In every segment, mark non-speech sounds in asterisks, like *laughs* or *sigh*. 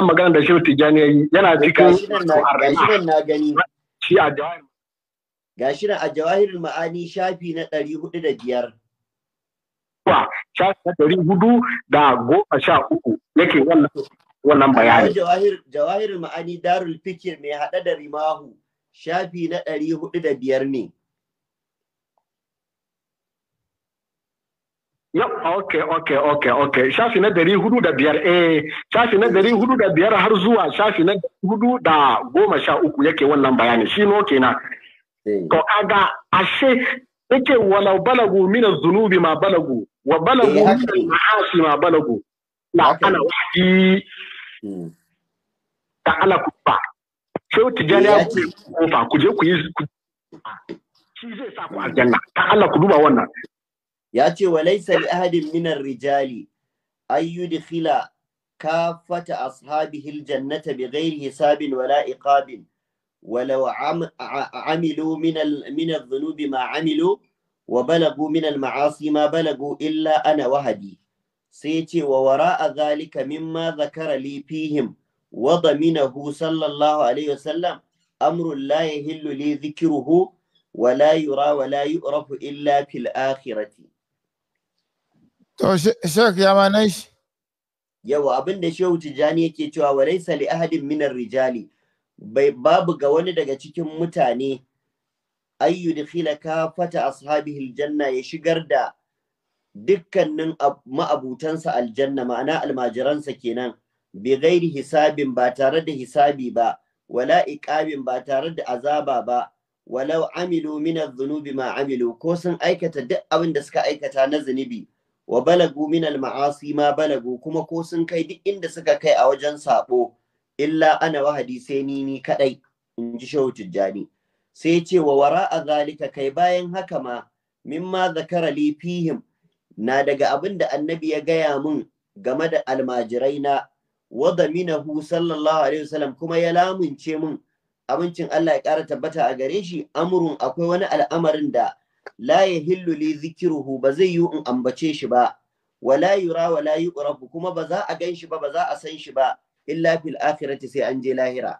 an magana da shirin Tijjani yayi yana cikin a jawahir. a jawahirul ma'ani shafi na ɗari hudu da biyar. Wa shafi na ma'ani mai haɗe da rimahu shafi na ɗari hudu da biyar ne. Ya, ok, ok, ok, ok. Shafi na dari hudu da biyar, eh, shafi na dari hudu da biyar har zuwa shafi na hudu da goma sha uku yake wannan bayani, shi no kenan. Eh. To, kaga ashe yake walau balagu mina zunubi ma balagu, wa balagu eh, mina ma'asi ma balagu, la ana wahi hmm. ta ala kufa. Sai tijani ya eh, kufa, ku je ku yi, shi zai sa ku aljanna, ta Allah ku duba wannan. ya ce wa laisa li ahadin minar rijali ay yudkhila kafata ashabihi aljannata bighairi hisabin wala iqabin ولو عملوا من من الذنوب ما عملوا وبلغوا من المعاصي ما بلغوا إلا أنا وهدي سيتي ووراء ذلك مما ذكر لي فيهم وضمنه صلى الله عليه وسلم أمر لا يهل لي ذكره ولا يرى ولا يؤرف إلا في الآخرة To shek ya shi. Yawa abin da Shehu Tijjani yake cewa wa laisa li ahadin minar rijali bai babu ga wani daga cikin mutane ay yudkhila kafata ashabihi aljanna ya shigar da dukkanin ma'abutansa aljanna ma'ana almajiransa kenan bi ghairi hisabin ba tare da hisabi ba wala iqabin ba tare da azaba ba walau amilu min adh-dhunubi ma amilu ko sun aikata duk abin da suka aikata na zunubi wa balagu min al-ma'asi ma balagu kuma ko sun kai duk inda suka kai a wajen sabo illa ana wahadi sai ni ni kadai in ji shehu tijjani sai ce wa a zalika kai bayan haka ma mimma zakara li fihim na daga abin da annabi ya gaya mun game da almajirai na wada minahu sallallahu alaihi wasallam kuma ya lamunce mun abincin Allah ya ƙara tabbata a gare shi amurun akwai wani al'amarin da la yahillu li dhikruhu ba zai yi in ambace shi ba wala yura wala yuqrabu kuma ba za a gan shi ba ba za a san shi ba illa fil akhirati sai an je lahira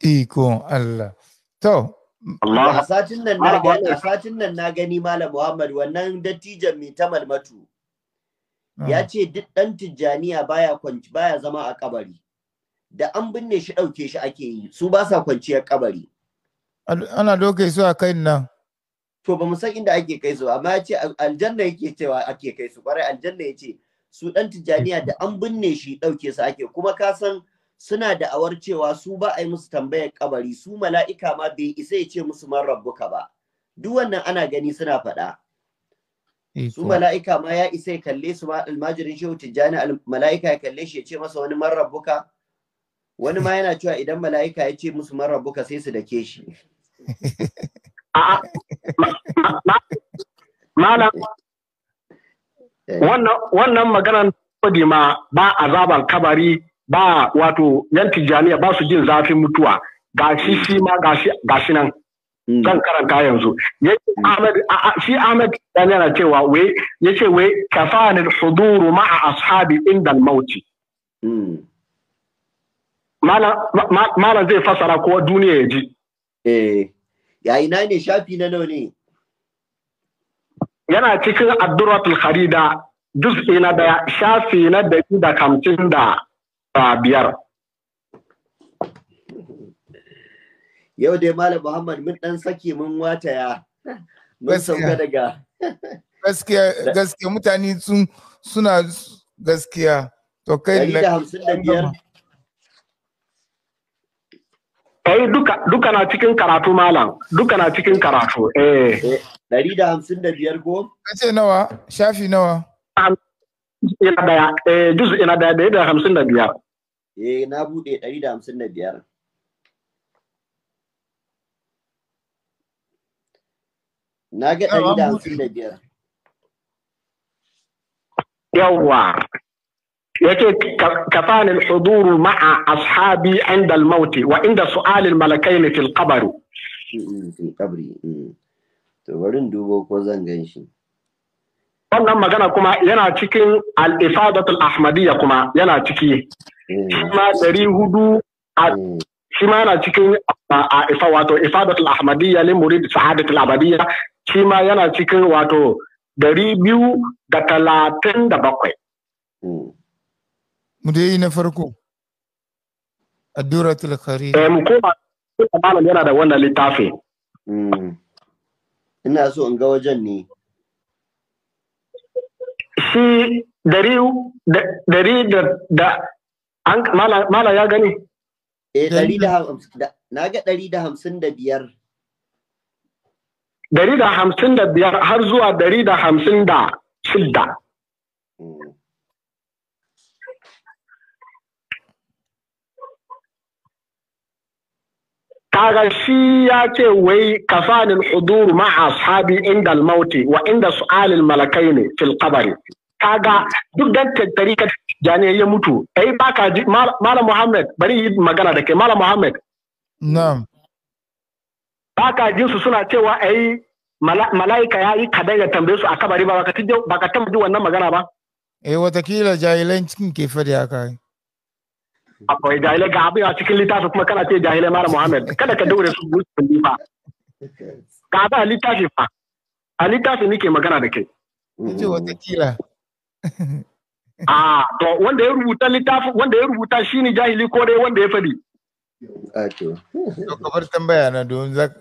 iko Allah to Allah satin nan na gani satin nan na gani malam Muhammad wannan dattijan mai ta malmatu ah. ya ce duk dan tijjaniya baya kwanci baya zama a kabari da an binne shi dauke shi ake yi su ba sa kwanciyar kabari ana doke su a kai nan to ba san inda ake kai su amma ya ce aljanna yake cewa ake kai su kwarai aljanna ya ce su dan Tijjaniya da an binne shi dauke su ake kuma ka san suna da awar cewa su ba a yi musu tambayar kabari su mala'ika ma bai isa ya ce musu man rabbuka ba duk wannan ana gani suna faɗa eh su mala'ika ma ya isa ya kalle su ma almajirin shehu tijjani mala'ika ya kalle shi ya ce masa wani man rabbuka wani ma yana cewa idan mala'ika ya ce musu man rabbuka sai su dake shi malam, eh. wannan maganan kodi ma ba azaban kabari ba wato yan tijjaniya ba su jin zafin mutuwa ga shi shi ma ga shi nan. Hmm. zan karanta yanzu hmm. shi Ahmed dan yana cewa we yace we kafani al ma a ashabi inda mauti hmm. malam zai fasara ko duniya ya ji eh. ya ina ne shafi na nawa ne yana cikin addu'atul kharida juz'i na daya shafi na dari da kamcin da biyar yau dai malam muhammad mun dan saki mun wataya mun sauka daga *laughs* gaskiya gaskiya mutane sun suna gaskiya to kai da hamsin da biyar Eh duka duka na cikin karatu malam duka na cikin karatu eh. Dari da hamsin da biyar ko? Kace nawa shafi nawa? Ina daya eh juz ina daya dari da hamsin da biyar. Eh na bude dari da hamsin da biyar. Na ga dari da hamsin da biyar. Yawwa. Yake kafani al-huduru ma'a ashabi inda al-maut wa inda su'al al-malakain al qabr fil mm. to bari dubo ko zan ganshi wannan magana kuma yana cikin al-ifadat al-ahmadiyya kuma yana ciki kuma eh. dari hudu eh. shi ma yana cikin a ifa wato ifadat al-ahmadiyya li murid sa'adat al-abadiyya shi ma yana cikin wato dari biyu da talatin da bakwai mm. mu dai na farko adduratul kharif eh mu koma malam yana da wannan littafi hmm. ina so in ga wajen ne shi dari dari da da an mala ya gani eh dari da na ga dari da hamsin da biyar dari da hamsin da biyar har zuwa dari da hamsin da shidda kaga shi ya ce wai kafanin huduru ma ashabi inda almauti wa inda su'alil malakai ne fil qabri kaga duk dan ka jani ya mutu kai baka ji malam muhammad bari yi magana da kai malam muhammad na'am baka jin su suna cewa ai malaika ya yi kadai ya tambaye su a kabari ba baka tambaye wannan magana ba eh watakila jahilan cikin kefe da ya kai akwai jahilai ga abin a cikin littafin kuma kana ce jahilai mara muhammad kada ka daure su musulmi fa ka ba littafi fa a littafi nike magana da kai ce wata kila *laughs* a to wanda ya rubuta littafin wanda ya rubuta shine jahili ko dai wanda ya fadi to kamar tambaya na don za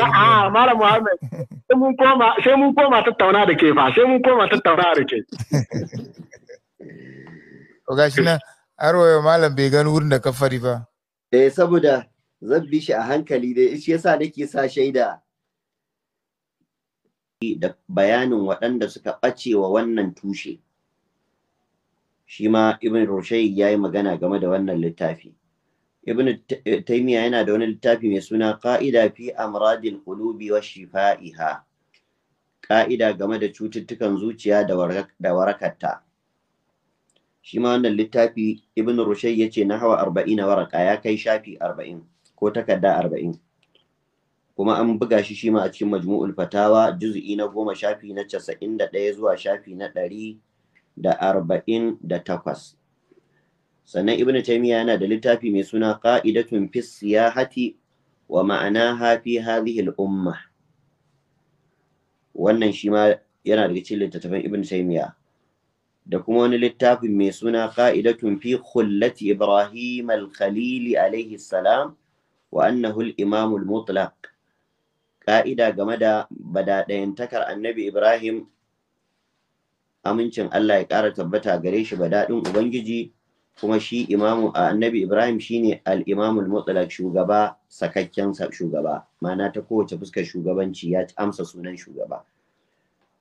A'a, Mara Muhammad, sai mun koma tattauna da ke fa, sai mun koma tattauna da ke. *laughs* To gashi na, arwayo malam bai gani wurin da ka ba eh saboda zan bi shi a hankali dai shi yasa nake sa shaida da bayanin waɗanda suka ɓace wa wannan tushe shi ma ibn Roshayi ya yi magana game da wannan littafi ibn taimiyya yana da wani littafi mai suna ƙa'ida fi amradil qulubi wa shifa'iha ƙa'ida game da cututtukan zuciya da warakarta shi ma wannan littafi ibn rushai ya ce na hawa arba'ina waraka ya kai shafi arba'in ko takarda arba'in kuma an buga shi shi ma a cikin majmu'ul fatawa juz'i na goma shafi na casa'in da ɗaya zuwa shafi na ɗari da arba'in da takwas sannan ibn taimiya yana da littafi mai suna Fis ya siyahati wa ma'ana hafi hadhihi al-umma wannan shi ma yana daga cikin littattafan ibn taymiya da kuma wani littafin mai suna ƙa’idatun fi khullati Ibrahim al-Khalili alaihi salam wa annahu al-Imam al-Mutlaq ƙa’ida game da takar Annabi Ibrahim amincin Allah ya ƙara tabbata gare shi badaɗin Ubangiji kuma shi imamu a Annabi Ibrahim shine al-Imam al-Mutlaq shugaba sakakken shugaba ma'ana ta kowace fuskar shugabanci ya amsa sunan shugaba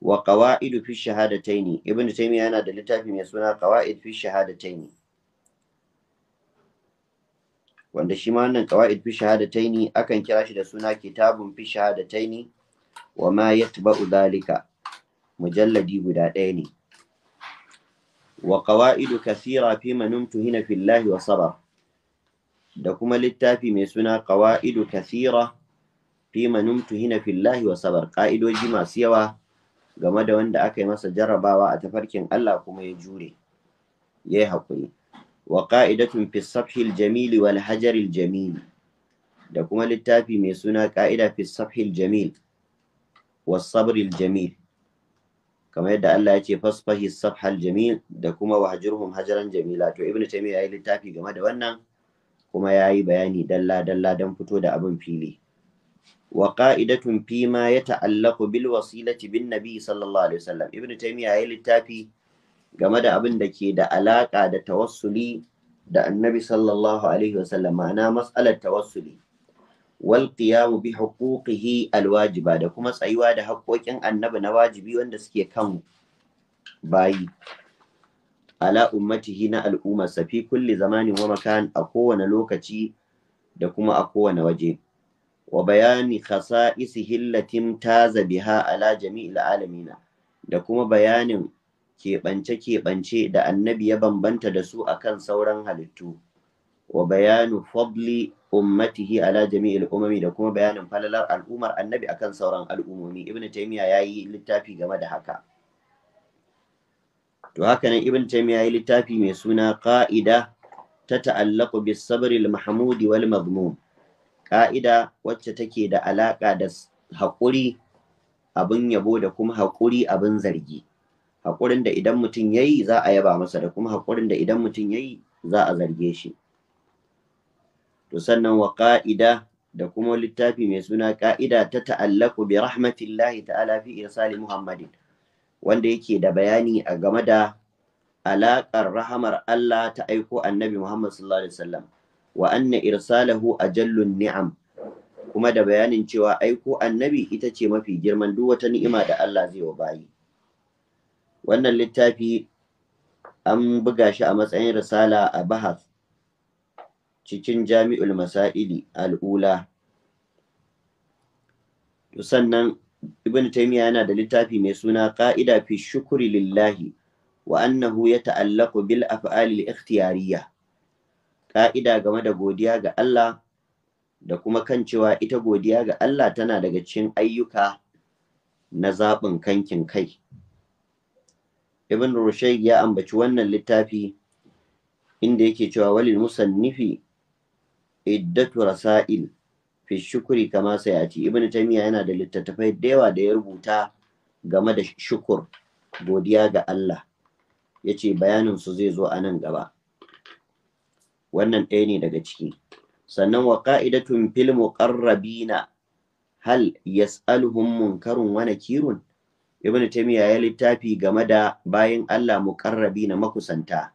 wa qawaidu fi shahadataini ibnu taymiya yana da littafi mai suna qawaid fi shahadataini wanda shi ma wannan qawaid fi shahadataini akan kira shi da suna kitabun fi shahadataini wa ma yatba'u dhalika mujalladi guda ɗaya ne wa qawaidu kathira fi manumtu hina fillahi wa sabar da kuma littafi mai suna qawaidu kathira fi manumtu hina fillahi wa sabar ka'idoji masu yawa game da wanda aka yi masa jarrabawa a tafarkin Allah kuma ya jure ya yi haƙuri wa ƙa'idatun fisafhil jamili wal hajaril jamili da kuma littafi mai suna ƙa'ida fi safhil jamil wa sabril jamil kamar yadda Allah ya ce fasfahi safhal jamil da kuma wahjurhum hajaran jamila to ibnu taymiya ya yi littafi game da wannan kuma ya yi bayani dalla dalla don fito da abin fili وقائدة فيما يتعلق بالوسيلة بالنبي صلى الله عليه وسلم ابن تيمية هاي littafi game da abin da ke da alaƙa da tawassuli da annabi sallallahu alaihi matsalar tawassuli wal qiyam bi huquqihi alwajiba da kuma tsayuwa da haƙoƙin annabi na wajibi wanda suke kan bayi ala ummatihi na al'umma, fi kulli zamanin wa makan a kowane lokaci da kuma a kowane waje wa bayani khasa'isi hillatin taza biha ala jami'il alamina da kuma bayanin keɓance-keɓance da annabi ya bambanta da su akan sauran halittu wa bayanu fadli ummatihi ala jami'il umami da kuma bayanin falalar al'ummar annabi akan sauran al'umomi ibn taymiya yi littafi game da haka to haka nan ibn taymiya yi littafi mai suna qa'ida ta ta'allaku bis al mahmudi wal mazmum Ka'ida wacce take da alaƙa da haƙuri abin yabo da kuma haƙuri abin zargi haƙurin da idan mutum ya yi za a yaba masa da kuma haƙurin da idan mutum ya yi za a zarge shi to sannan wa ƙa'ida da kuma littafi mai suna ƙa'ida ta ta'allaku bi rahmatillahi ta'ala fi irsali muhammadin wanda yake da bayani a game da alaƙar rahamar Allah ta aiko annabi Muhammad sallallahu alaihi wasallam wa anna irsalahu ajallun ni'am kuma da bayanin cewa aiko annabi ita ce mafi girman duk wata ni'ima da Allah zai wa bayi wannan littafi an buga shi a matsayin risala a bahas cikin jami'ul masaili al'ula sannan ibn taymiya yana da littafi mai suna qa'ida fi shukri lillahi wa annahu yata'allaqu bil af'ali al-ikhtiyariyah ƙa'ida game da godiya ga Allah da kuma kan cewa ita godiya ga Allah tana daga cikin ayyuka na zaɓin kankin kai. Ibn Rushayd ya ambaci wannan littafi inda yake cewa walil musannifi iddatu rasail fi shukuri kama sayati Ibn Taymiyyah yana da littattafai da yawa da ya rubuta game da shukur godiya ga Allah yace bayanin su zai zo a nan gaba. wannan ɗaya ne daga ciki sannan wa ƙa'idatun fil muqarrabina hal yas'aluhum munkarun wa nakirun ibn taymiya ya littafi game da bayin Allah muqarrabina makusanta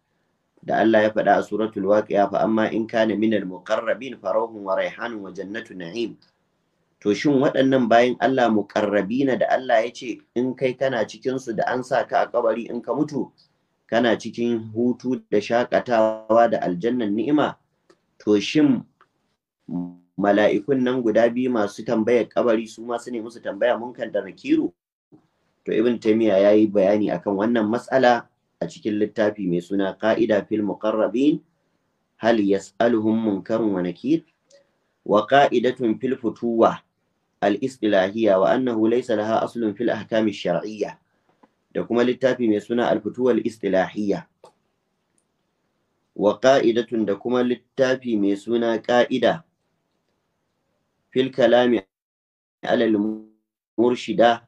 da Allah ya faɗa a suratul waqi'a fa amma in kana minal muqarrabin farahun wa raihanun wa jannatu na'im to shin waɗannan bayin Allah muqarrabina da Allah ya ce in kai kana cikin su da an sa ka a kabari in ka mutu kana cikin hutu da shakatawa da aljannan ni'ima to shin mala'ikun nan guda biyu masu tambayar kabari su ma su ne musu tambaya munkan da nakiru to ibn taymiya yayi bayani akan wannan matsala a cikin littafi mai suna qa'ida fil muqarrabin hal yas'aluhum munkarun wa nakir wa qa'idatun fil futuwa al-istilahiyya wa annahu laysa laha aslun fil ahkam shariyya da kuma littafi mai suna alfutuwal istilahiyya wa ƙa'idatun da kuma littafi mai suna ƙa'ida fil kalami alal murshida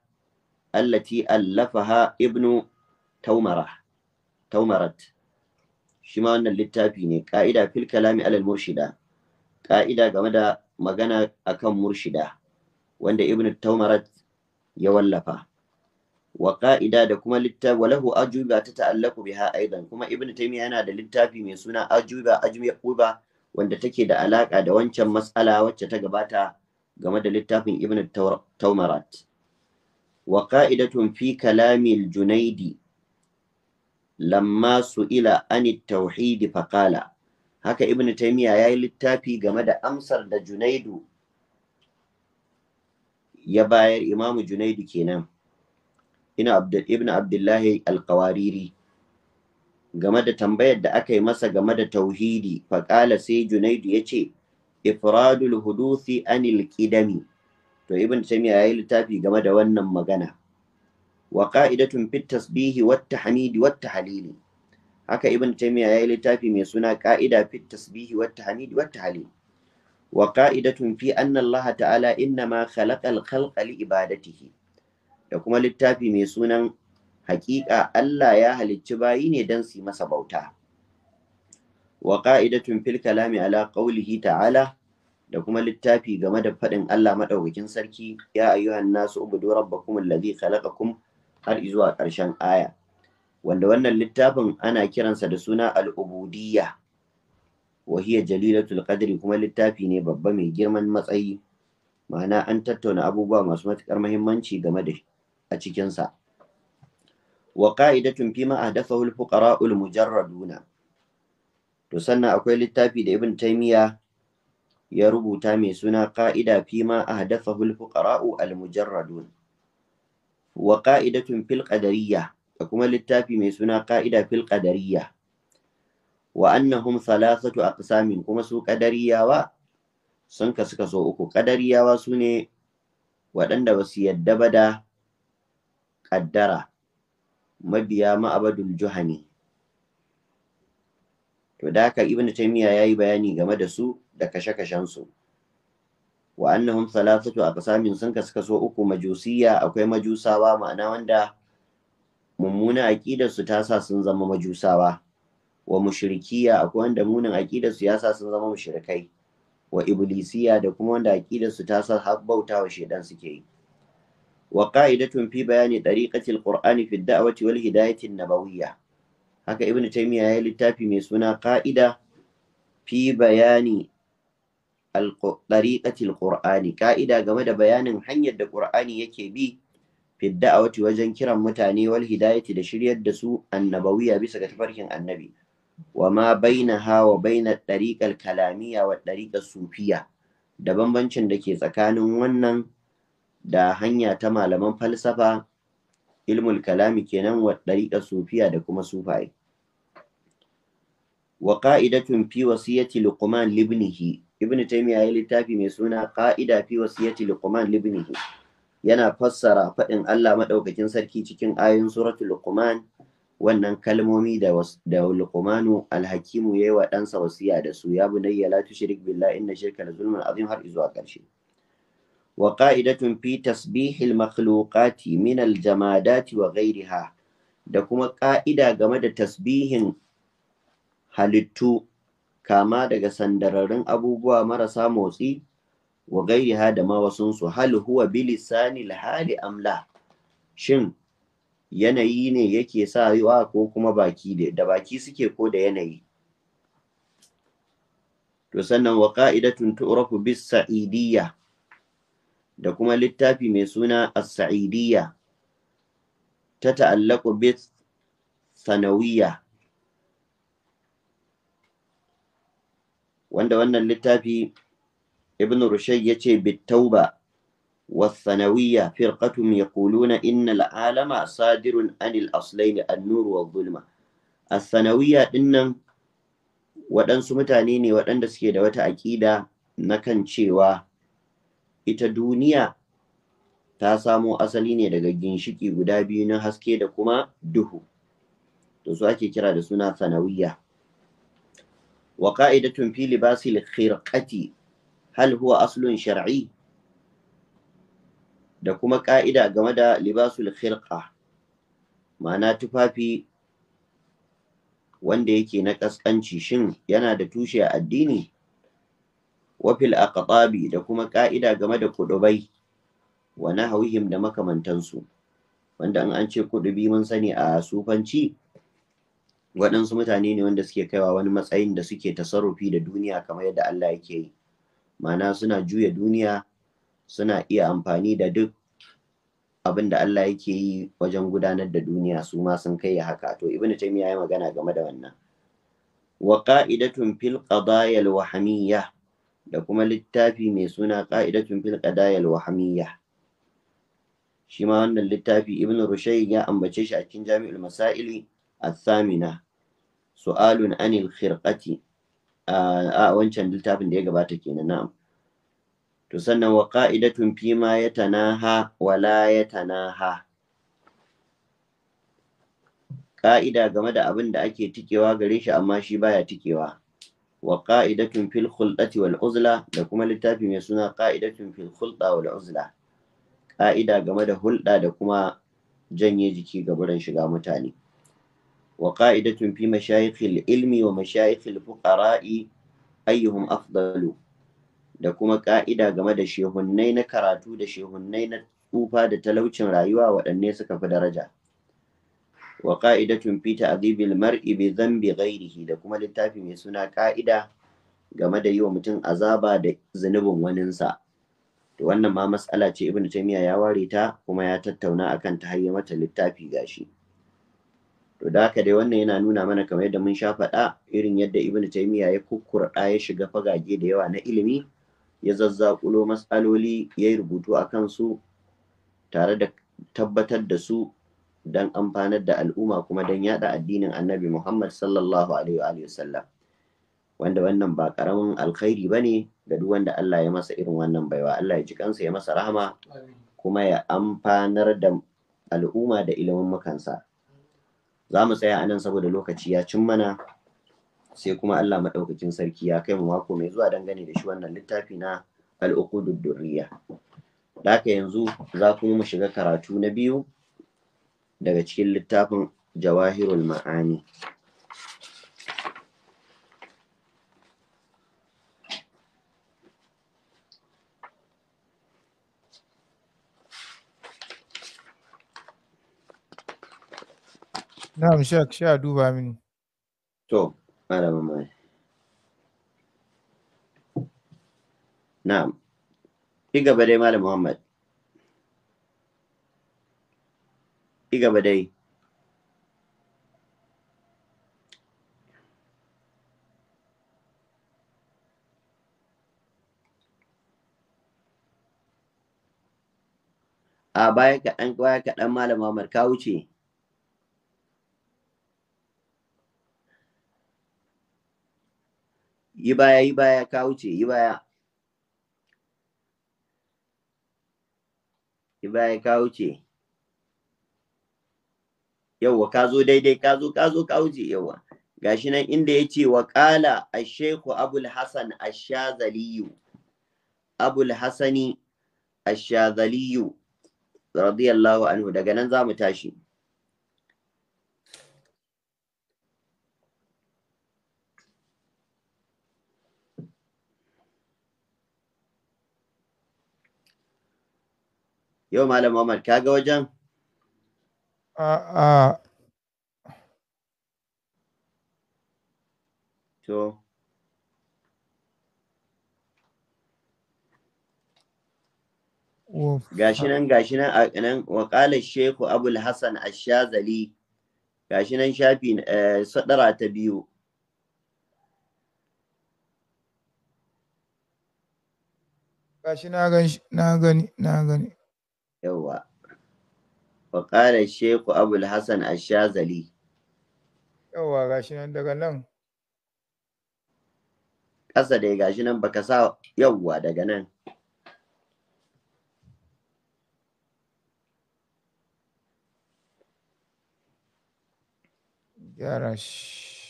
allati allafaha ibnu taumara taumarat shi ma wannan littafi ne ƙa'ida fil kalami alal murshida ƙa'ida game da magana akan murshida wanda ibnu taumarat ya wallafa wa da kuma littafi walahu ajuba ta ta'allaku biha aidan kuma ibnu Taimiyya yana da littafi mai suna ajuba ajmi'uba wanda take da alaka da wancan matsala wacce ta gabata game da littafin Ibn tawmarat wa tun fi kalami junaidi lamma ila an tauhidi tauhid faqala haka ibnu ya yi littafi game da amsar da junaidu ya bayar imamu junaidu kenan ibn abdullahi alkawariri game da tambayar da aka yi masa game da tauhidi faƙala sai junaidu ya ce ifradul hudusi anil ƙidami to ibn tamiya ya yi littafi game da wannan magana wa ƙa'idatun fit tasbihi watta hamidi watta halili haka ibn tamiya ya yi littafi mai suna ƙa'ida fit tasbihi watta hamidi watta halili wa ƙa'idatun fi anna allaha ta'ala inna ma khalaqa al-khalqa li ibadatihi da kuma littafi mai sunan haƙiƙa Allah ya halicci bayi ne don su yi masa bauta. Wa ƙa'idatun fil kalami ala ƙaulihi ta'ala da kuma littafi game da faɗin Allah maɗaukakin sarki ya ayyuhan nasu ubudu rabbakum allazi khalaqakum har zuwa ƙarshen aya. Wanda wannan littafin ana kiransa da suna al'ubudiyya wa hiya jalilatul qadri kuma littafi ne babba mai girman matsayi ma'ana an tattauna abubuwa masu matuƙar muhimmanci game da shi. a cikinsa wa qa'idatun fi ma ahdathahu al-fuqara'u al to sannan akwai littafi da ibn taymiya ya rubuta mai suna qa'ida fi ma a al-fuqara'u al-mujarradun wa qa'idatun fil qadariyya da kuma littafi mai suna ƙa'ida fil qadariyya wa annahum thalathatu aqsamin kuma su qadariyawa sun kasu kaso uku qadariyawa sune waɗanda ba su yadda ba da ƙaddara mabiya ma'abadul juhani to da haka ibnu ya yi bayani game da su da kashe-kashen su wa annahum thalathatu aqsamin sun kasu kaso uku majusiya akwai majusawa ma'ana wanda mummuna aqidar su ta sa sun zama majusawa wa mushrikiya akwai wanda munin aqidar su ya sa sun zama mushrikai wa iblisiya da kuma wanda aqidar su ta sa har wa shedan suke yi وقاعدة في بيان طريقة القرآن في الدعوة والهداية النبوية هكا ابن تيمية هي للتافي ميسونا قاعدة في بيان طريقة القرآن قاعدة game da bayanin hanyar da Qur'ani yake bi fidda, da'awati wajen kiran mutane wal da shiryar da su annabawiya bisa ga tafarkin annabi wa ma hawa wa baina ɗariƙar kalamiyya wa tariqas sufiyya da bambancin da ke tsakanin wannan da hanya ta malaman falsafa ilmul kalami kenan wa ɗariƙa sufiya da kuma sufaye wa ƙa'idatun fi wasiyati luqman libnihi ibn taymiya ya littafi mai suna ƙa'ida fi wasiyati luqman libnihi yana fassara faɗin Allah maɗaukakin sarki cikin ayoyin suratul luqman wannan kalmomi da da luqmanu alhakimu yayi wa ɗansa wasiya da su ya bunayya la tushrik billahi inna shirka la zulmun azim har izuwa ƙarshe وقائدة في تسبيح المخلوقات من الجمادات وغيرها da kuma ƙa'ida game da tasbihin halittu kama daga sandararin abubuwa marasa motsi wa Ha da mawasunsu wasunsu hal huwa bilisani hali amla shin yanayi ne yake sa yiwa ko kuma baki da baki suke ko da yanayi to sannan wa ka'idatun tu'rafu bis sa'idiyya da kuma littafi mai suna as-sa'idiyya ta ta'allaku bit Sanawiya, wanda wannan littafi ibn rushai ya ce bittauba والثانوية فرقة يقولون إن العالم صادر عن الأصلين النور والظلمة الثانوية إن waɗansu mutane ne waɗanda suke da wata aƙida na kan cewa ita duniya ta samo asali ne daga ginshiƙi guda biyu na haske da kuma duhu to su ake kira da suna sanawiyya wa qa'idatun fi libasil khirqati hal huwa aslun shar'i da kuma ka'ida game da libasul khirqa ma'ana tufafi wanda yake na ƙasƙanci shin yana da tushe a addini wafil aqtabi da kuma ka'ida game da kudubai wa nahwihim da makamantansu wanda in an ce kudubi mun sani a sufanci waɗansu mutane ne wanda suke kaiwa wani matsayin da suke tasarrufi da duniya kamar yadda Allah yake yi ma'ana suna juya duniya suna iya amfani da duk abin da Allah yake yi wajen gudanar da duniya su ma sun kai haka to ibn taymiya ya magana game da wannan wa qa'idatun fil qadaya al wahamiyya da kuma littafi mai suna ƙa'idatun fil qadayal wahamiyya shi ma wannan littafi ibn rushai ya ambace shi a cikin jami'ul masaili athamina su'alun anil khirqati a wancan littafin da ya gabata kenan na'am to sannan wa qa'idatun fi ma yatanaha wa la yatanaha ka'ida game da abin da ake tikewa gare shi amma shi baya tikewa wa ƙa'idatun fil khulqati wal uzla da kuma littafi mai suna qa'idatun fil khulqa wal uzla ƙa'ida game da hulɗa da kuma janye jiki ga wurin shiga mutane wa qa'idatun fi mashayikhil ilmi wa mashayikhil fuqara'i ayyuhum afdalu da kuma ƙa'ida game da shehunnai na karatu da shehunnai na tsufa da talaucin rayuwa waɗanne suka fi daraja wa qa'idatun fi ta'dhibil mar'i bi da kuma littafi mai suna ƙa'ida game da yi wa mutum azaba da zunubin waninsa to wannan ma matsala ce ibnu taymiya ya ware ta kuma ya tattauna akan ta hayya mata littafi gashi to da haka dai wannan yana nuna mana kamar yadda mun sha faɗa irin yadda ibnu taymiya ya kukkurɗa ya shiga fagage da yawa na ilimi ya zazzakulo matsaloli, ya yi rubutu a kansu tare da tabbatar da su don amfanar da al'umma kuma don yada addinin annabi Muhammad sallallahu alaihi wasallam wanda wannan ba karamin alkhairi ba ne ga duk wanda Allah ya masa irin wannan baiwa Allah ya ji kansa ya masa rahama kuma ya amfanar da al'umma da ilimin makansa za mu tsaya anan saboda lokaci ya cin mana sai kuma Allah maɗaukakin sarki ya kai mu mako mai zuwa dangane da shi wannan littafi na al'uqudud durriya da yanzu za kuma mu shiga karatu na biyu daga cikin littafin jawahirul ma'ani Na'am shek sha duba mini. To, malama mai. Na'am. Ki gaba dai Malam Muhammad. IGBD a baya kaɗan kwaya kaɗan malama mai wuce. yi baya yi baya ka wuce yi baya yi baya ka wuce yawwa ka zo daidai ka zo ka zo ka wuce yawwa gashi nan inda ya ce wa ƙala ashekhu abul hasan ashazaliyu abul hasani ashazaliyu radiyallahu anhu daga nan za mu tashi yau malam Muhammad kaga wajen A'a. To. Gashi nan gashi nan a nan waƙalar Sheku Abul Hassan Ashazali gashi nan shafi eh, sadara ta biyu. Gashi na gani na gani na gani. yawa wa ƙala sheku abul hassan ashazali yawa gashi nan daga nan ƙasa dai gashi nan baka sa yawa daga nan gyara shi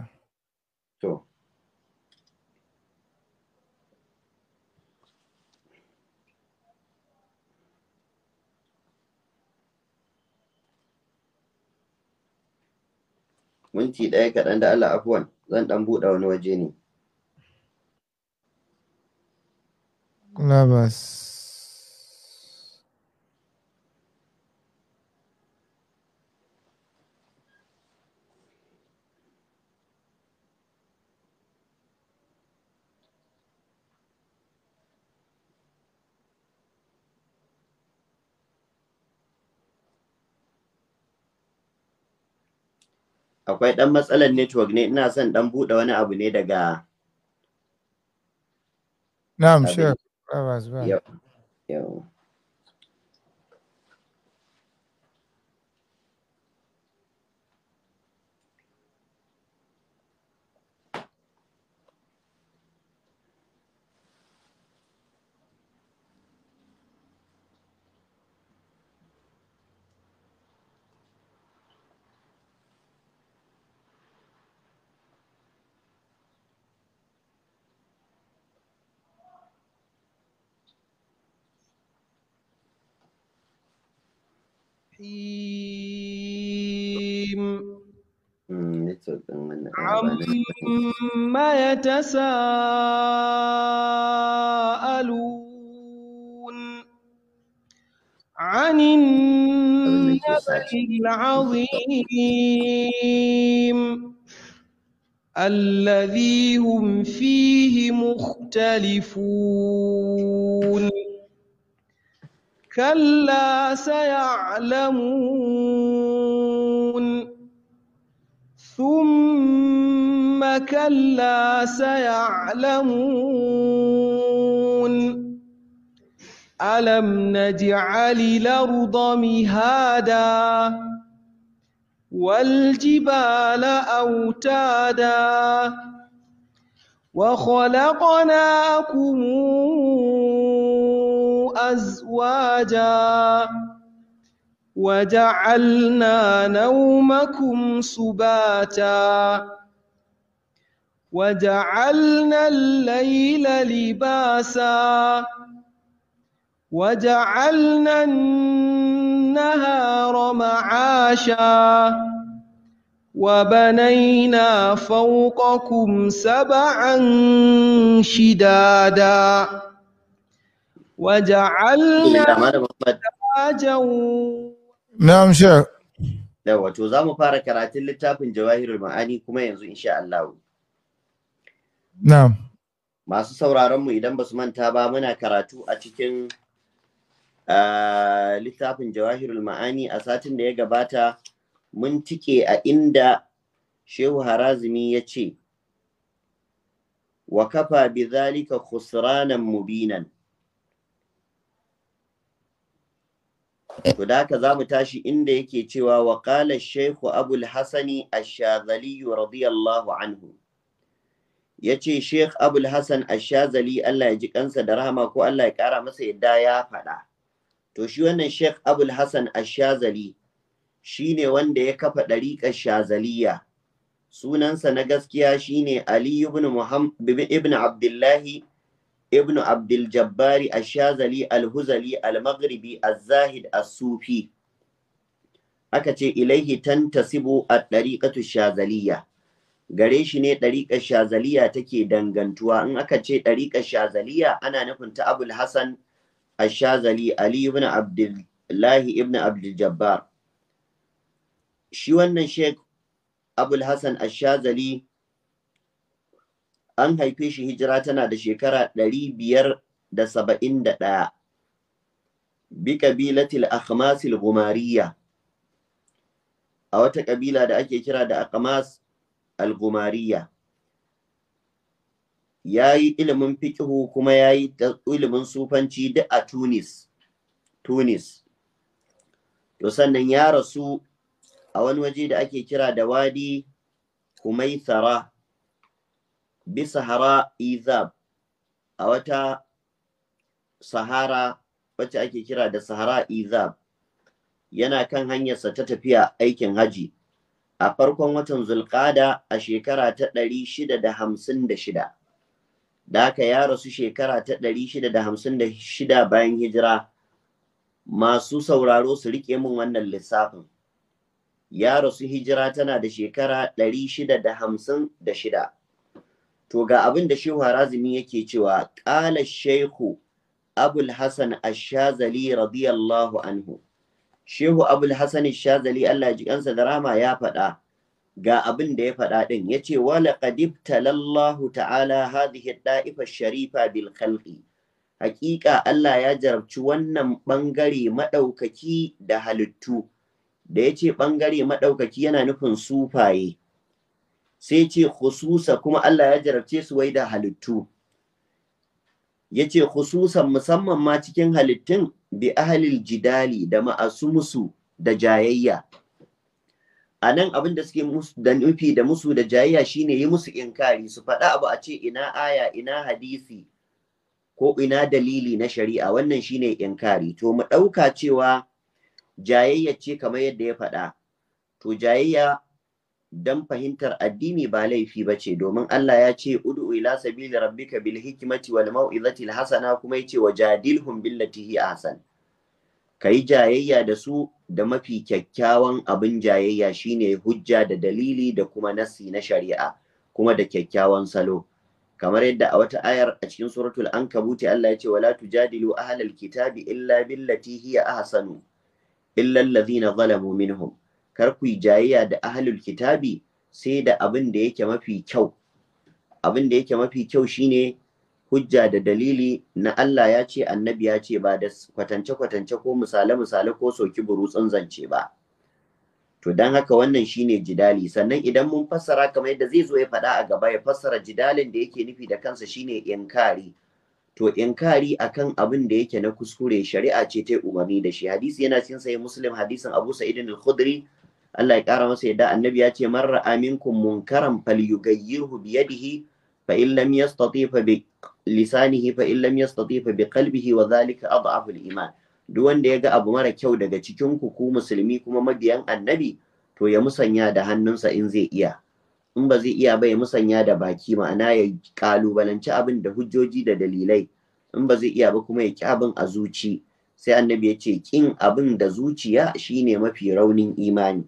na minti ɗaya kaɗan da Allah afuwan zan ɗan buɗe wani waje ne. Labas. akwai ɗan matsalar network ne ina son ɗan buɗe wani abu ne daga na'am sure yau yau الرحيم عما يتساءلون عن النبأ العظيم الذي هم فيه مختلفون كلا سيعلمون ثم كلا سيعلمون ألم نجعل الأرض مهادا والجبال أوتادا وخلقناكم أزواجا وجعلنا نومكم سباتا وجعلنا الليل لباسا وجعلنا النهار معاشا وبنينا فوقكم سبعا شدادا وجعلنا نعم شيخ yawa to za mu fara karatun littafin jawahirul ma'ani kuma yanzu insha Allah na'am masu sauraron mu idan basu manta ba muna karatu a cikin littafin jawahirul ma'ani a satin da ya gabata mun tike a inda shehu harazimi ya ce wa kafa bi zalika khusranan mubinan To da haka za mu tashi inda yake cewa wa qala Sheikhu Abul Hasani Ash-Shazali radiyallahu anhu. Yace Sheikh Abul Hasan Ash-Shazali Allah ya ji kansa da rahama ko Allah ya kara masa yadda ya faɗa. To shi wannan Sheikh Abul Hasan Ash-Shazali shine wanda ya kafa ɗariƙar Shazaliya. Sunansa na gaskiya shine Ali ibn ibn Abdullahi Ibnu abdul jabbari ashazali alhuzali almaghribi azahid Asufi aka ce ilaihi tantasibu at-tariqatu shazaliya gare shi ne ɗariƙar shazaliya take dangantuwa in aka ce ɗariƙar shazaliya ana nufin ta abul hasan ashazali ali ibn abdullahi ibn abdul shi wannan sheikh abul hasan ashazali an haife shi hijira tana da shekara ɗari biyar da saba'in da ɗaya bi ƙabilatil akhmasil gumariya a wata ƙabila da ake kira da akhmas al-gumariya ya yi ilimin fiƙihu kuma ya yi ilimin sufanci da a tunis tunis to sannan ya rasu a wani waje da ake kira da wadi kumaisara Bi Sahara izab a wata sahara wacce ake kira da sahara izab yana kan hanyarsa ta tafiya aikin haji a farkon watan zulkada a shekara ta ɗari shida da hamsin da shida da haka ya rasu shekara ta ɗari shida da hamsin da shida bayan hijira masu sauraro su riƙe min wannan lissafin ya rasu hijira tana da shekara ɗari shida da hamsin da shida to ga abin da shehu harazimi yake cewa ƙala shehu abul hasan ashazali radiyallahu anhu shehu abul hasan ashazali allah ji kansa da rama ya faɗa ga abin da ya faɗa ɗin ya ce wala qadibta lallahu ta'ala hadhihi da'ifa sharifa bil khalqi haƙiƙa allah ya jarabci wannan ɓangare maɗaukaki da halittu da ya ce ɓangare maɗaukaki yana nufin sufaye sai ce kususa, kuma Allah ya jarabce su wai da halittu ya ce musamman ma cikin halittun bi ahalil jidali da ma'asu musu da jayayya a nan abin da suke da nufi da musu da jayayya shine yi musu inkari su faɗa abu a ce ina aya ina hadisi ko ina dalili na shari'a wannan shine inkari to mu ɗauka cewa jayayya ce kamar yadda ya faɗa to jayayya dan fahimtar addini ba laifi ba ce domin Allah ya ce ud'u ila sabili rabbika bil hikmati wal mau'izati al hasana kuma yace wajadilhum billati hi ahsan kai jayayya da su da mafi kyakkyawan abin jayayya shine hujja da dalili da kuma nasi na shari'a kuma da kyakkyawan salo kamar yadda a wata ayar a cikin suratul ankabuti Allah ya ce wala tujadilu ahlal kitabi illa billati hi ahsanu illa allazina zalamu minhum kar ku yi jayayya da ahlul kitabi sai da abin da yake mafi kyau abin da yake mafi kyau shine hujja da dalili na Allah ya ce annabi ya ce ba da kwatance-kwatance ko misale-misale ko soki burutsun zance ba to don haka wannan shine jidali sannan idan mun fassara kamar yadda zai zo ya faɗa a gaba ya fassara jidalin da yake nufi da kansa shine inkari to inkari akan abin da yake na kuskure shari'a ce ta umarni da shi hadisi yana cikin sahih muslim hadisin abu sa'id al-khudri Allah ya ƙara masa yadda annabi ya ce man ra'a minkum munkaran falyughayyirhu bi yadihi fa in lam yastati fa bi lisanihi fa in lam yastati fa bi qalbihi wa dhalika adhafu al-iman duk wanda ya ga abu mara kyau daga cikin ku ku musulmi kuma mabiyan annabi to ya musanya da hannunsa in zai iya in ba zai iya ba ya musanya da baki ma'ana ya kalubalanci abin da hujjoji da dalilai in ba zai iya ba kuma ya ki abin a zuci sai annabi ya ce kin abin da zuciya shine mafi raunin imani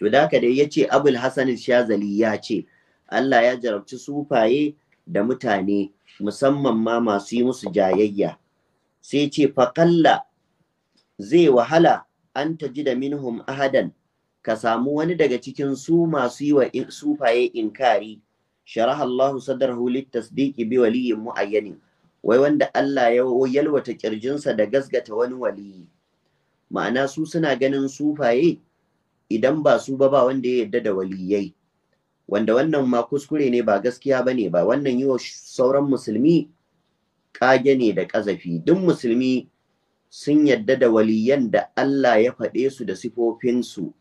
to da haka dai yace abul hasan shazali ya ce Allah ya jarabci sufaye da mutane musamman ma masu yi musu jayayya sai ce faƙalla zai wahala an taji da minhum ahadan ka samu wani daga cikin su masu yi wa sufaye inkari sharaha Allahu sadrahu litasdiqi bi waliyyin muayyanin wai wanda Allah ya yalwata kirjinsa da gasgata wani waliyi ma'ana su suna ganin sufaye idan ba su ba ba wanda ya yadda da waliyai wanda wannan ma kuskure ne ba gaskiya ba ne ba wannan yi wa sauran musulmi ƙage ne da ƙazafi duk musulmi sun yadda da waliyan da Allah ya faɗe su da sifofinsu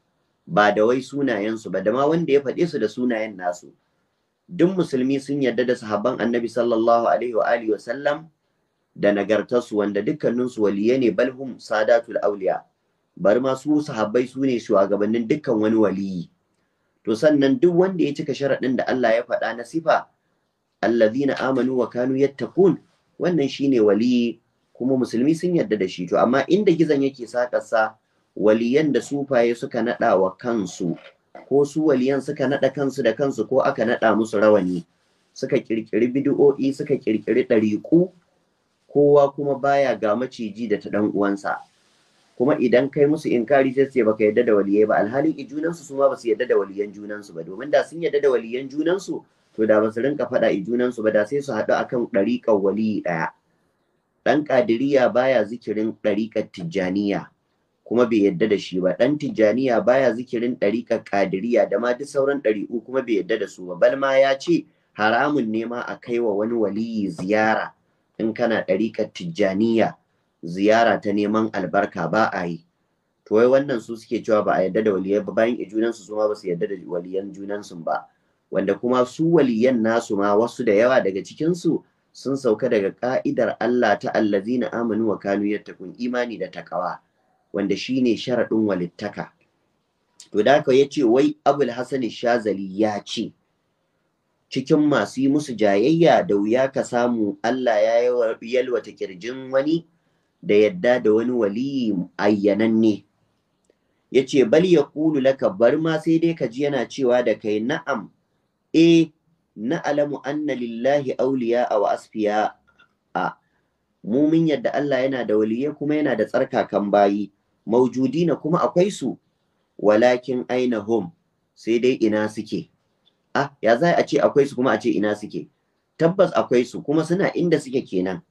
ba da wai sunayensu ba da ma wanda ya faɗe su da sunayen nasu duk musulmi sun yarda da sahabban annabi sallallahu alaihi wa alihi da nagartarsu wanda dukkaninsu waliyai ne balhum sadatul auliya bari ma su sahabbai su ne shugabannin dukkan wani waliyi to sannan duk wanda ya cika sharaɗin da Allah ya faɗa na sifa allazina amanu wa kanu yattaqun wannan shine waliyi kuma musulmi sun yarda da shi to amma inda gizon yake sakarsa waliyan da sufaye suka naɗa wa kansu ko su waliyan suka naɗa kansu da kansu ko aka naɗa musu rawani suka kirkiri bidi'o'i suka kirkiri ɗariƙu kowa kuma baya ga maciji da ta ɗan uwansa kuma idan kai musu inkari sai ce baka yadda da waliyai ba alhalin junansu su ma basu yadda da waliyan junansu ba domin da sun yadda da waliyan junansu to da basu rinka faɗa i su ba da sai su haɗu akan ɗariƙar waliyi ɗaya ɗan ƙadiriya baya zikirin ɗariƙar tijjaniya kuma bai yadda da shi ba ɗan tijjaniya baya zikirin ɗariƙar ƙadiriya da ma duk sauran ɗari'u kuma bai yadda da su ba balma ya ce haramun ne ma a kai wa wani waliyi ziyara in kana ɗariƙar tijjaniya ziyara ta neman albarka ba a yi to wai wannan su suke cewa ba a yadda da waliyan ba bayan junansu su ma ba su yadda da waliyan junansu ba wanda kuma su waliyan nasu ma wasu da yawa daga cikin su sun sauka daga ka'idar Allah ta allazina amanu wa kanu yattakun imani da takawa wanda shine sharaɗin walittaka to da haka yace wai Abul Hasan Shazali ya ce cikin masu yi musu jayayya da wuya ka samu Allah ya yalwata kirjin wani da yadda da wani wali ayyananne ya ce bal ya kulu laka bar ma sai dai ka ji yana cewa da kai na'am e eh, na alamu anna lillahi auliya wa asfiya a mumin yadda Allah yana da waliye kuma yana da tsarkakan bayi maujudi na kuma akwai su walakin aina hum sai dai ina suke ah ya za a ce akwai su kuma a ce ina suke tabbas akwai su kuma suna inda suke kenan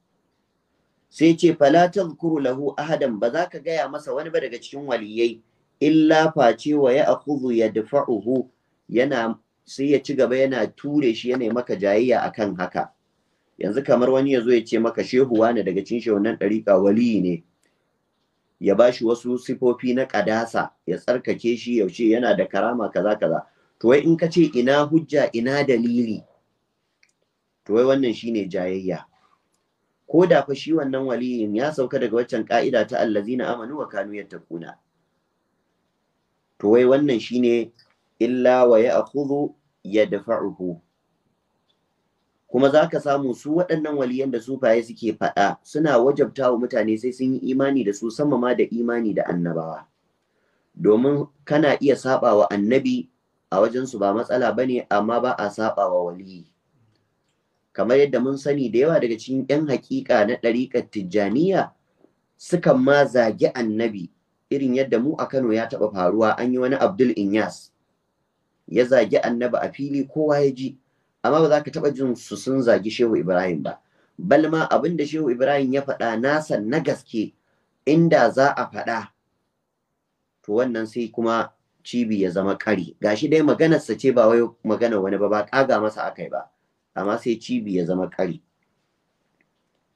sai ce fala tadhkuru lahu ahadan ba za ka gaya masa wani ba daga cikin waliyai illa face wa ya akhudhu yadfa'uhu yana sai ya ci gaba yana ture shi yana maka jayayya akan haka yanzu kamar wani ya zo ya ce maka shehuwa wani daga cikin shehunan ɗariƙa waliyi ne ya bashi wasu sifofi na ƙadasa ya tsarkake shi yaushe yana da karama kaza kaza to wai in ka ce ina hujja ina dalili Tuwai wai wannan shine jayayya ko da fa shi wannan waliyin ya sauka daga waccan ka'ida ta allazina amanu wa kanu yattaquna to wai wannan shine illa wa ya'khudhu yadfa'uhu kuma zaka samu su waɗannan waliyan da sufaye suke faɗa suna wajabta wa mutane sai sun yi imani da su sama ma da imani da annabawa domin kana iya saɓa wa annabi a wajensu ba matsala bane amma ba a saɓa wa waliyi kamar yadda mun sani da yawa daga cikin 'yan hakika na ɗariƙar tijjaniya sukan ma zagi annabi irin yadda mu a Kano ya taɓa faruwa an yi wani Abdul Inyas ya zagi annabi a fili kowa ya ji amma ba za ka taɓa jin su sun zagi Shehu Ibrahim ba Balma abin da Shehu Ibrahim ya faɗa nasa na gaske inda za a faɗa to wannan sai kuma cibi ya zama kari gashi dai maganarsa ce ba wai maganar wani ba ba ƙaga masa akai ba amma sai cibi ya zama kari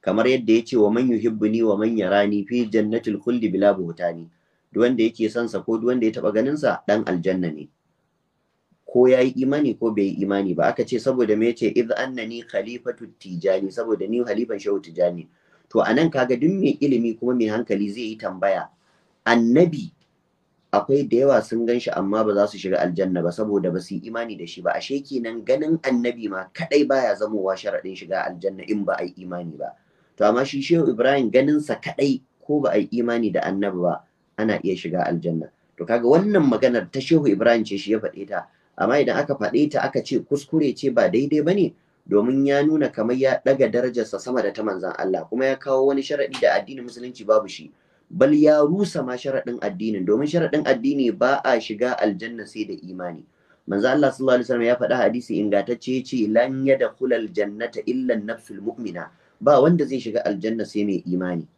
kamar yadda ya ce wa man yuhibbuni wa man yarani fi jannatil kulli bila buhtani duk wanda yake son sa ko duk wanda ya taba ganin sa dan aljanna ne ko yayi imani ko bai yi imani ba aka ce saboda me yace idh annani khalifatu tijani saboda ni halifan shehu tijani to anan kaga duk mai ilimi kuma mai hankali zai yi tambaya annabi akwai da yawa sun gan shi amma ba za su shiga aljanna ba saboda ba su yi imani da shi ba ashe kenan ganin annabi ma kadai baya zamowa sharaɗin shiga aljanna in ba a yi imani ba to amma shi shehu ibrahim ganin sa kadai ko ba a yi imani da annabi ba ana iya shiga aljanna to kaga wannan maganar ta shehu ibrahim ce shi ya faɗe ta amma idan aka faɗe ta aka ce kuskure ce ba daidai ba ne domin ya nuna kamar ya ɗaga darajarsa sama da ta manzan Allah kuma ya kawo wani sharaɗi da addinin musulunci babu shi bal ya rusa ma sharaɗin addinin domin sharaɗin addini ba a shiga aljanna sai da imani manzo Allah sallallahu alaihi wasallam ya faɗa hadisi ingantacce yace lan yadkhulal jannata illa an-nafsul mu'mina ba wanda zai shiga aljanna sai mai imani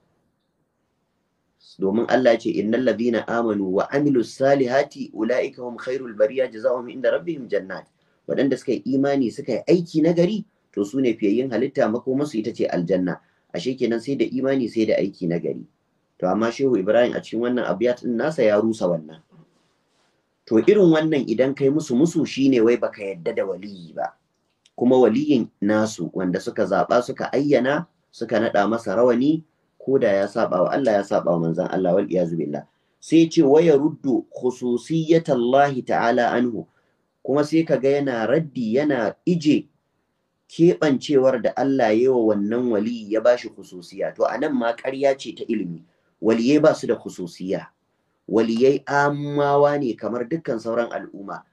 domin Allah ya ce innal ladina amanu wa amilus salihati ulaika hum khairul bariya jazaohum inda rabbihim jannat waɗanda suka yi imani suka yi aiki nagari? to sune ne fiyayyin halitta makomansu ita ce aljanna ashe kenan sai da imani sai da aiki na gari to amma shehu ibrahim a cikin wannan abiyat din nasa ya rusa wannan to irin wannan idan kai musu musu shine wai baka yadda da waliyi ba kuma waliyin nasu wanda suka zaba suka ayyana suka nada masa rawani ko da ya saba wa Allah ya saba wa manzon Allah wal iyaz billah sai ce waya ruddu khususiyatallahi ta'ala anhu kuma sai kaga yana raddi yana ije keɓancewar da Allah ya wa wannan wali ya bashi khususiya to anan ma ƙarya ce ta ilimi waliyai ba su da khususiya waliyai amawa ne kamar dukkan sauran al'umma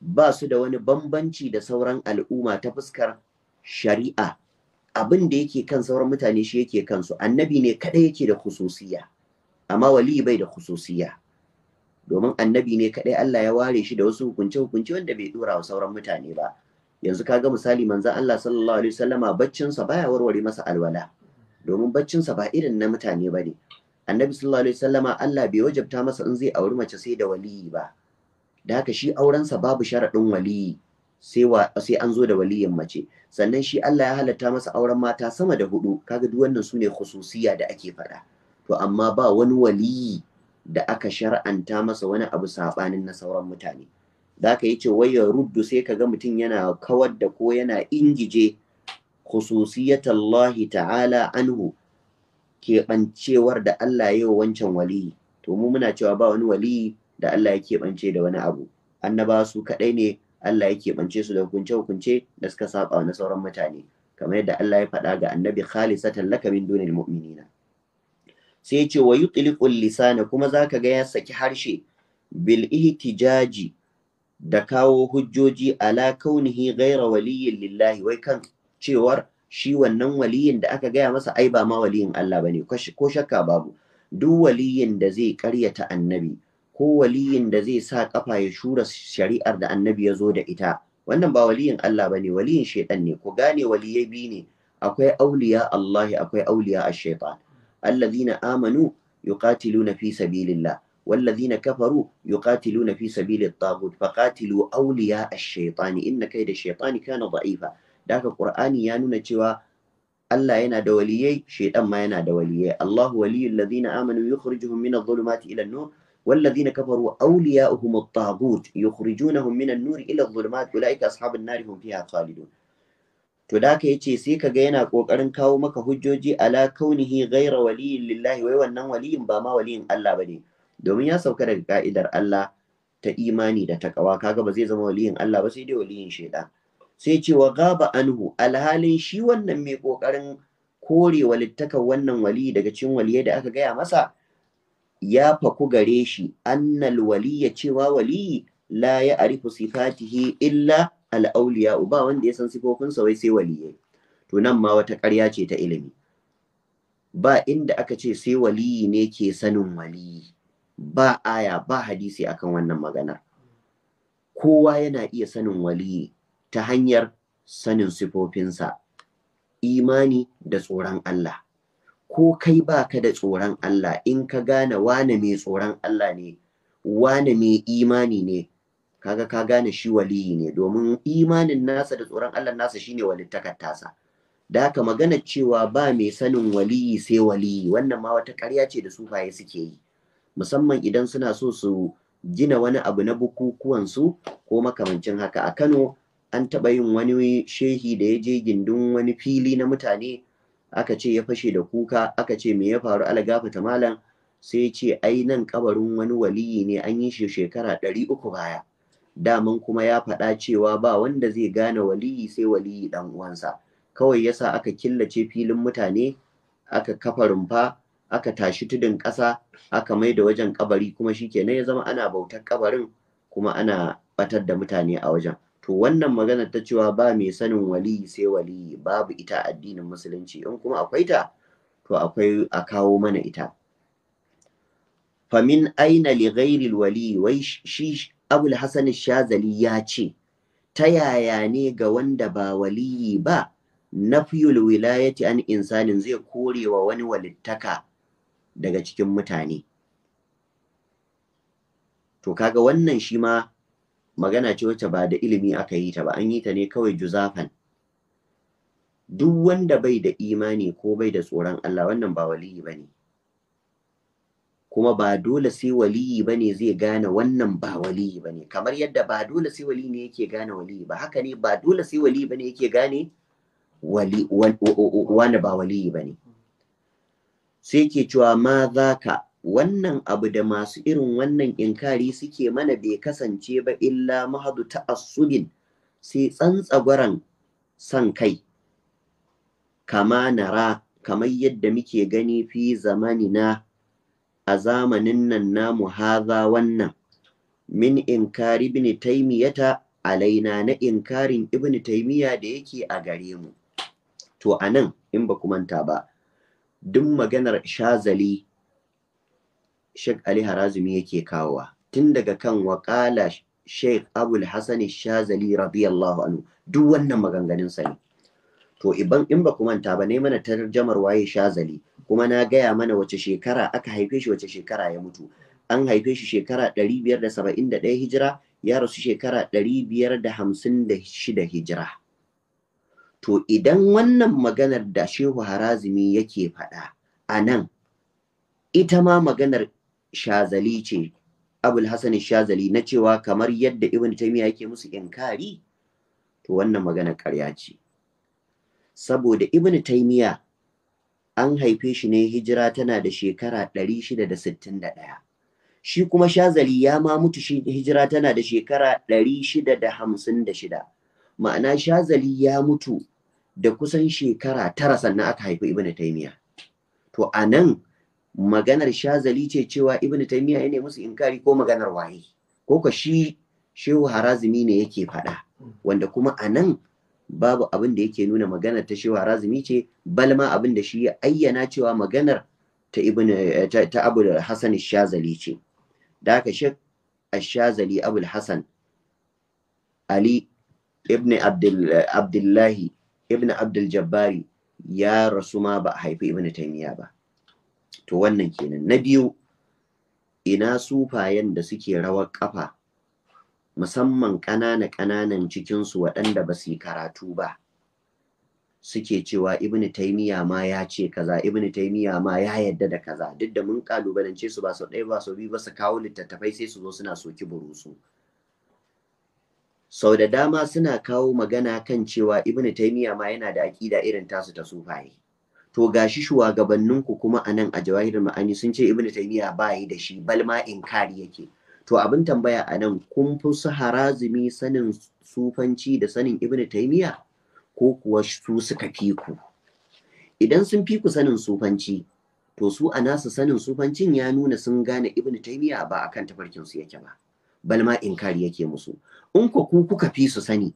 ba su da wani bambanci da sauran al'umma ta fuskar shari'a abin da yake kan sauran mutane shi yake kansu annabi ne kada yake da khususiya amma wali bai da khususiya domin annabi ne kadai Allah ya ware shi da wasu hukunce hukunce wanda bai dora wa sauran mutane ba yanzu kaga misali manzon Allah sallallahu alaihi wasallama baccin sa baya warware masa alwala domin baccin sa ba irin na mutane bane annabi sallallahu alaihi wasallama Allah bai wajabta masa in zai auri mace sai da waliyi ba da haka shi aurensa babu sharaɗin waliyi sai wa sai an zo da waliyin mace sannan shi Allah ya halatta masa auren mata sama da hudu kaga duk wannan sune khususiya da ake faɗa to amma ba wani waliyi da aka shar'anta masa wani abu sabanin na sauran mutane da haka yace wai ya ruddu sai kaga mutum yana kawar da ko yana ingije khususiyatallahi ta'ala anhu keɓancewar da Allah ya yi wa wancan waliyi to mu muna cewa ba wani waliyi da Allah ya keɓance da wani abu annaba su kaɗai ne Allah ya keɓance su da hukunce-hukunce da suka saba na sauran mutane kamar yadda Allah ya faɗa ga annabi khalisatan laka min dunil mu'minina sai ya ce wa yutliqul lisana kuma zaka ga ya saki harshe bil ihtijaji da kawo hujjoji ala kaunihi ghayra waliyyin lillahi wai kan cewar shi wannan waliyin da aka gaya masa ai ba ma waliyin Allah ne, ko shakka babu duk waliyin da zai karyata annabi ko waliyin da zai sa kafa ya shura shari'ar da annabi ya zo da ita wannan ba waliyin Allah ne, waliyin shaitan ne ku gane waliyai biyu ne akwai auliya Allah akwai auliya ash-shaytan allazina amanu yuqatiluna fi sabilillah والذين كفروا يقاتلون في سبيل الطاغوت فقاتلوا أولياء الشيطان إن كيد الشيطان كان ضعيفا da haka qur'ani ya nuna cewa Allah yana da waliyai shaidan ma yana da waliyai Allahu waliyul ladina amanu yukhrijuhum min adh-dhulumati ila an-nur والذين كفروا أولياؤهم الطاغوت يخرجونهم nur! ila adh الظلمات أولئك ashabun nar hum fiha khalidun to da ka yace sai kaga yana kokarin kawo maka hujjoji ala kaunihi ghayra waliyin lillahi wai wannan waliyin ba ma waliyin Allah bane domin ya sauka daga ka'idar Allah ta imani da ta takawa kaga ba zai zama waliyin Allah ba sai dai waliyin shaitan sai ce wa gaba anhu alhalin shi wannan mai kokarin kore walittakan wannan wali daga cikin waliyai da aka gaya masa ya faku gare shi annal waliya cewa waliyi la ya arifu sifatihi illa al'auliya ba wanda ya san sifofin sa wai sai waliyai to nan ma wata ƙarya ce ta ilimi ba inda aka ce sai waliyi ne ke sanin waliyi ba aya ba hadisi akan wannan magana kowa yana iya sanin waliyi ta hanyar sanin sifofinsa imani da tsoron Allah ko kai baka da tsoron Allah in ka gane wane mai tsoron Allah ne wane mai imani ne kaga ka gane shi waliyi ne domin imanin nasa da tsoron Allah nasa shine walittakar tasa da haka magana cewa ba mai sanin waliyi sai waliyi wannan ma wata ƙarya ce da sufaye suke yi musamman idan suna so su gina wani abu na bukukuwan su ko makamancin haka a Kano an taɓa yin wani shehi da ya je gindin wani fili na mutane aka ce ya fashe da kuka aka ce me ya faru gafata malam sai ya ce ai nan kabarin wani waliyi ne an yi shi shekara ɗari uku baya daman kuma ya faɗa cewa ba wanda zai gane waliyi sai waliyi ɗan uwansa kawai yasa aka killace filin mutane aka kafa rumfa aka tashi tudun ƙasa aka mai da wajen ƙabari, kuma shi shikenan ya zama ana bautar ƙabarin kuma ana batar da mutane a wajen to wannan magana ta cewa ba mai sanin waliyi sai waliyi babu ita addinin musulunci in kuma akwai ta to akwai a kawo mana ita famin aina li ghairil wali wai shi abul hasan shazali ya ce ta yaya ne ga wanda ba waliyi ba nafyul wilayati an insanin zai korewa wani walittaka daga cikin mutane to kaga wannan shi ma magana ce wacce ba da ilimi aka yi ta ba an yi ta ne kawai juzafan duk wanda bai da imani ko bai da tsoron Allah wannan ba waliyi bane kuma ba dole sai waliyi bane zai gane wannan ba waliyi bane kamar yadda ba dole sai waliyi ne yake gane waliyi ba haka ne ba dole sai waliyi bane yake gane wali wani ba waliyi bane sai ke cewa ma za ka wannan abu da masu irin wannan inkari suke mana bai kasance ba illa mahadu ta'assubin sai tsantsagwaran san kai kama nara kamar yadda muke gani fi zamanina a zamanin nan namu haza wannan min inkari ibn taimiyata alaina na inkarin ibn taymiya da yake a gare mu to anan in ba ku manta ba duk maganar shazali Sheikh Ali Harazumi yake kawowa tun daga kan waƙala Sheikh Abul Hassan Shazali radiyallahu anhu duk wannan maganganun sa ne to iban in ba ku manta ba ne mana tarjamar waye Shazali kuma na gaya mana wace shekara aka haife shi wace shekara ya mutu an haife shi shekara 571 hijira ya rasu shekara 556 hijira to idan wannan maganar da Shehu Harazumi yake faɗa a nan ita ma maganar shazali ce abul hasan shazali na cewa kamar yadda ibn taymiya yake musu inkari to wannan magana ƙarya ce saboda ibn taymiya an haife shi ne hijira tana da shekara 661 shi kuma shazali ya ma mutu shi hijira tana da shekara 656 ma'ana shazali ya mutu da kusan shekara tara sannan aka haifi ibn taymiya to a nan maganar shazali ce cewa ibn taymiya ya ne musu inkari ko maganar waye ko ka shi shehu harazimi ne yake faɗa wanda kuma a nan babu abin da yake nuna maganar ta shehu harazimi ce balma abin da shi ya ayyana cewa maganar ta ibn ta, ta abu hasan shazali ce da haka shek shazali abul hasan ali ibn abdullahi ibn abdul jabbari ya rasu ma ba a haifi ibn taymiya ba to wannan kenan na biyu ina sufayen da suke rawar kafa musamman ƙanana ƙananan su waɗanda ba su yi karatu ba suke cewa ibn taymiya ma ya ce kaza ibnu taymiya ma ya yadda da kaza duk da mun kalubalance su ba sau ɗaya ba sau biyu ba su kawo littattafai sai su zo suna soki burusu sau da dama suna kawo magana kan cewa ibn taymiya ma yana da aƙida irin tasu ta sufaye to gashi ku kuma a nan a jawahir ma'ani sun ce ibnu taymiya ba yi da shi balma inkari yake to abin tambaya a nan kun fi su harazumi sanin sufanci da sanin ibnu taymiya ko kuwa su suka fi ku idan sun fi ku sanin sufanci to su a nasu sanin sufancin ya nuna sun gane ibnu taymiya ba akan tafarkin su yake ba Balma inkari yake musu in ku ku kuka fi su sani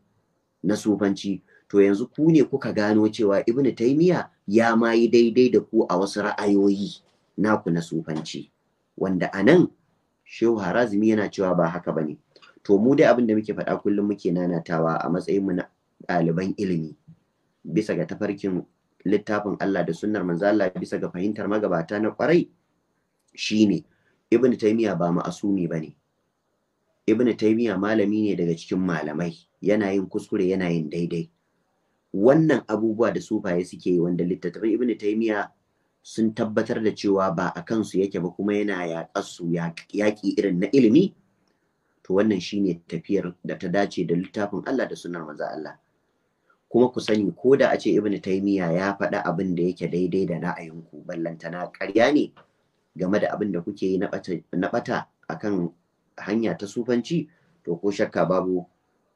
na sufanci to yanzu ku ne kuka gano cewa ibnu taymiya ya ma yi daidai da ku a wasu ra'ayoyi naku na sufanci wanda a nan shehu harazmi yana cewa ba haka bane. ne to mu dai abin da muke faɗa kullum muke nanatawa a matsayin mu na ɗaliban ilimi bisa ga tafarkin littafin Allah da sunnar manzo Allah bisa ga fahimtar magabata na kwarai shine ibnu taymiya ba ma'asumi bane ibnu taymiya malami ne daga cikin malamai yana yin kuskure yana yin daidai wannan abubuwa da sufaye suke yi wanda littattafan Ibn taimiya sun tabbatar da cewa ba a kansu yake ba kuma yana yaƙarsu yaƙi irin na ilimi to wannan shine tafiyar da ta dace da littafin Allah da sunan maza Allah kuma ku sani ko da a ce Ibn taimiya ya faɗa abin da yake daidai da ra'ayinku ballantana ƙarya ne game da abin da kuke yi na ɓata kan hanya ta sufanci to ko shakka babu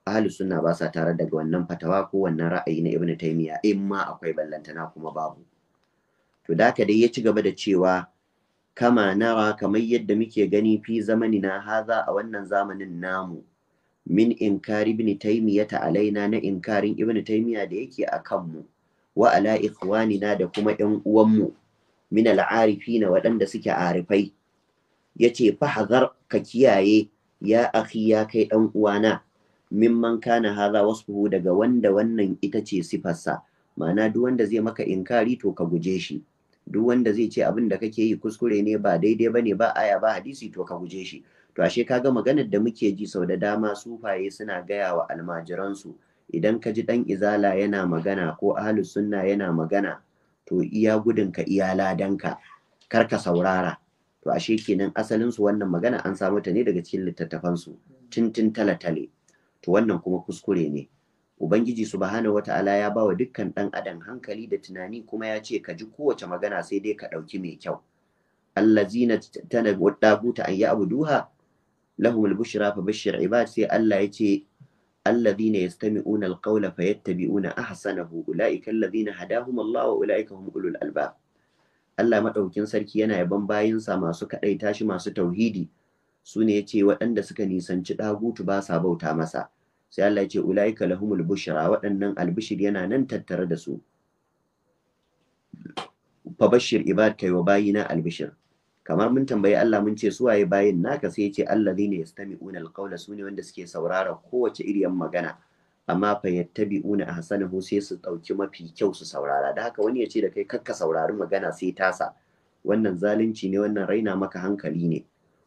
ahli sunna ba sa tare daga wannan fatawa ko wannan ra'ayi na ibnu taymiya in ma akwai ballantana kuma babu to da ka dai ya ci gaba da cewa kama nara kamar yadda muke gani fi na haza a wannan zamanin namu min inkari ibn taymiyata alaina na inkarin ibn taymiya da yake a kanmu wa ala ikhwanina da kuma ƴan uwanmu min al'arifina waɗanda suke arifai yace fahzar ka kiyaye ya akhi ya kai ɗan uwana mimman kana hadha wasfuhu daga wanda wannan ita ce sifarsa ma'ana duk wanda zai maka inkari to ka guje shi duk wanda zai ce abin da kake yi kuskure ne ba daidai bane ba aya ba hadisi to ka guje shi to ashe ka ga maganar da muke ji sau da dama sufaye suna gaya wa almajiransu idan ka ji dan izala yana magana ko ahlus sunna yana magana to iya gudun ka iya ladanka kar ka saurara to ashe kenan asalin su wannan magana an samu ta ne daga cikin littattafansu tintin talatale. tale to wannan kuma kuskure ne ubangiji subhanahu wata'ala ya bawa dukkan dan adam hankali da tunani kuma ya ce ka ji kowace magana sai dai ka ɗauki mai kyau allazina tanabu buta an ya'buduha lahum lahumul bushra fa Bashir ibad sai Allah ya ce الذين يستمعون القول فيتبعون أحسنه أولئك hadahum Allah wa وأولئك هم ulul albab Allah maɗaukin sarki yana yaban bayinsa masu kaɗaita shi masu tauhidi su ne yace waɗanda suka nisanci ɗagutu ba sa bauta masa sai Allah ya ce ulaika lahumul bushra waɗannan albishir yana nan tattare da su fa bashir ibad kai wa bayina albishir kamar mun tambayi Allah mun ce waye bayin naka sai yace alladhina yastami'una alqawla sune wanda suke saurara kowace iriyan magana amma fa yattabi'una ahsanahu sai su dauki mafi kyau su saurara da haka wani ya ce da kai kakka saurari magana sai tasa wannan zalunci ne wannan raina maka hankali ne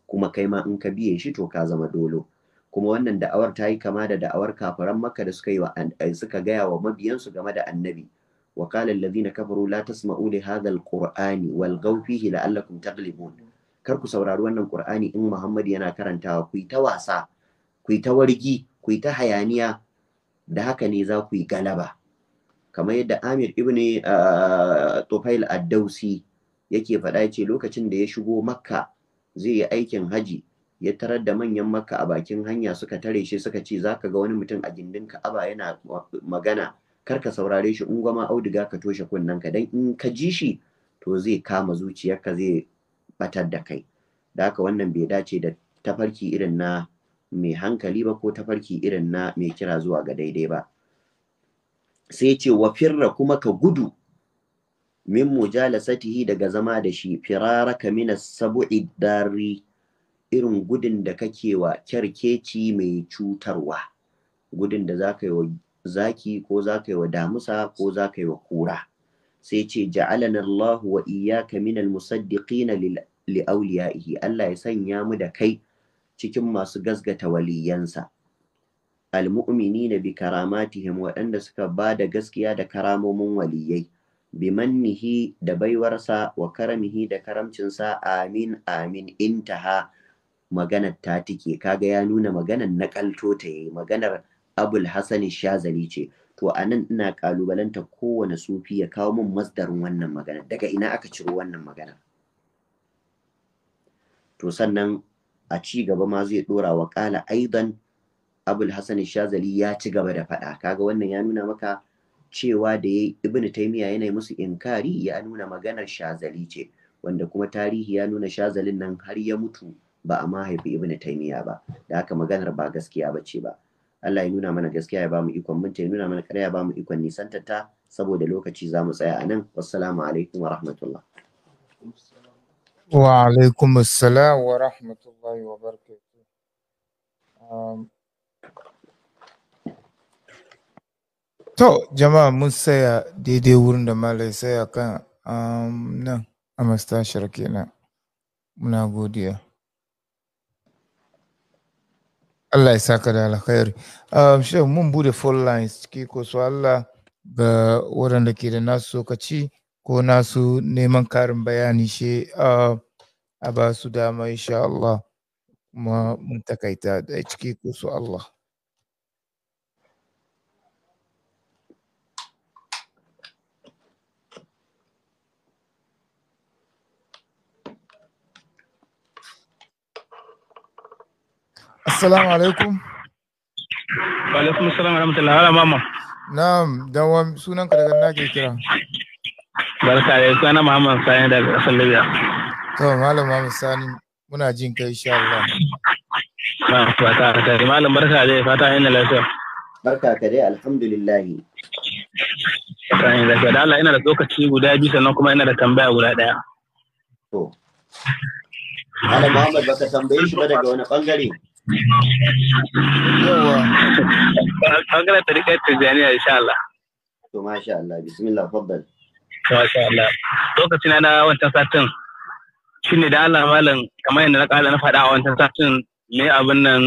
kuma kai ma in ka biye shi to ka zama dolo kuma wannan da'awar ta yi kama da da'awar kafiran makka da suka yi wa eh, suka gaya wa mabiyansu game da annabi wa qala allazina kafaru la tasma'u li hadha alqur'ani wal fihi la'allakum taghlibun kar ku saurari wannan qur'ani in muhammad yana karantawa ku yi ta wasa ku yi ta wargi ku yi ta hayaniya da haka ne za ku yi galaba kamar yadda amir ibn ah, tufail ad-dausi yake faɗa yace lokacin da ya shigo makka zai yi aikin haji ya tarar da manyan makka a bakin hanya suka tare shi suka ce za ka ga wani mutum a gindin Aba yana magana kar ka saurare shi in gwama auduga ka toshe ka dan in ka ji shi to zai kama zuciyarka zai batar da kai da haka wannan bai dace da tafarki irin na mai hankali ba ko tafarki irin na mai kira zuwa ga daidai ba sai ce wa firra kuma ka gudu min mujalasatihi daga zama da shi firaraka min as-sab'i darri irin gudun da kake wa kyarkeci mai cutarwa gudun da zaka yi wa zaki ko zaka yi wa damusa ko zaka yi wa kura sai ce ja'alana Allah wa iyyaka min al-musaddiqina li awliyaihi Allah ya sanya mu da kai cikin masu gasgata waliyansa al-mu'minina bi karamatihim waɗanda suka ba da gaskiya da karamomin waliyai bimannihi da baiwarsa wa karamihi da karamcinsa amin amin intaha maganar ta tike kaga ya nuna maganar naƙalto ta yi maganar abul hasan shazali ce to anan ina kalubalanta kowane sufi ya kawo min masdarin wannan magana daga ina aka ciro wannan magana to sannan a ci gaba ma zai dora wa kala aidan abul hasan shazali ya ci gaba da faɗa kaga wannan ya nuna maka cewa da ya ibn taimiya yana musu inkari ya nuna maganar shazali ce wanda kuma tarihi ya nuna shazalin nan har ya mutu ba a ma haifi ibn taimiya ba da haka maganar ba gaskiya ba ce ba Allah ya nuna mana gaskiya ya ba mu ikon minta ya nuna mana karya ya ba mu ikon nisanta ta saboda lokaci za mu tsaya a nan wassalamu alaikum wa rahmatullah wa alaikum wa rahmatullahi To, jama'a mun saya daidai wurin da malai saya kan um, nan a mastashar kenan. Muna godiya. Allah ya saka da alkhairi. Um, shi mun bude phone lines ki ko su Allah ga waɗanda ke da nasu sokaci ko nasu neman karin bayani shi um, a ba su dama insha Allah. Kuma mun takaita da ciki ko su Allah. Assalamu alaikum. Wa alaikum assalam wa rahmatullahi wa mama. Na'am, dan wa sunanka daga na ke kira. Barka da na Muhammad Sani daga kasar Libya. To malam Muhammad Sani muna jin kai insha Allah. Na fata ka malam barka da fata ina lafiya. Barka ka dai alhamdulillah. Fata da lafiya da Allah ina da tsokaci guda biyu sannan kuma ina da tambaya guda daya. To. Malam Muhammad baka tambaye shi ba daga wani bangare. yawa bangaren tarikar tijjaniya insha Allah to masha Allah bismillah faddal masha Allah lokacin na wancan satin shi ne da Allah malam kamar yadda na kala na faɗa a wancan satin me abin nan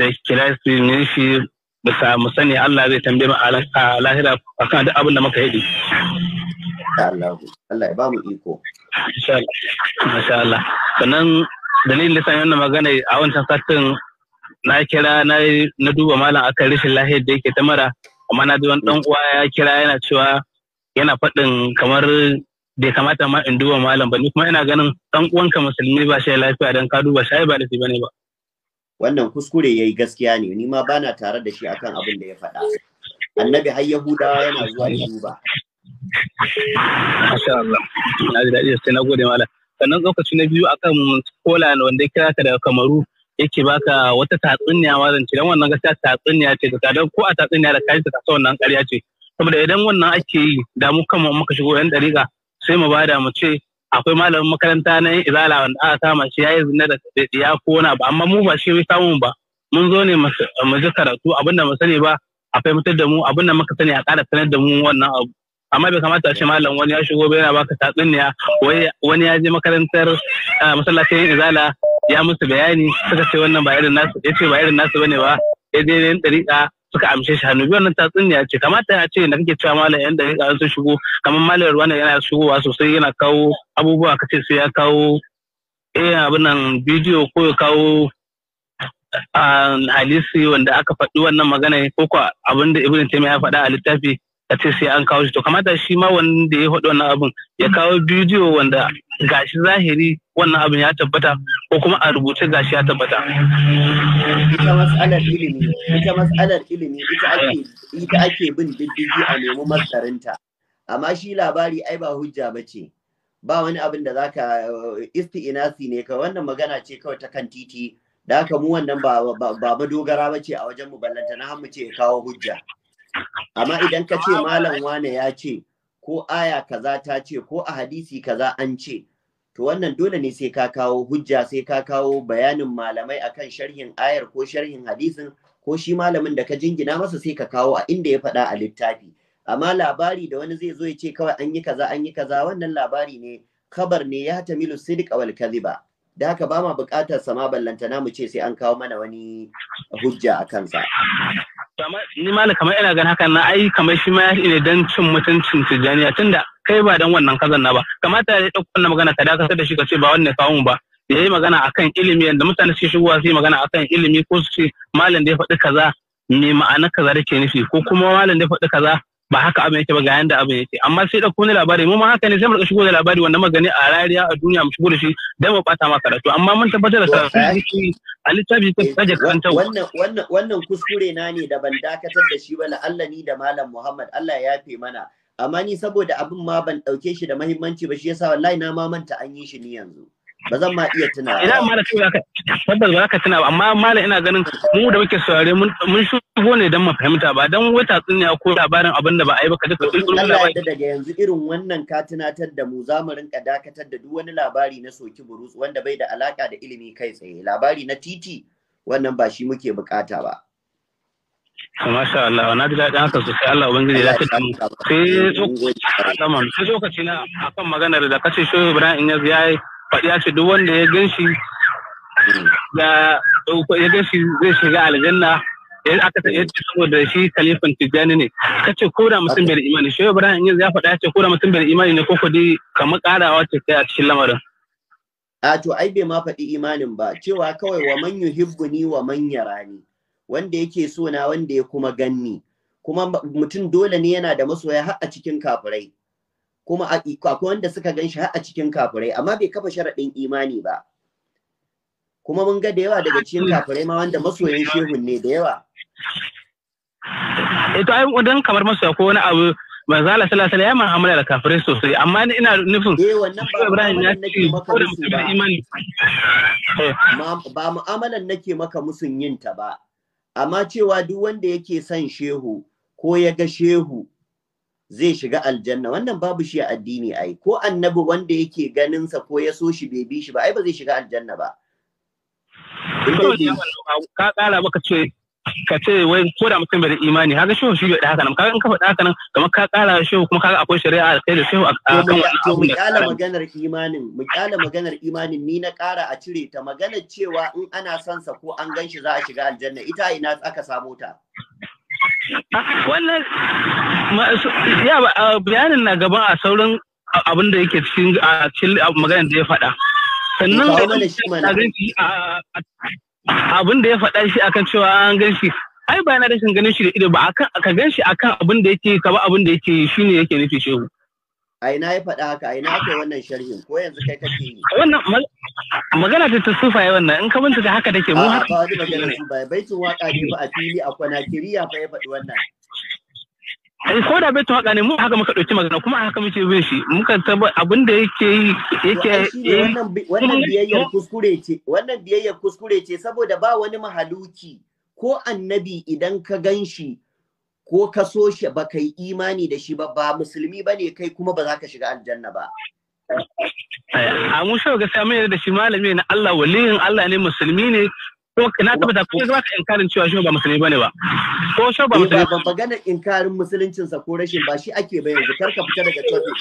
da kirasi ne shi bisa mu sani Allah zai tambaye mu a lahira kan duk abin da muka yi Allah Allah ya ba mu iko insha Allah sannan dalilin da sami wannan magana a wancan satin na kira na duba malam akan rashin lahiyar da yake ta mara amma na duban dan uwa ya kira yana cewa yana faɗin kamar bai kamata ma in duba malam ba ni kuma ina ganin dan uwanka musulmi ba shi lafiya dan ka duba shi ba da shi bane ba wannan kuskure yayi gaskiya ne ni ma bana tare da shi akan abin da ya faɗa annabi har yahudawa yana zuwa ya duba Masha Allah, na ji daɗi sai na gode malam. sannan lokaci na biyu akan kola wanda ya kira ka daga kamaru yake baka wata tatsuniya ma zance dan wannan gaskiya tatsuniya ce ka dan ko a tatsuniya da kai ta wannan ƙarya ce saboda idan wannan ake yi da mu kan muka shigo yan dariƙa sai mu bada mu ce akwai malamin makaranta na yin izala wanda aka kama shi yayi zina da ya ko wani abu amma mu ba shi samu ba mun zo ne mu ji karatu abinda mu sani ba a fahimtar da mu abinda muka sani a ƙara sanar da mu wannan abu amma bai kamata a ce malam wani ya shigo bai yana baka tatsuniya wani ya je makarantar masallacin izala ya musu bayani suka ce wannan ba irin nasu ya ce ba irin nasu bane ba ya je ne dariƙa suka amshe shi hannu biyu wannan tatsuniya ce kamata a ce da kake cewa malam yan dariƙa sun shigo kamar malam ruwan yana shigowa sosai yana kawo abubuwa kace su ya kawo eh abin nan bidiyo ko ya kawo halisi wanda aka faɗi wannan magana ko abin da ibn taymiya ya faɗa a littafi a ce sai an kawo shi to kamata shi ma wanda ya faɗi wannan abin ya kawo bidiyo wanda gashi zahiri wannan abin ya tabbata ko kuma a rubuce gashi ya tabbata ita mas'alar ilimi ita mas'alar ilimi ita ake bin diddigi a nemi masarinta amma shi labari ai ba hujja ba ce. ba wani abin da zaka isti'inasi ne ka wannan magana ce kawai ta kan titi da haka mu wannan ba ba madogara ce a wajen mu ballanta na mu ce ya kawo hujja amma idan ka ce malam wane ya ce ko aya kaza ta ce ko a hadisi kaza an ce to wannan dole ne sai ka kawo hujja sai ka kawo bayanin malamai akan sharhin ayar ko sharhin hadisin ko shi malamin da ka jingina masa sai ka kawo a inda ya faɗa a littafi amma labari da wani zai zo ya ce kawai an yi kaza an yi kaza wannan labari ne kabar ne ya milu sidiq wal kadhiba da haka ba ma bukatar sama ballantana mu ce sai an kawo mana wani hujja a kansa ni ma kamar ina gan hakan na ai kamar shi ma ne dan cin mutuncin tijjaniya tunda kai ba dan wannan kazan na ba kamata ya dauko wannan magana ka dakatar da shi ka ce ba wannan kawo ba ya yi magana akan ilimi yanda mutane suke shigowa su yi magana akan ilimi ko su ce malam da ya faɗi kaza me ma'ana kaza da ke nufi ko kuma malam da ya faɗi kaza ba haka abin yake ba ga yanda abin yake amma sai da kone labari mu ma haka ne sai mu shigo da labari wanda magani a rariya a duniya mu shigo da shi dan mu bata ma karatu amma mun tabbatar da sarki a littafi ta tsaje karanta wannan wannan wannan kuskure na ne da ban dakatar da shi ba Allah ni da malam Muhammad Allah ya yafe mana amma ni saboda abin ma ban dauke shi da muhimmanci ba shi yasa wallahi na ma manta an yi shi ni yanzu ba zan ma iya tuna ba. Idan mara cewa ka tabbas ba ka tuna ba amma malam ina ganin mu da muke saurare mun shigo ne don mu fahimta ba don wata tsinya ko labarin abin da ba a yi ba ka ji Allah ya daga yanzu irin wannan ka tunatar da mu za mu rinka dakatar da duk wani labari na soki burus wanda bai da alaka da ilimi kai tsaye labari na titi wannan ba shi muke bukata ba Masha Allah, na ji daɗin haka sosai Allah Ubangiji ya tuɗa damu. Sai tsokaci na akan maganar da kashe shoyi Ibrahim ya yi faɗi ya duk wanda ya gan shi ya ya gan shi zai shiga aljanna ya aka ta saboda shi kalifan tijjani ne ce ko da mutum bai da imani shi Ibrahim yanzu ya faɗa ya ce ko da mutum bai da imani ne ko ko dai kamar karawa ce kai a cikin lamarin a to ai bai ma faɗi imanin ba cewa kawai wa man ni wa man yarani wanda yake so na wanda ya kuma ganni kuma mutum dole ne yana da masoya har a cikin kafirai kuma akwai wanda suka gan shi a cikin kafirai amma bai kafa sharaɗin imani ba kuma mun ga da yawa daga cikin kafirai ma wanda masoyan shehun ne da yawa eh, to ai wadan kamar masoya ko wani abu manzo Allah sallallahu alaihi wasallam ya mu'amala da kafirai sosai amma ina nufin eh wannan ba Ibrahim ya ce maka musu ba imani ba mu'amalan nake maka musun yin ta ba amma cewa duk wanda yake son shehu ko ya ga shehu zai shiga aljanna wannan babu shi a addini ai ko annabi wanda yake ganin sa ko ya so shi bai bi shi ba ai ba zai shiga aljanna ba ka kara maka ce ka ce wai ko da mutum bai da imani haka shehu shi bai da haka nan ka in ka faɗa haka nan kamar ka kara shehu kuma ga akwai shari'a kai da shehu a kan mu kala maganar imanin mu kala maganar imanin ni na kara a cire ta maganar cewa in ana son sa ko an ganshi za a shiga aljanna ita ina aka samu ta Wannan uh, bayanin na gaban a sauran abin da yake cikin a magana da ya faɗa. Sannan abin da ya faɗa shi akan cewa an gan shi ai ba na rashin ganin shi da ido ba ka gan shi akan abin da yake kaba abin da yake shine yake nufi shehu. a ina ya faɗa haka a ina wannan sharhin ko yanzu kai kake yi wannan magana ta ta ya wannan in ka da haka da ke mu haka ba wani magana su ba baitin waka ne ba a fili a kwana kiriya fa ya faɗi wannan eh, ko da bai waka ne mu haka muka ɗauki magana kuma haka muke bin shi muka taba abin da yake yi yake wannan biyayyar kuskure ce wannan biyayyar kuskure ce saboda ba wani mahaluki ko annabi idan ka gan shi ko ka so shi ba ka yi imani da shi ba ba musulmi ba ne kai kuma ba za ka shiga aljanna ba. Eh, a mun shi gaskiya mai da shi malami na Allah waliyin Allah ne musulmi ne ko na tabbata ko za ka inkarin cewa shi ba musulmi ba ne ba. Ko shi ba musulmi eh, ba. Ba maganar inkarin musuluncinsa ko rashin ba shi ake ba yanzu kar ka fita daga topic.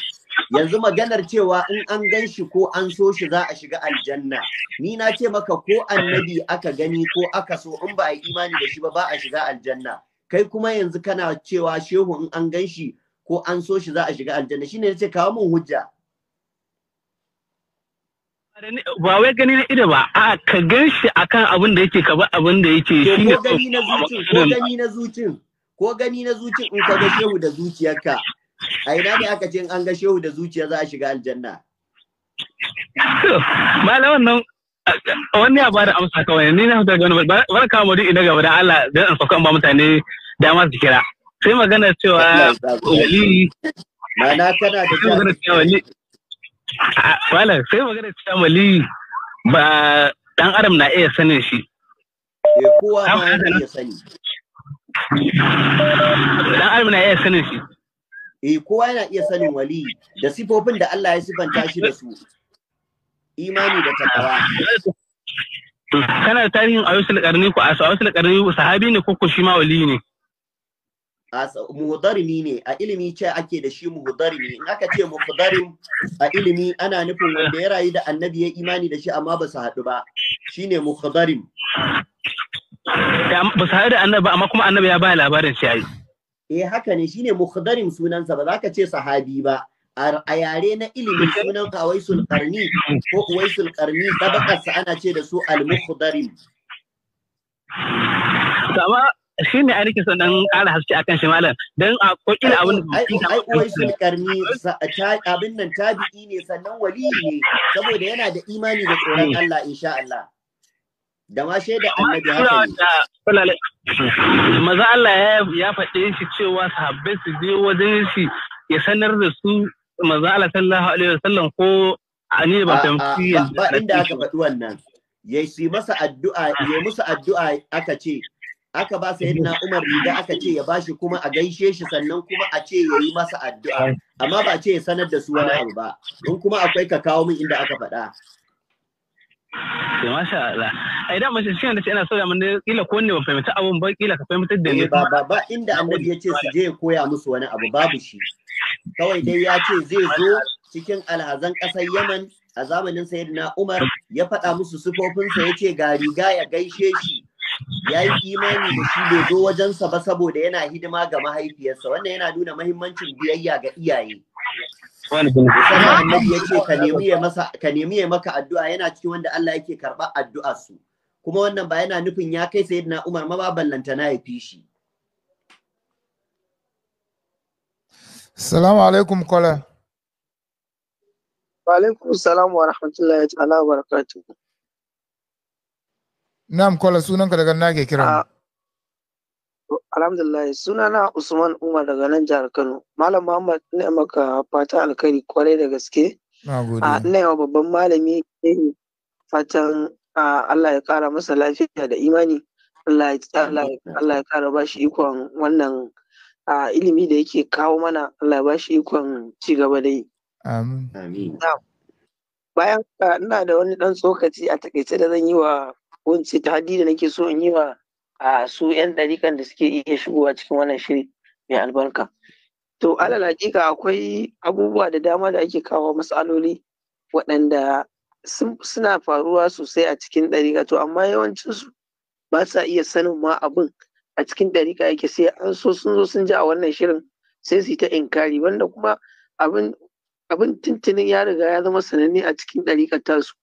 Yanzu maganar cewa in an gan shi ko an so shi za a shiga aljanna. Ni na ce maka ko annabi aka gani ko aka so in ba a yi imani da shi ba ba a shiga aljanna. kai kuma yanzu kana cewa shehu in an gan shi ko an so shi za a shiga aljanna shine yace kawo mun hujja ba wai gani na ido ba a ka gan shi akan abin da yake ka ba abin da yake shi ko gani na zuci ko gani na zucin ko gani na zucin in ka ga shehu da zuciyarka a ina ne aka ce in an ga shehu da zuciya za a shiga aljanna malamin nan wani ya bada amsa kawai ni na hutu ga wani bar kawo maudu'i ina gaba da Allah da an sauka ba mutane dama su kira sai magana cewa wali mana kana da sai magana cewa wali wala sai magana cewa wali ba dan adam na iya sanin shi eh kowa na iya sani dan adam na iya sanin shi eh kowa yana iya sanin wali da sifofin da Allah ya sifanta shi da su imani da takawa kana tarihin wasu karni ku asu ayyusul karni sahabi ne ko shi mawali wali ne muhudarimi ne a ilimi ce ake da shi muhudarimi in aka ce muhudarim a ilimi ana nufin wanda ya rayu da annabi ya imani da shi amma ba su haɗu ba Shi ne muhudarim ba su haɗu da annabi amma kuma annabi ya ba labarin shi yi. eh haka ne shi ne muhudarim sunansa ba za ka ce sahabi ba a yare na ilimi sunan ka waisul karni ko waisul karni tabakarsa ana ce da su al-mukhdarim sama shi ne ainihin son dan ƙara haske akan shi malam dan a kokila abin da ai waisul karni abin nan tabi'i ne sannan wali ne saboda yana da imani da tsoron Allah insha Allah da ma shaida annabi haka maza Allah ya faɗe shi cewa sahabbai su je wajen shi ya sanar da su manzo Allah sallallahu alaihi wasallam ko ani ba fahimci ba inda aka faɗi wannan ya yi masa addu'a ya musu addu'a aka ce aka ba sa yadda Umar riga aka ce ya bashi kuma a gaishe shi sannan kuma a ce ya yi masa addu'a amma ba ce ya sanar da su wani abu ba in kuma akwai ka kawo min inda aka faɗa da masha Allah ai da mace shi da ce ina so da mun kila ko ne ba fahimta abun ba kila ka fahimta da ni eh, ba ba inda annabi ya ce su je ya koya musu wani abu babu shi kawai dai ya ce zai zo cikin alhazan ƙasar Yaman a zamanin Sayyidina Umar ya faɗa musu sufofinsa ya ce ga riga ya gaishe shi ya yi imani da shi bai zo wajensa ba saboda yana hidima ga mahaifiyarsa wannan yana nuna mahimmancin biyayya ga iyaye Sannan annabi ya ce ka nemi ya maka addu'a yana cikin wanda Allah yake karɓar addu'ar su kuma wannan ba yana nufin ya kai sayyidina Umar ma ba ballanta ya fi shi Salamu alaikum kwala. Wa alaikum salam wa rahmatullahi ta'ala wa barakatuh. Na'am kwala sunanka daga na ke kira. Ah, alhamdulillah sunana Usman Umar daga nan jihar Kano. Malam Muhammad ne maka fata alkhairi kwarai da gaske. Na gode. Ah, ina yawa babban malami ne fatan ah, Allah ya kara masa lafiya da imani. Allah ya kara ba shi ikon wannan a ilimi da yake kawo mana Allah ba shi ikon ci gaba da yi. Amin. Bayan ina da wani ɗan tsokaci a takaice da zan yi wa wance ta da nake so in yi wa su 'yan ɗarikan da suke iya shigowa cikin wannan shiri mai albarka. To alal hakika akwai abubuwa da dama da ake kawo matsaloli waɗanda suna faruwa sosai a cikin ɗarika to amma yawancinsu ba sa iya sanin ma abin a cikin ɗariƙa yake sai an so sun zo sun ji a wannan shirin sai su yi ta inkari wanda kuma abin abin tuntunin ya riga ya zama sananne a cikin ɗariƙar tasu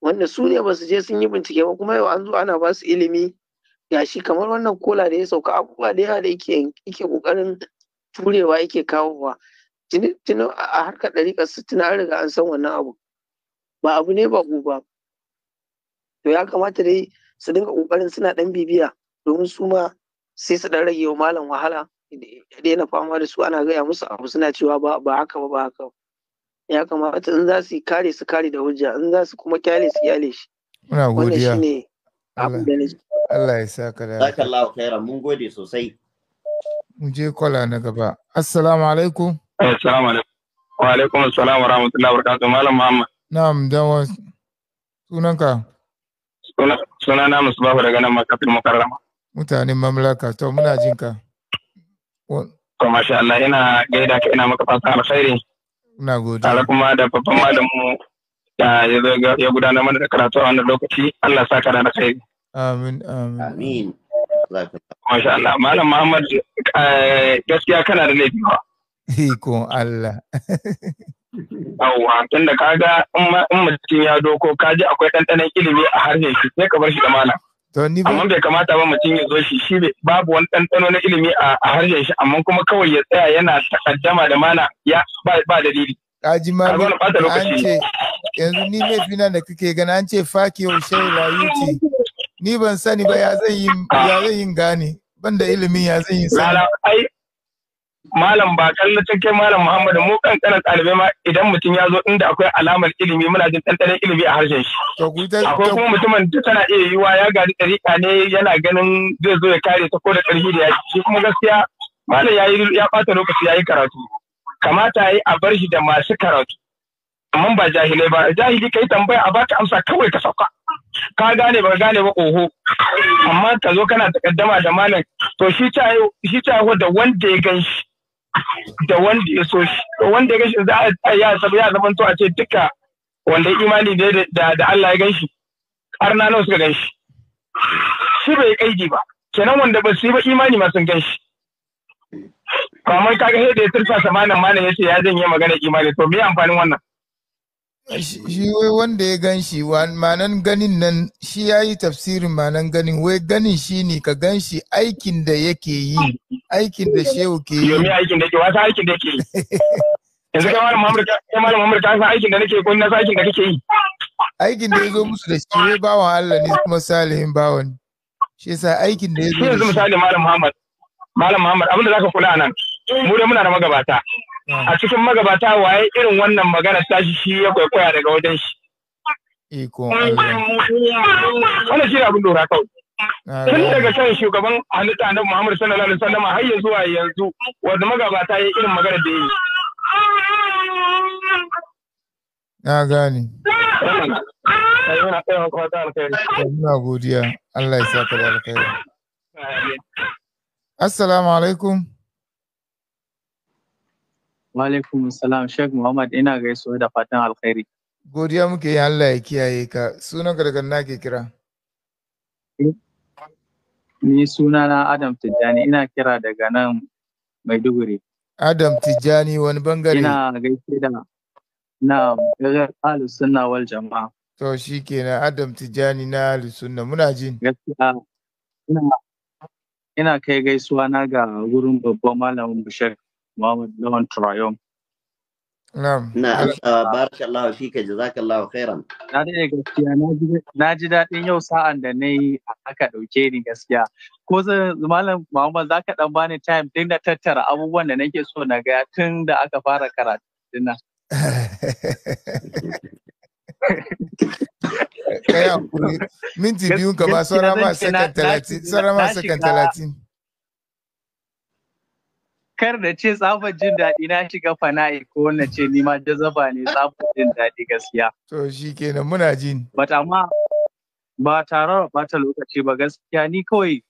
wanda su ne ba su je sun yi bincike ba kuma yau an zo ana ba su ilimi shi kamar wannan kola da ya sauka abubuwa da yawa da yake yake turewa yake kawowa tuni a harkar ɗariƙar su tuna an riga an san wannan abu ba abu ne ba ba to ya kamata dai su dinga kokarin suna ɗan bibiya domin su ma sai su dan rage wa malam wahala ya daina fama da su ana gaya musu abu suna cewa ba ba haka ba ba haka ya kamata in za su kare su kare da hujja in za su kuma kyale su kyale shi muna godiya da Allah ya saka da haka Allah kaira mun gode sosai mu je kwala na gaba assalamu alaikum assalamu alaikum wa alaikum assalam wa rahmatullahi wa barakatuh malam muhammad na'am dan sunanka sunana musbahu daga nan makafin mukarrama mutanen mamlaka to muna jin ka to masha Allah ina gaida ka ina maka fata alkhairi ina gode tare kuma da babban malamu da ya gudanar mana da karatu a wannan lokaci Allah saka da alkhairi amin amin amin masha Allah malam Muhammad eh, gaskiya kana da laifi ba ko Allah Yawwa, tunda kaga in mutum ya doko kaji akwai ɗanɗanon ilimi a harshen shi sai ka bar shi da malam. amma bai kamata ba mutum ya zo shi shi babu wani ɗanɗano na ilimi a harshen shi amma kuma kawai ya tsaya yana takaddama da mana ya ba dalili kaji ma an ce yanzu ni fina da kake gani an ce faki wa shai layuti ni ban sani ba ya zan yi gane ban da ilimin ya zan yi sani malam ba kalla take malam Muhammadu mu kankanan ɗalibai ma idan mutum ya zo inda akwai alamar ilimi muna jin ɗanɗanon ilimi a harshen shi. Akwai kuma mutumin da tana iya yiwa ya gari ɗariƙa ne yana ganin zai zo ya kare ta ko da ƙarfi da yaki shi kuma gaskiya malam ya yi ya ɓata lokaci ya yi karatu. Kamata ya yi a bar shi da masu karatu. Amma ba jahilai ba jahili ka yi tambaya a baka amsa kawai ka sauka. ka gane ba gane ba oho amma ka zo kana takaddama da malam to shi ta shi ta da wanda ya ganshi. da wanda ya so shi wanda ya gashi za a ya sabu ya zama to a ce duka wanda imani ne da Allah ya ganshi arna nawa suka ganshi shi bai kaidi ba kenan wanda ba su yi ba imani ma sun ganshi kamar kaga sai da ya tursa samanin malam yace ya janye magana imani to me amfanin wannan shi wai wanda ya gan shi manan ganin nan shi ya yi tafsirin manan ganin wai ganin shi ne ka gan shi aikin da yake yi aikin da shehu ke yi yomi aikin da ke wasa aikin da ke yi *laughs* yanzu kai malam Muhammad kai malam Muhammad ka san aikin da nake ko na san aikin da kake yi aikin da ya zo musu da shi wai bawan Allah ne kuma salihin bawan shi yasa aikin da shi yanzu misali malam Muhammad malam Muhammad abinda zaka kula nan mu da muna da magabata a mm. cikin magabata waye irin wannan magana tashi shi ya kwaikwaya daga wajen shi iko mm. wannan shi abin dora kawai tun daga kan shugaban halitta annabi Muhammad sallallahu alaihi wasallam har ya zuwa yanzu wanda magabata ya irin magana da yi na gane Ina godiya Allah ya sa ka da alkhairi Assalamu alaikum. Wa salam Sheikh Muhammad ina gaisuwa da fatan alkhairi. Godiya muke yi Allah ya kiyaye ka. Sunan ka daga na ke kira. Ni suna na Adam Tijjani ina kira daga nan Maiduguri. Adam Tijjani wani bangare. Ina gaisuwa da na gagar Ahlus Sunna wal Jama'a. To shi kenan Adam Tijjani na Ahlus Sunna muna jin. Gaskiya ina kai gaisuwa na ga wurin babban malamin bishar. Muhammad Lawan Trayon. Na'am. Na'am. Ah, barakallahu fika jazakallahu khairan. Na dai gaskiya na ji daɗin yau sa'an da na yi aka ɗauke ni gaskiya. Ko malam Muhammad za ka bani time din na tattara abubuwan da nake so na ga tun da aka fara karatu dinnan. Kaya biyun ka ba ma sakan talatin. kar da ce tsafa jin daɗi na shiga fana'i ko na ce ni ma jazaba ne tsafa jin daɗi gaskiya. To shi kenan muna jin. ta ma ba tare ba ta lokaci ba gaskiya ni kawai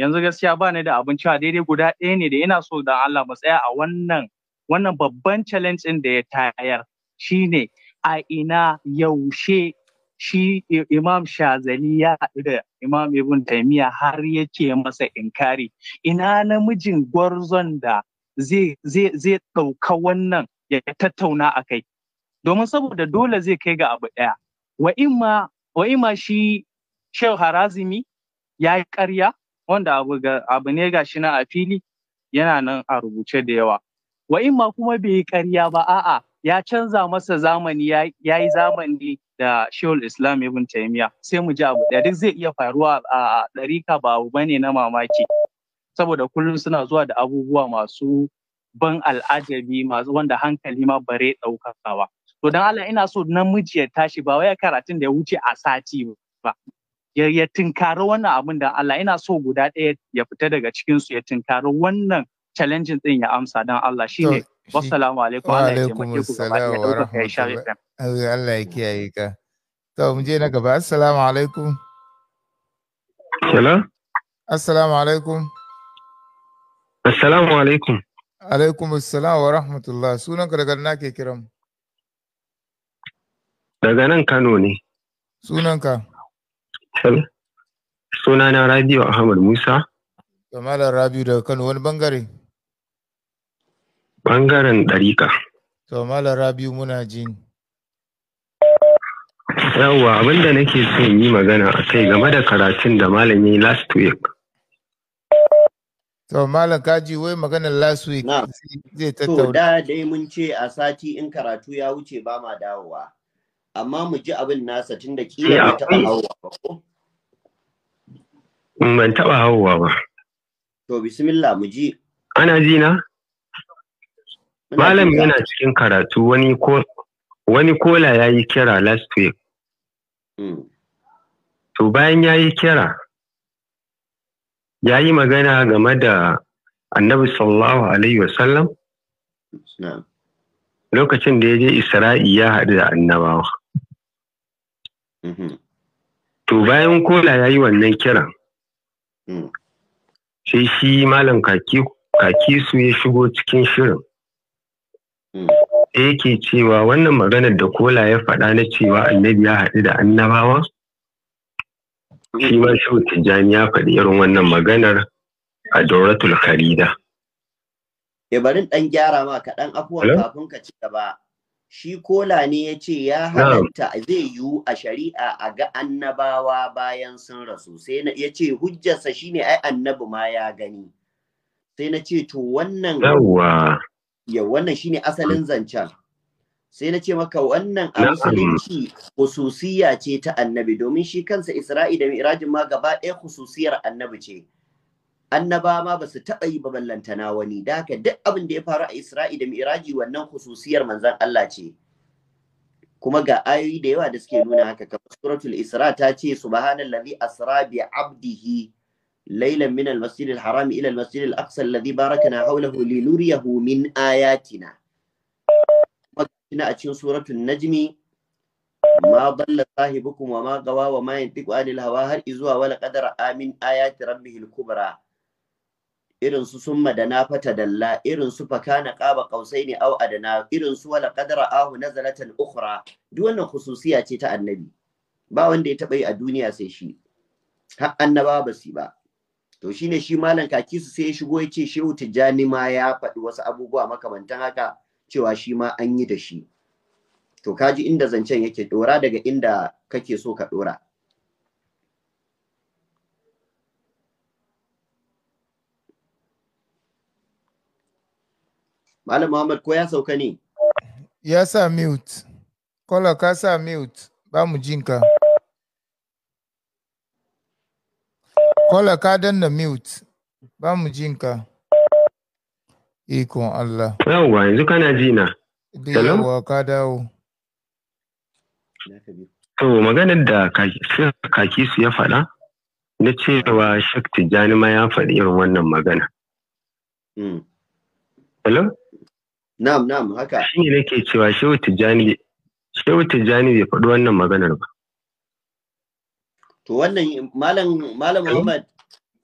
yanzu gaskiya ba ni da abinci a daidai guda ɗaya ne da ina so da Allah mu tsaya a wannan wannan babban challenge ɗin da ya tayar shine a ina yaushe shi imam shazali ya haɗu da imam ibn taimiyya har yake masa inkari ina namijin gwarzon da zai ɗauka wannan ya tattauna a kai domin saboda dole zai kai ga abu ɗaya wa ima shi shehu harazimi ya yi ƙarya wanda abu ne ga shi na a fili yana nan a rubuce da yawa Wa wa'ima kuma bai yi ƙarya ba a'a ya canza masa zamani ya yi zamani da shehul islam ibn taimiya sai mu ji abu Da duk zai iya faruwa a ɗarika ba abu bane na mamaki saboda kullum suna zuwa da abubuwa masu ban al'ajabi masu wanda hankali ma bare ɗaukakawa to dan Allah ina so namiji ya tashi ba wai karatun da ya wuce a sati ba ya, ya wannan abin da Allah ina so guda ɗaya ya fita daga cikin su ya tunkari wannan challenging din ya amsa dan Allah shine Wassalamu alaikum. Wa alaikum assalam wa rahmatullahi. Allah ya kiyaye ka. To mu je na gaba. Assalamu alaikum. Salam. Assalamu alaikum. Assalamu alaikum. Alaikum assalam wa rahmatullah. Sunan ka daga na ke kiran. Daga nan Kano ne. Sunan ka. Sunana Rabiu Ahmad Musa. Kamalar Rabiu daga Kano wani bangare. ɓangaren ɗarika. To, Malam Rabiu muna jin. Yawwa abinda nake son yi magana a kai game da karatun da malami last week. To, Malam Kaji, wai maganar last week zai tattauna. To, da dai mun ce a sati in karatu ya wuce ba ma dawowa. Amma mu ji abin nasa tun da kila bai taɓa hauwa ba ko? Ban taɓa hauwa ba. To, bismillah mu ji. Ana ji na? Malam yana cikin karatu wani ko wani kola ya yi kira last week. Hmm. To bayan ya yi kira, ya yi magana game da annabi sallallahu alaihi wasallam lokacin da ya je Isra'i ya haɗu da annabawa. Mm-hmm. To bayan kola ya yi wannan kiran, hmm. sai shi malam kaki su ya shigo cikin shirin. da yake cewa wannan maganar da kola ya faɗa na cewa annabi ya haɗu da annabawa shi ma shehu tijjani ya faɗi irin wannan maganar a dauratul kharida ya eh, bari ɗan gyara ma kaɗan afuwa kafin ka ci gaba shi kola ne ya ce ya halatta zai yiwu a shari'a a ga annabawa bayan sun rasu sai ya ce hujjarsa shine ai annabi ma ya gani sai na ce to wannan yau wannan shine asalin hmm. zancen sai na ce maka wannan a musulunci ce ta annabi domin shi kansa isra'i da mi'rajin ma gaba ɗaya hususiyar annabi ce annaba ma ba su taɓa yi ballantana wani da haka duk abin da ya faru a isra'i da mi'raji wannan hususiyar manzan Allah ce kuma ga ayoyi da yawa da suke nuna haka kamar suratul isra ta ce subhanallazi asra bi abdihi ليلا من المسجد الحرام إلى المسجد الأقصى الذي باركنا حوله لنريه من آياتنا وكنا أتشين سورة النجم ما ضل صاحبكم وما غوى وما ينطق عن الهوى هل إزوى ولا قدر آمن آيات ربه الكبرى irin su summa da na fata dalla irin su fakana qaba qausaini aw adana irin su wala qadara ahu nazalatan ukhra duk wannan kususiya ce ta annabi ba wanda ya taba yi a duniya sai shi har annaba ba su ba to shine shi malam kakisu sai ya shigo ya ce shehu tijjani ma ya faɗi wasu abubuwa makamantan haka cewa shi ma an yi da shi to kaji inda zancen yake dora daga inda kake so ka dora Malam Muhammad ko ya sauka ne? Ya sa mute. Kola ka sa mute. Ba mu jinka. Kola ka danna mute, ba mu jin ka. Ikon Allah. Yawwa yanzu kana ji na. Yawwa ka dawo. To maganar da kaki su ya faɗa na cewa Shek Tijjani ma ya faɗi irin wannan magana. Hmm. Hello? Na'am na'am haka. Shi ne nake cewa Shehu Tijjani Shehu Tijjani bai faɗi wannan maganar ba. To wannan malam malam Muhammad.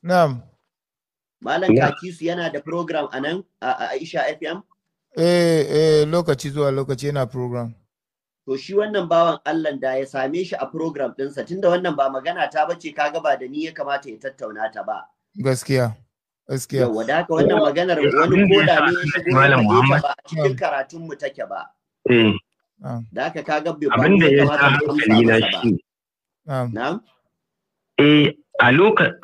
Na'am. Malam Kakisu yana da program a nan a Aisha FM? Eh eh lokaci zuwa lokaci yana program. To shi wannan bawan Allah da ya same shi a program ɗinsa tunda wannan ba magana ta bace ka gaba da ni ya kamata ya tattauna ta ba. Gaskiya. Gaskiya. Yawwa da haka wannan maganar wani koda ne ya shigo ba a cikin karatun mu take ba. Da haka kaga bai ba. Abin da ya sa eh. hankali na shi. Na'am. eh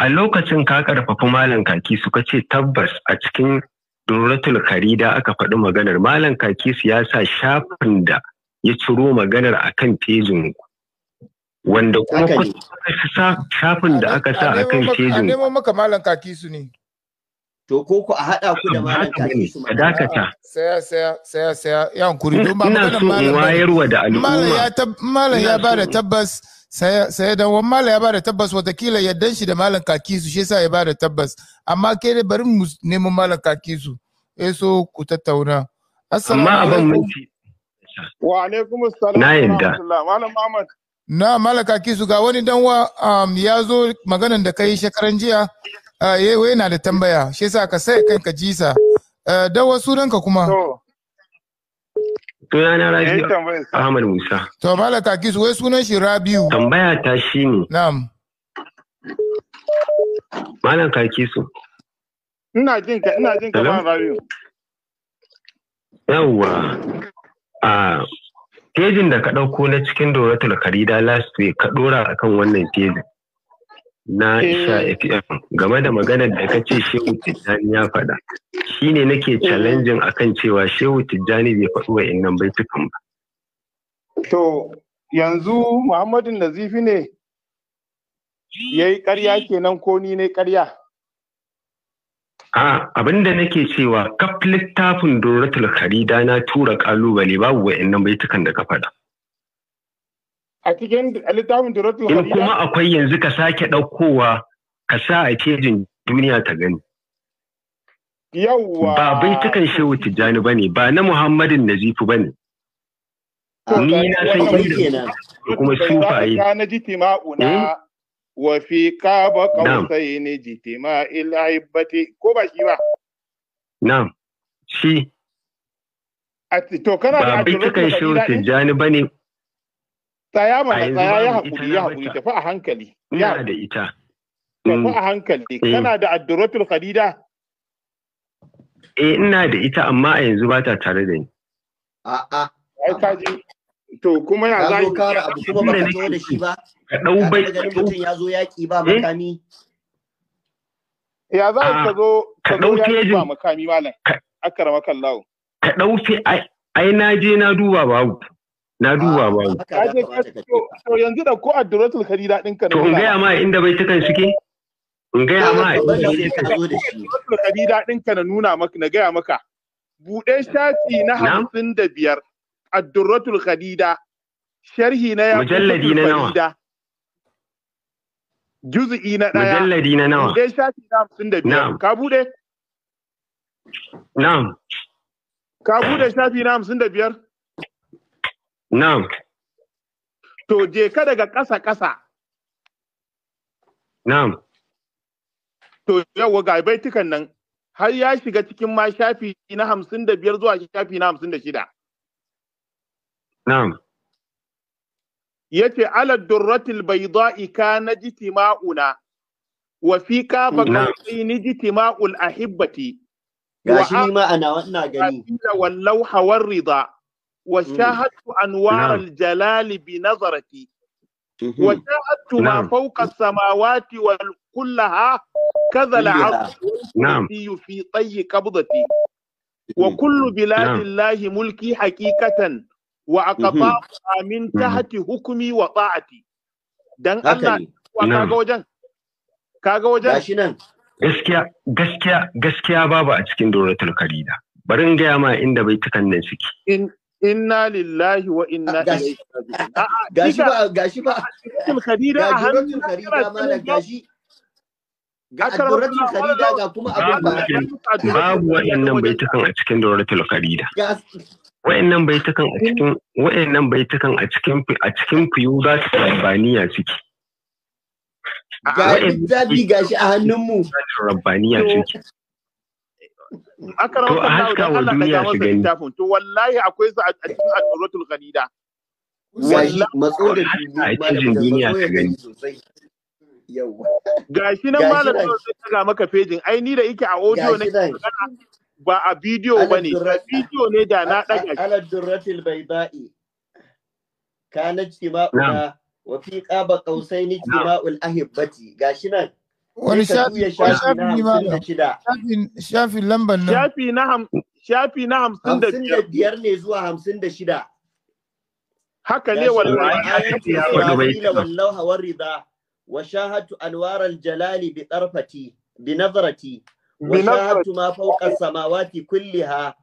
a lokacin ka karfafi malam kaki suka ce tabbas a cikin Duratul Karida aka faɗi maganar malam kaki ya sa shafin da ya ciro maganar a fejin ku. Wanda kuma shafin da aka sa akan fejin ku. A maka malam kaki su ne. To ko ku a haɗa ku da malam kaki su ma. Dakata. Saya saya saya saya yan kuri don ba maganar malam. Ina so in wayarwa da al'umma. Malam ya ba da tabbas. sai dan wani malam ya bada tabbas watakila ya shi da malam kaki su shi sa ya bada tabbas amma ke da bari mu neman malam kaki su eh so ku tattauna abin mulki wa alaikum assalam na yadda malam na malaka kisu ga wani dan wa um, ya zo maganan da kai shekaran jiya uh, ah, eh, na da tambaya shi sa ka sai kanka jisa uh, eh, dan wa sunanka kuma Sunana eh, Rabiu Ahmad Musa. To Mala Takis wai sunan shi Rabiu. Tambaya ta shi ne. Na'am. Malam Kakisu. Ina jin ka ina jin ka Rabiu. Yawwa. A pejin da ka ɗauko na cikin Doratul Karida last week ka ɗora akan wannan pejin. na eh. isa FM game da maganar da ka ce Shehu Tijjani ya faɗa. Shi ne nake eh. a akan cewa Shehu Tijjani bai faɗi wa innan baitukan ba. To yanzu Muhammadu Nazifi ne ya yi ƙarya kenan ko ni ne ƙarya. A abinda nake cewa kaf littafin Doratul Kharida na tura ƙalubale babu wa'annan baitukan da ka faɗa. a cikin littafin Duratul Harira. In kuma akwai yanzu ka sake ɗaukowa ka sa a cejin duniya ta gani. Yawwa. Ba bai tukan shehu Tijjani ba ne, ba na Muhammadin Nazifu ba ne. Ni na san inda kuma sufaye. Na ji tima'una eh? wa fi kaba kawusai ne ji tima'il aibbati ko ba shi ba. Na'am, shi. To kana Ba bai tukan shehu Tijjani ba ne. tsaya mana tsaya ya haƙuri ya haƙuri tafi a hankali ina da ita tafi a mm. hankali mm. kana da adduratul khadida eh ina da ita amma a yanzu ba ta tare da ni a a ai ka ji to kuma ya za ka abu kuma ba ka zo da shi ba ka dau bai mutum ya zo yaki ba eh? makami ya za ah, ka zo ka zo yaki ba makami malam akaramakallahu ka dau fi ai na je na duba babu na duba ba to yanzu da ko din ka to in gaya ma inda bai takan suke in gaya ma adduratul khadida din ka na nuna maka na gaya maka bude shafi na hamsin da biyar adduratul khadida sharhi na ya mujalladi na nawa na mujalladi na nawa bude shafi na hamsin da biyar ka bude na'am ka bude shafi na hamsin da biyar Na'am. To je ka daga ƙasa ƙasa. Na'am. To yawa ga baitukan nan har ya shiga cikin ma shafi na hamsin da biyar zuwa shafi na hamsin da shida. Na'am. Ya ce ala durratil baydai kana jitima'una wa fi ka bakaini jitima'ul ahibbati. Gashi ni ma ana wannan gani. Wallau hawar rida. wa shahadtu anwar al-jalali bi nazarati wa shahadtu ma fawqa as-samawati wal kullaha kadha al-'arshi fi tayyi qabdati wa kullu biladillahi mulki haqiqatan wa aqta'uha min tahti dan Allah kaga wajen gaskiya gaskiya gaskiya babu a cikin doron karida da. Barin gaya ma inda baitukan nan suke inna lillahi wa inna ilaihi raji'un *laughs* gashi ba gashi ba suratul khadida a hannun khadida malam gashi babu wayannan baitukan a cikin khadida baitukan a cikin wayannan baitukan a cikin a cikin su rabbaniya suke ga zabi gashi a hannun mu rabbaniya suke aka rawa kan Allah dan Allah masa littafin to wallahi akwai su a cikin al-quratul wallahi matso da duniya su gani gashi nan malam sai daga maka fejin ai ni da yake a audio ne ba a bidiyo bane bidiyo ne da na daga al-durratil bayda'i kanat jima'una wa fi qaba qausaini jima'ul ahibbati gashi nan wani shafi shafi lambar nan shafi na hamsin da biyar ne zuwa hamsin da shida haka ne wallahi wallahu hawar rida wa shahatu anwarar jalali bi ɗarfati, bi nazarati wa shahatu ma fauka samawati kulliha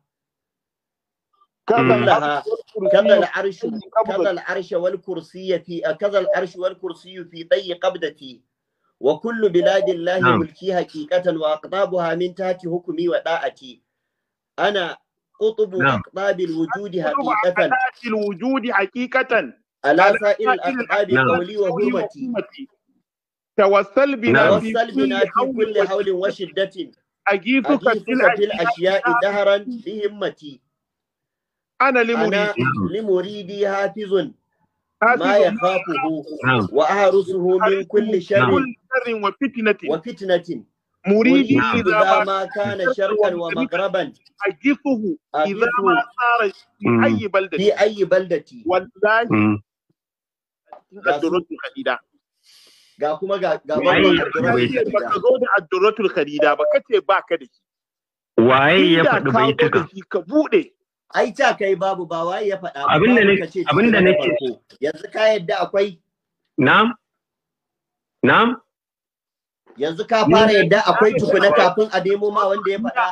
كلها كذا العرش كذا العرش والكرسي في كذا العرش والكرسي في ضي قبضتي wa kullu biladin lahi mulki haƙiƙatan wa aqtabu min taki hukumi wa da'ati ana qutubu aqtabil wujudi haqiqatan aqtabil wujudi haqiqatan ala sa'il aqtabi qawli wa humati tawassal bi kulli hawlin wa shiddatin ajifuka fil ashya'i dahran bi himmati ana limuridi limuridi hafizun ما يخافه وأهرسه من كل شر وفتنة وفتنة مريد إذا ما كان شرقا ومغربا أجفه إذا ما صار في أي بلدة في أي بلدة والله الدرجة خديدة ga kuma ga ga baka zo da addurratul kharida ba kace baka da shi waye ya faɗi baituka ka bude ai ta kai babu ba wai ya faɗa abin da nake abin da nake yanzu ka yadda akwai na'am na'am yanzu ka fara yadda akwai tukuna kafin a nemo ma wanda ya faɗa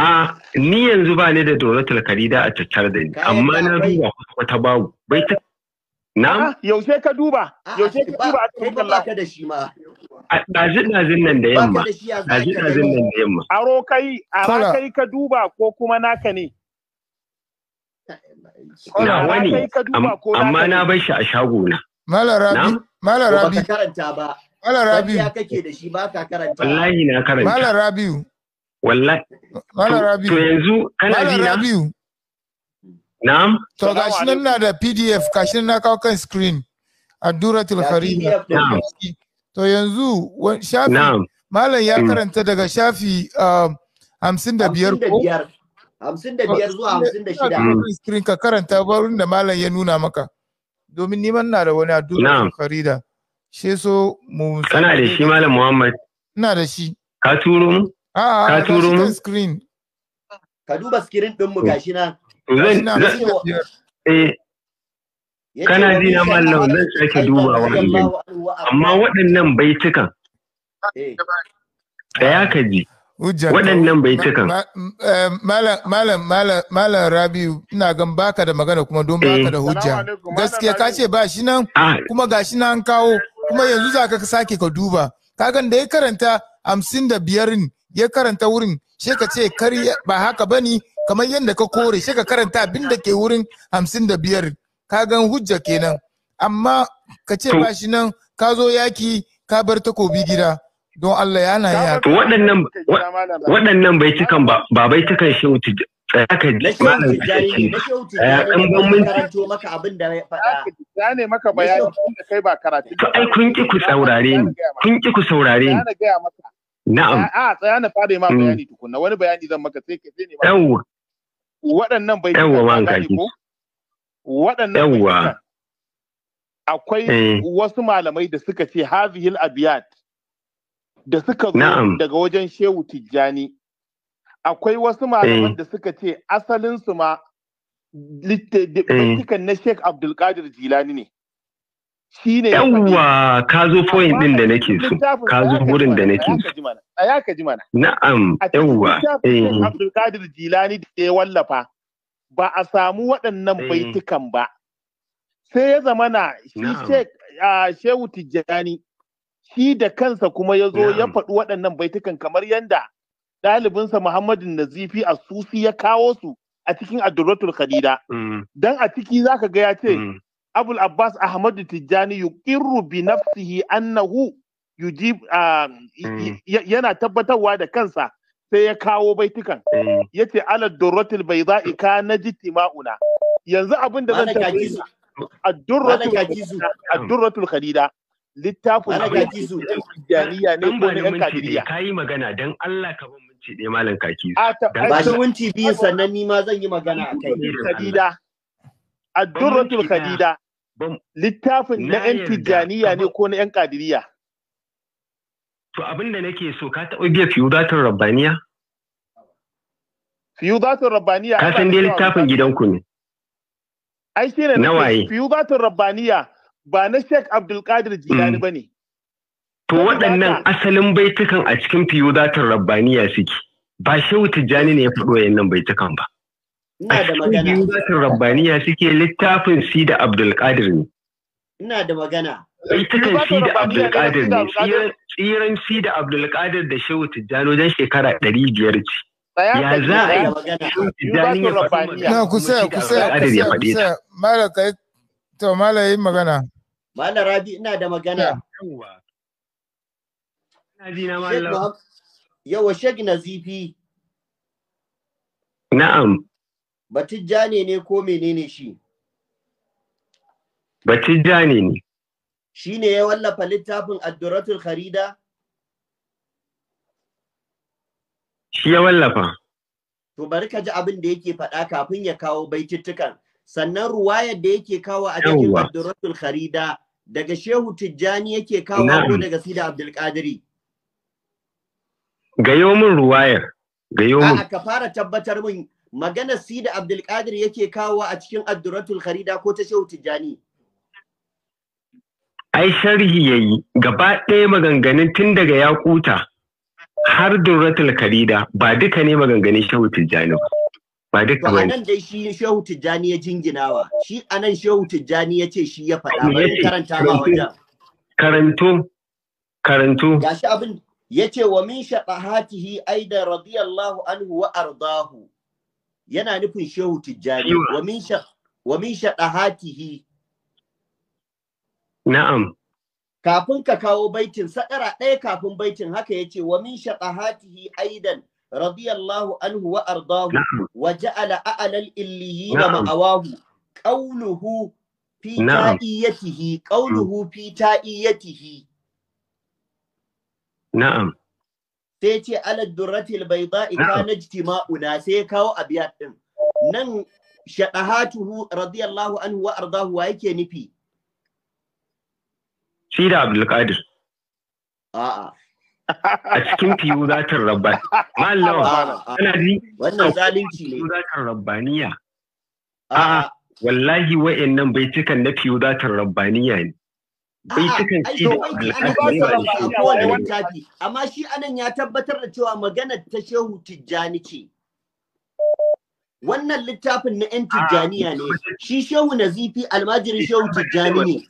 a ni yanzu ba ni da doratul da a tattar da ni amma na duba wata babu bai ta Na? Ah, sai ka duba? sai ka duba aka da shi ma. Dazin dazin nan da yamma. Dazin dazin nan da yamma. Aro kai, kai ka duba ko kuma naka ne? Na wani, amma na bar shi a shago na. Malarabi, Malarabi. Ba ka karanta ba. Malarabi. Ya kake da shi ba ka karanta. Wallahi na karanta. Malarabi. Wallahi. Malarabi. To yanzu kana ji na? na'am to gashi nan na da pdf gashi nan na kawo kan screen adduratul Na'am. to yanzu shafi malam ya mm. karanta daga shafi um, hamsin da biyar ko hamsin da biyar zuwa hamsin da shida screen ka karanta barin da malam ya nuna maka domin niman na da wani adduratul khariba she so mu kana da shi malam muhammad ina da shi ka turo mu ka turo mu screen ka duba screen din mu mm. gashi nan Zan eh, kana ji na mallam zan sake dubawa amma waɗannan baitukan da eh. ya ka ji waɗannan baitukan eh, malam malam malam rabiu ina gan baka da magana kuma don baka da hujja gaskiya ka ce ba shi nan ah. kuma ga shi nan kawo kuma yanzu za ka sake ka duba Ka gan da ya karanta hamsin da biyar ya karanta wurin sai ka ce ba haka bane kamar yadda ka kore sai ka karanta abin da ke wurin hamsin da biyar ka gan hujja kenan amma ka ce ba shi nan ka zo yaki ka bar takobi gida don Allah ya na ya waɗannan waɗannan bai ba ba bai tukan shi wuce tsaka ya kan ban minti maka abin da ya faɗa ne maka bayani kai ba karatu to ai kun ki ku saurare ni kun ki ku saurare ni Na'am. A tsaya na fara ma mm. bayani tukunna wani bayani zan maka sai ka ne ba Yawwa. waɗannan bai ko waɗannan bai akwai eh. wasu malamai da suka ce hazihil abiyat da suka zo daga wajen shehu tijjani akwai wasu malamai eh. da suka ce asalinsu ma eh. littattukan na sheikh abdulkadir jilani ne shine yawwa ka zo point din da nake so ka zo gurin da nake so a ya ka ji mana na'am yawwa eh Abdul Jilani da ya wallafa ba a samu waɗannan eh. baitukan ba sai ya zamana shi Shehu Tijjani shi da kansa kuma ya zo ya faɗi waɗannan baitukan kamar yadda ɗalibinsa Muhammadu Nazifi a Sufi ya kawo su a cikin Adurratul Khadida. Mm. Don a ciki za ka ga ya ce, mm. abul abbas ahmadu tijjani yuqirru bi nafsihi annahu yujib ah, mm. yana tabbatarwa da kansa sai ya kawo baitukan mm. ya ce durratil bayda bai za'ika na yanzu abin da zan tafi addurratul khalida littafin janiya ne ko ne kadiriya kai magana dan Allah ka ban minti ɗaya malam kaki ba shi minti biyu sannan ni ma zan yi magana akai khalida Addurratul Khadida littafin na ‘yan Tijjaniya ne ko na ‘yan Kadiriya. To abin da nake so ka taɓa giya fiyudatun rabbaniya? Fiyudatun rabbaniya. Ka san dai littafin gidanku ne. Ai shi ne nawaye. Fiyudatun rabbaniya ba na Sheikh Qadir Jilani mm. ba ne. To waɗannan asalin baitukan a cikin fiyudatun rabbaniya suke. Ba Shehu Tijjani ne ya faɗo yayin nan baitukan ba. Ina da magana. Ina Rabbaniya suke littafin si da Abdulkadir ne. Ina da magana. Littafin si da Abdulkadir ne. Tsiran si da Abdulkadir da Shehu Tijjani wajen shekara ɗari biyar ce. Ya za a yi Shehu Tijjani ya faɗi magana. Na kusa kusa kusa mala kai to mala yi magana. Mala Rabi ina da magana. Yawa Sheikh Nazifi. Na'am. Batijjane ne ko menene shi? Batijjane ne. Shi ne ya wallafa littafin Adduratul Kharida? Shi ya wallafa. To bari ka ji abin da yake faɗa kafin ya kawo baitittukan. Sannan ruwayar da yake kawo a cikin Adduratul Kharida daga Shehu Tijjani yake kawo ko daga Sida Abdulkadiri. Gayo min ruwayar. Gayo min. A'a ka fara tabbatar min magana si da Abdulkadir yake kawo a cikin Adduratul Kharida ko ta Shehu Tijjani. Ai sharhi yayi gaba ɗaya maganganun tun daga yakuta har Durratul Kharida ba duka ne maganganun Shehu Tijjani ba. Ba duka ba. Anan dai shi Shehu Tijjani ya jinginawa. Shi anan Shehu Tijjani ya ce shi ya faɗa ba karanta ba wajen. Karanto. Karanto. Gashi abin ya ce wa min shaɓahatihi aida radiyallahu anhu wa ardahu yana nufin shehu tijjani wa min sha na'am kafin ka kawo baitin sakara ɗaya kafin baitin haka yace wa min shadahatihi aidan radiyallahu anhu wa ardahu wa ja'ala a'lal illiyina ma'awahu qawluhu fi ta'iyatihi qawluhu fi ta'iyatihi na'am sai ce alad durratil bayda kana jima'una sai ya kawo abiyat ɗin. nan shadahatuhu radiyallahu anhu wa arzahu, wa yake nufi shi da abdul qadir a'a a cikin fiyu zatar rabban mallawa kana ji wannan zalunci ne zatar rabbaniya a'a wallahi wa'annan baitukan na fiyu zatar rabbaniya ne Bai cikin shi da alƙalmi Amma shi anan ya tabbatar da cewa magana ta shehu tijjani ce. Wannan littafin na 'yan tijjaniya ne, shi shehu nazifi almajirin shehu tijjani ne.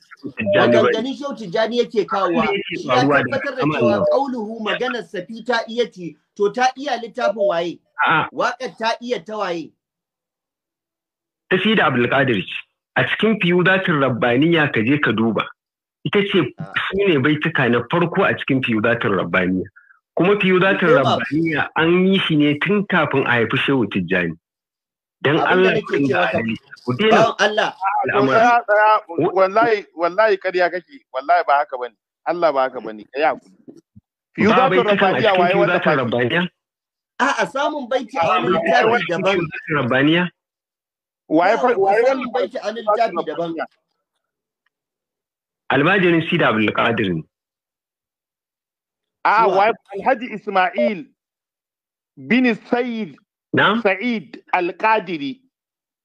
Maganganin shehu tijjani yake kawowa, shi ya tabbatar da cewa ƙauluhu maganar safi ta iya ce, to ta iya littafin waye, waƙar ta iya ta waye. Ta fi da Abdulkadir ce, a cikin fiyu zatin rabbaniya ka je ka duba. ita ce ah. su ne baituka na farko a cikin fiyudatar rabbaniya kuma fiyudatar rabbaniya an yi shi ne tun kafin a haifi shehu tijjani Don Allah ya kinga adali ku dena Allah wallahi wallahi kariya kake wallahi ba haka bane Allah ba haka bane kai hakuri fiyudatar rabbaniya waye a a'a samun baiti a wani littafi daban rabbaniya waye waye wani baiti a wani littafi daban almajirin sida abdulkadir ne ah, a wa alhaji isma'il bin sa'id na sa'id alqadiri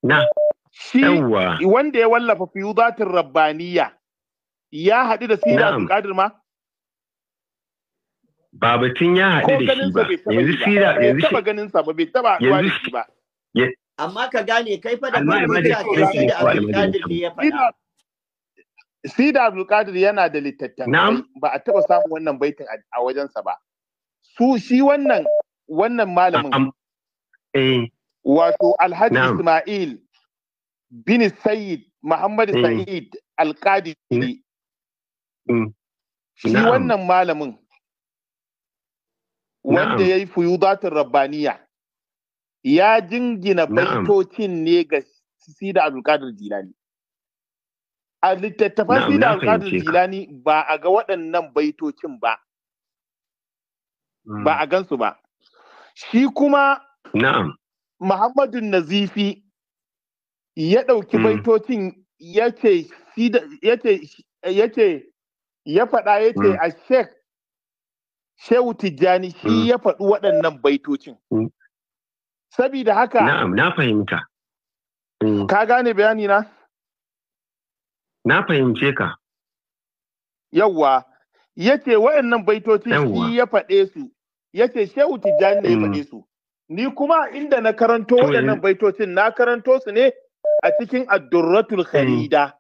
na shi wanda ya wallafa fiyudatin rabbaniya ya haɗu da sida abdulkadir ma ba batun ya haɗu da shi ba yanzu sira yanzu shi ganin sa ba bai taba Yanzu shi ba amma ka gane kai fa da kai da sida abdulkadir ne ya faɗa Sida Abdulkadir yana da littattafai ba a taɓa samun wannan baitin a wajensa ba. Su shi wannan wannan malamin eh. wato Alhaji Ismail bin Sayyid Muhammad eh. Sa'id Alkadiri mm. shi wannan malamin wanda ya yi fuyudatun rabbaniya ya jingina baitocin ne ga Sida Abdulkadir Jilani. a littattafan sai da alƙadar jilani ba a ga waɗannan baitokin ba hmm. ba a gansu ba shi kuma na'am Muhammadu Nazifi ya ɗauki hmm. baitocin ya ce ya faɗa yace hmm. a Sheikh Shehu Tijjani shi ya faɗi waɗannan baitocin sabida haka na'am na fahimta ka gane bayani na Na fahimce ka. Yawwa, ya ce wa'annan baitoci shi ya faɗe su, ya ce Shehu Tijjani ne ya faɗe mm. su. Ni kuma inda na karanto waɗannan eh. baitocin na karanto su ne a cikin addurratul mm. kharida.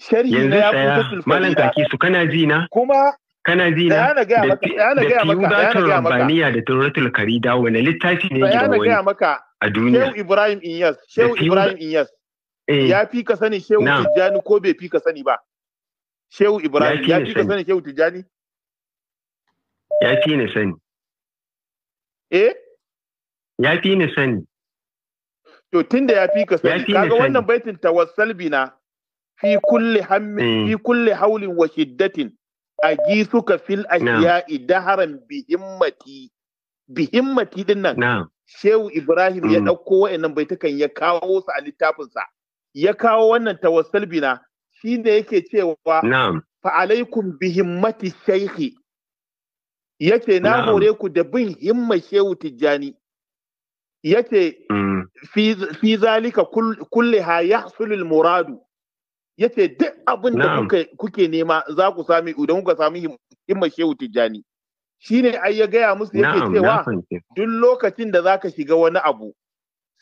Sharhi na ya kusa Malam kaki su kana ji na? Kuma kana ji na da tiyudatul rabbaniya da turratul karida wani littafi ne da wani a duniya. Shehu Ibrahim Inyas, Shehu Ibrahim Inyas. Eh. ya fi ka sani shehu tijjani ko bai fi ka sani ba shehu ibrahim ya fi ka sani shehu tijjani ya fi ni sani eh ya fi ni sani to tunda ya fi ka sani kaga wannan baitin tawassal bina fi kulli hammin eh. fi kulli haulin wa shiddatin suka fil ahya'i daharan bi himmati bi himmati din nan Shehu Ibrahim ya mm. ɗauko wa'annan baitukan ya kawo su a littafinsa. ya kawo wannan tawassal bina shi ne yake cewa fa’alaikun bi himmati shaykhi yace na hore ku da bin himma shehu tijjani yace mm. fi zalika kulle ha Sulil muradu ce duk abin da kuke nema za ku sami idan kuka sami himma shehu tijjani ne ai ya gaya musu yake cewa duk lokacin da za ka shiga wani abu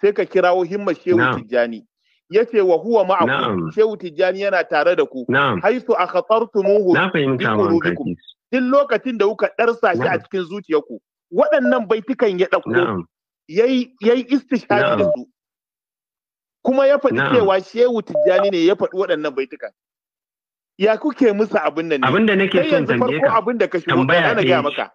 sai ka kirawo himma shehu tijjani yace wa huwa ma'akum shehu tijani yana tare da ku haisu akhatartumuhu na fahimta ma duk lokacin da kuka darsa shi a cikin zuciyarku waɗannan baitukan ya dauko yayi yayi istishari da su kuma ya faɗi cewa shehu tijjani ne ya faɗi waɗannan baitukan. ya kuke musu abin nan ne abin da nake son tambaye ka abin da ka shigo ka ga maka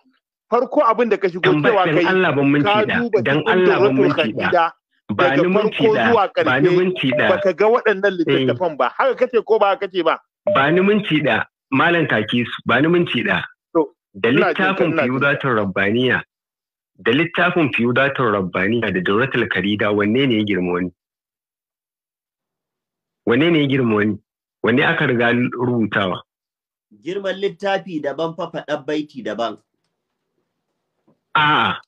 farko abin da ka shigo cewa kai Allah ban minti da dan Allah ban minti da ba ni minti da ba ni minti da baka ga waɗannan eh. littattafan ba haka kace ko ba kace ba ba ni minti da malam take su ba ni minti da da littafin fiyudatun rabbaniya da littafin fiyudatun rabbaniya da dauratul karida wanne ne ya girma wani wanne ne ya girma wani wanne aka riga rubutawa girman littafi daban fafaɗan baiti daban a'a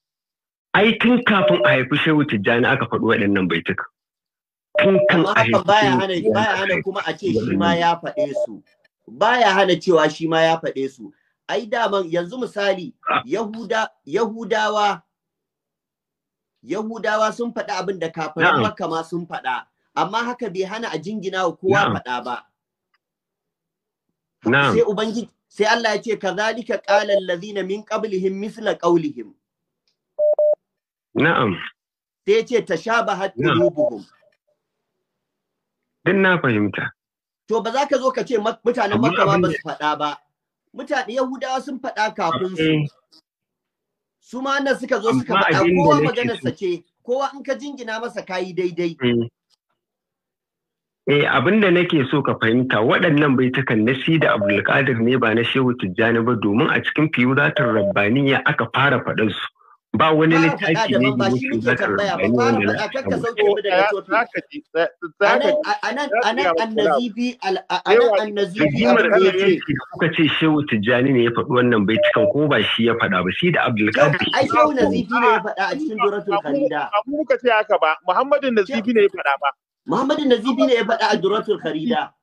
ai tun kafin a haifi shehu tijjani aka faɗi waɗannan baituka tun kan a haifi baya hana baya hana kuma a ce shi ma ya faɗe su baya hana cewa shi ma ya faɗe su ai daman yanzu misali ah. yahuda yahudawa yahudawa sun faɗi abin da kafin makka ma sun faɗa amma haka bai hana a jingina wa kowa faɗa ba sai ubangiji sai Allah ya ce kazalika qala allazina min qablihim misla qawlihim Na'am. Sai ya ce ta sha ba haƙƙulubuhum. Din na fahimta. To ba za ka zo ka ce mutanen Makka ba su faɗa ba. Mutane Yahudawa sun faɗa kafin su. Su ma nan suka zo suka faɗa kowa maganarsa ce, kowa in ka jingina masa kayi daidai. Mm. Eh abin da nake so ka fahimta waɗannan ta kan nasi da Abdulkadir ne ba na Shehu Tijjani ba domin a cikin fiyuzatar Rabbaniya aka fara faɗansu. su. ba wani littafi ne ba shi muke tambaya ba fara faɗa kakka sauke mu daga tofi anan anan annazibi anan annazibi abin da yake kuka ce shehu tijjani ne ya faɗi wannan bai cikan ko ba shi ya faɗa ba shi da abdul ai shehu nazifi ne ya faɗa a cikin duratul kharida amma muka ce haka ba muhammadin nazifi ne ya faɗa ba muhammadin nazifi ne ya faɗa a duratul kharida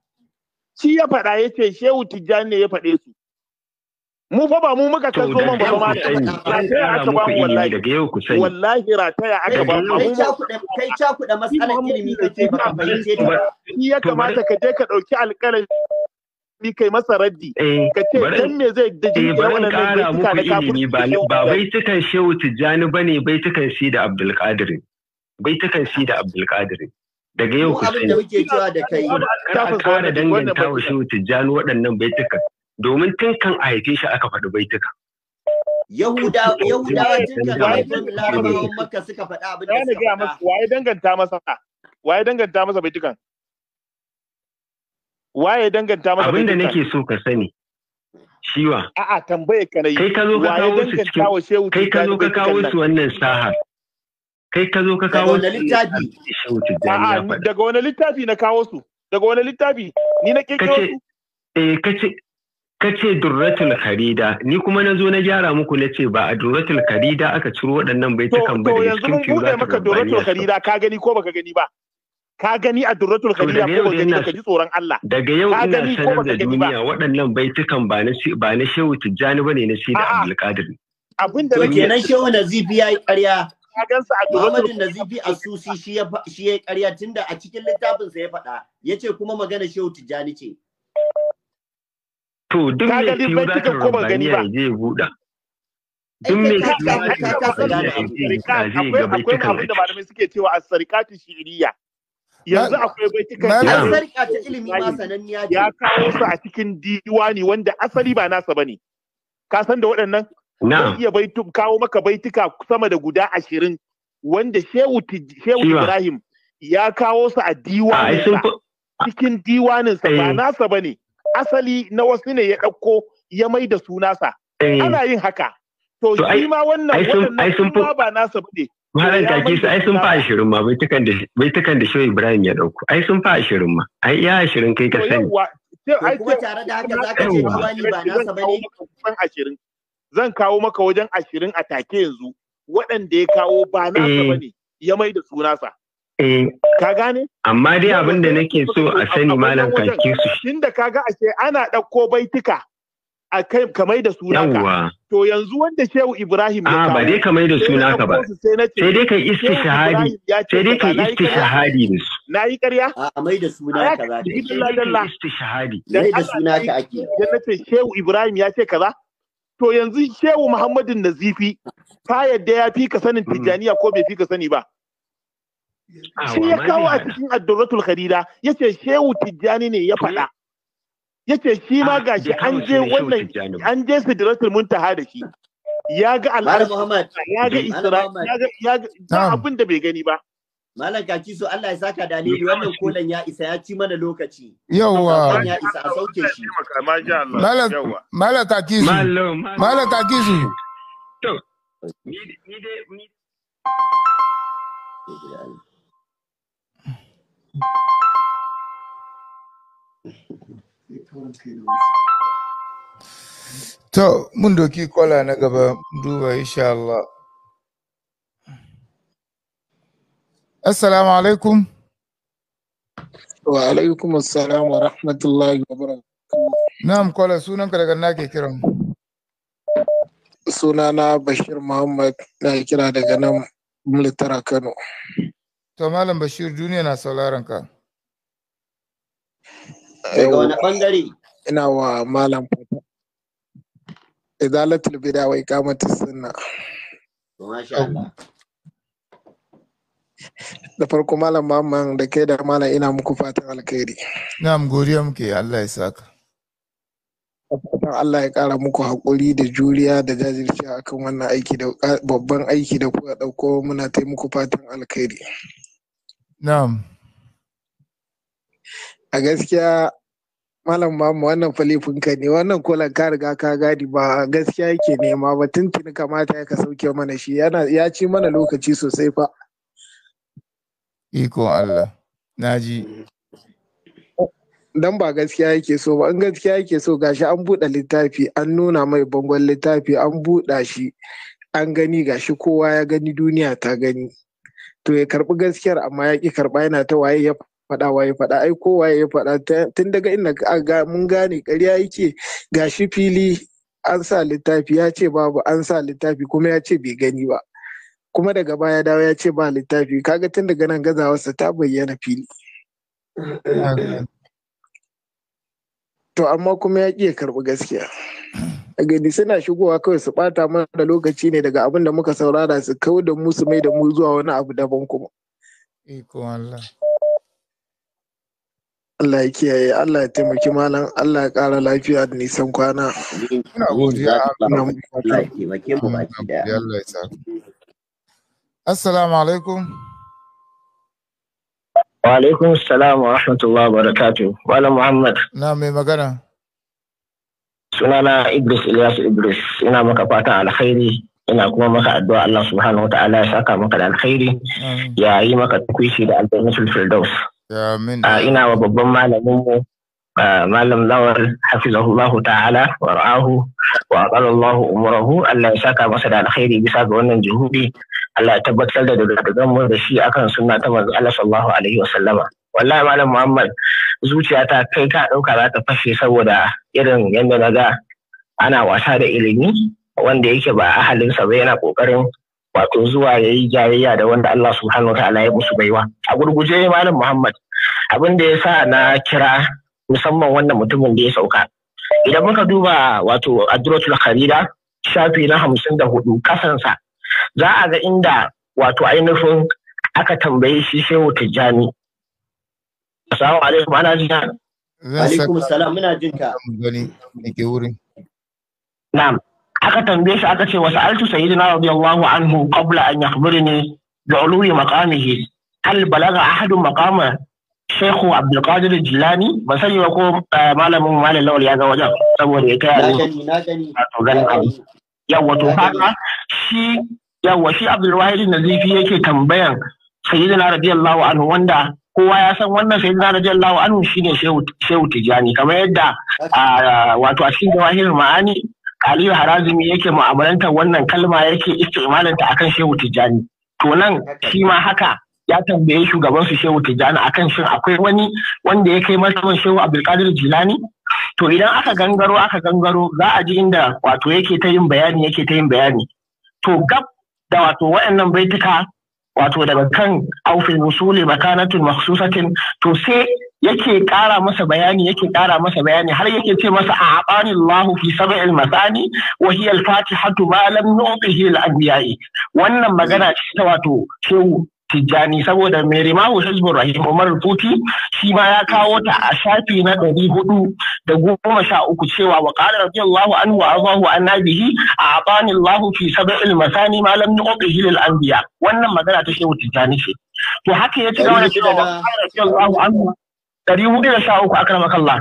shi ya faɗa yace shehu tijjani ne ya faɗe su mu fa ba mu muka kan zo man ba ma ta ai aka ba mu wallahi daga yau ku sani wallahi rataya aka ba mu kai cha kuɗa kai cha kuɗa masalan ilimi kake ba ka fahimce ta ya kamata ka je ka dauki alƙalami ni kai masa raddi eh, ka ce dan me zai eh, da jin wannan da ka ni ba ba bai kan shehu tijjani bane bai tukan shi da qadir bai tukan shi da qadir daga yau ku sani da kai ka fara dangantawa shehu tijjani waɗannan bai kan. domin tun kan a shi aka faɗi baituka. Yahudawa tun kan a larabawan suka faɗa abin da suka faɗa. Waye danganta masa? Waye danganta masa danganta masa baitukan? Abin da nake so ka sani. Shiwa. A'a tambaye ka na yi. Kai ka zo ka kawo su cikin. Kai wannan saha. ka zo ka kawo su. Daga wani littafi? A'a daga wani littafi na kawo su? su? Eh, ka ce durratul karida ni kuma na zo na gyara muku na ce ba a durratul karida aka ciro waɗannan bai ta kan ba da cikin fiye za maka durratul karida ka gani ko baka gani ba ka gani a durratul karida ko baka gani ka ji tsoron Allah daga yau ina sanar da duniya waɗannan baitukan ba na ba na Shehu Tijjani bane na shi da Abdul Qadir abin da nake nan Shehu Nazifi yayi ƙarya ka gansa a durratul Asusi shi ya shi ya ƙarya tunda a cikin littafinsa ya faɗa yace kuma magana Shehu Tijjani ce To duk mai siyo za ta ruba ya je ya buɗa. Duk mai siyo za ta rubaniya ya je ya gaba Akwai abin da malamai suke cewa a sarikatu shiriya. Yanzu akwai baitukan sarika ta ilimi ma sananniya Ya kawo su a cikin diwani wanda asali ba nasa bane. Ka san da waɗannan? Na. iya kawo maka baituka sama da guda ashirin wanda Shehu Ibrahim ya kawo su a diwaninsa. Cikin sa ba eh. nasa bane. asali na wasu ne ya ɗauko ya mai da sunasa. Eh. Ana yin haka. To shi ma wannan wannan ma ba nasa ba ne. kaki su ai sun fa ashirin ma bai tukan da Shehu Ibrahim ya ɗauko. Ai sun fa ashirin ma. Ai iya ashirin kai ka sani. Kuma tare da haka za ba ne. Zan kawo maka wajen ashirin a take yanzu. Waɗanda ya kawo ba nasa eh. ba ne ya mai da sunasa. Eh, ka gane? Amma dai abin da nake so a sani malam kaki su. Shin da kaga ashe ana ɗauko baituka a kai kamai da suna ka. To yanzu wanda Shehu Ibrahim ya ah, kawo. ba dai kamai da suna ka ba. Sai dai kai shahadi. Sai dai kai shahadi da su. Na yi ƙarya? A mai da suna ka za ta yi. shahadi. Mai da suna ka ake. Idan nace Shehu Ibrahim ya ce kaza. To yanzu Shehu Muhammadu Nazifi ta yadda ya fi ka sanin hmm. Tijjaniya ko bai fi ka sani ba. shi ya kawo a cikin Khadija ya yace shehu tijjani ne ya faɗa yace shi ma ah, ga shi, an je wannan an je sidratul muntaha da shi ya ga Muhammad ya ga isra ya ga abin da bai gani ba Malam kaki so Allah ya saka da alheri wannan kolan ya isa ya ci mana lokaci. Yawwa. Ya isa a sauke shi. Malam kaki su. Malam kaki su. To, ni dai ni To, mun doki kwala na gaba duba insha Allah. Assalamu alaikum. Wa alaikum assalam wa rahmatullahi wa barakatuh. Na'am kwala sunanka daga ke kiran. Sunana Bashir Muhammad na kira daga nan Mulitara Kano. To Malam Bashir duniya na sauraron ka. Eh, Daga wani bangare? Ina wa Malam Fata. Izalatul bida wai kamata sunna. Da farko Malam Mamman da ke da Malam ina muku fatan alkhairi. Na godiya muke Allah ya saka. fatan Allah ya ƙara muku haƙuri da juriya da jajirce akan wannan aiki da babban aiki da kuka ɗauko muna taimaku fatan alkhairi. Na'am. A gaskiya Malam Mamu wannan ka ne wannan kolan ka riga ka gadi ba gaskiya yake nema ba tuntuni kamata ya ka sauke mana shi yana ya ci mana lokaci sosai fa. Iko Allah, na Dan ba gaskiya yake so ba, in gaskiya yake so gashi an buɗe littafi an nuna mai bangon littafi an buɗa shi an gani gashi kowa ya gani duniya ta gani. to ya karbi gaskiyar amma ya ki karba yana ta waye ya faɗa waye faɗa ai ko waye ya faɗa tun daga inda mun gane ƙarya yake ga shi fili an sa littafi ya ce babu an sa littafi kuma ya ce bai gani ba kuma daga baya dawo ya ce ba littafi kaga tun daga nan gazawarsa ta bayyana fili to amma kuma ya ƙiya karɓi gaskiya gani suna shigowa kawai su ɓata mana da lokaci ne daga abin da muka saurara su kawo da mu su mai da mu zuwa wani abu daban kuma Allah ya kiyaye Allah ya taimaki malam Allah ya ƙara lafiya da nisan kwana Assalamu alaikum Wa alaikum salam wa rahmatullahi wa Muhammad. Na mai magana. Sunana Idris Ilyasu Idris. Ina maka fatan alkhairi. Ina kuma maka addu'a Allah subhanahu wa ta'ala ya saka maka da alkhairi. Ya yi maka tukwishi da aljannatul firdaus. Amin. Ina wa babban malamin mu malam lawal hafizahullahu ta'ala wa ra'ahu wa aqalallahu umrahu Allah ya saka masa da alkhairi bisa ga wannan juhudi Allah ya tabbatar da dogaragan mu da shi akan sunna ta manzo Allah sallallahu alaihi wa sallama wallahi malam Muhammad ta kai ka dauka za ta fashe saboda irin yadda na ga ana wasa da ilimi wanda yake ba ahalinsa ba yana kokarin wato zuwa yayi jayayya da wanda Allah subhanahu wa ta'ala ya musu baiwa a gurguje malam Muhammad abin da ya sa na kira musamman wannan mutumin da ya sauka idan muka duba wato adrotul kharida shafi na hamsin da hudu kasansa za a ga inda wato ainihin aka tambaye shi sai wata jami. assalamu alaikum ana jin ka alaikum salam muna jin ka gani ke na'am aka tambaye shi aka ce wasu altu sayyidina radiyallahu anhu qabla an yakhbirni bi ulwi maqamihi hal balaga ahadun maqama Shehu Abdulkadir Jilani ba sani ba ko eh, malamin malam Lawal ya ga wajen saboda ya kai ni. Yawwa to haka shi yawwa shi Abdulwahid Nazifi yake tambayan Sayyidina radiyallahu anhu wanda kowa ya san wannan Sayyidina radiyallahu anhu shine Shehu Tijani kamar yadda ah, wato a cikin jawahir ma'ani Aliyu Harazimi yake mu'amalantar wannan kalma yake istimalanta akan Shehu Tijani. To nan shi ma haka ya tambaye shugaban su Shehu Tijjani akan shin akwai wani wanda ya kai martaban Shehu Abdulkadir Jilani to idan aka gangaro aka gangaro za a ji inda wato yake ta yin bayani yake ta yin bayani to gab da wato waɗannan baituka wato daga kan aufin musuli makanatun mahsusatin to sai yake ƙara masa bayani yake ƙara masa bayani har yake ce masa a abani Allahu fi sab'il masani wa hiya al-fatihatu ma lam nu'tihi al-anbiya'i wannan magana ce ta wato shehu Tijjani saboda mai rimahu Hizbul Rahim Umar Tuti shi ma ya kawo ta a shafi na ɗari hudu da goma sha uku cewa wa qala radiyallahu anhu wa azahu an nabihi a abani Allah fi sab'il masani malam ma lam nuqihi lil anbiya wannan magana ta Shehu Tijjani ce to haka ya ci gaba da cewa wa qala radiyallahu anhu ɗari hudu da sha uku akramakallah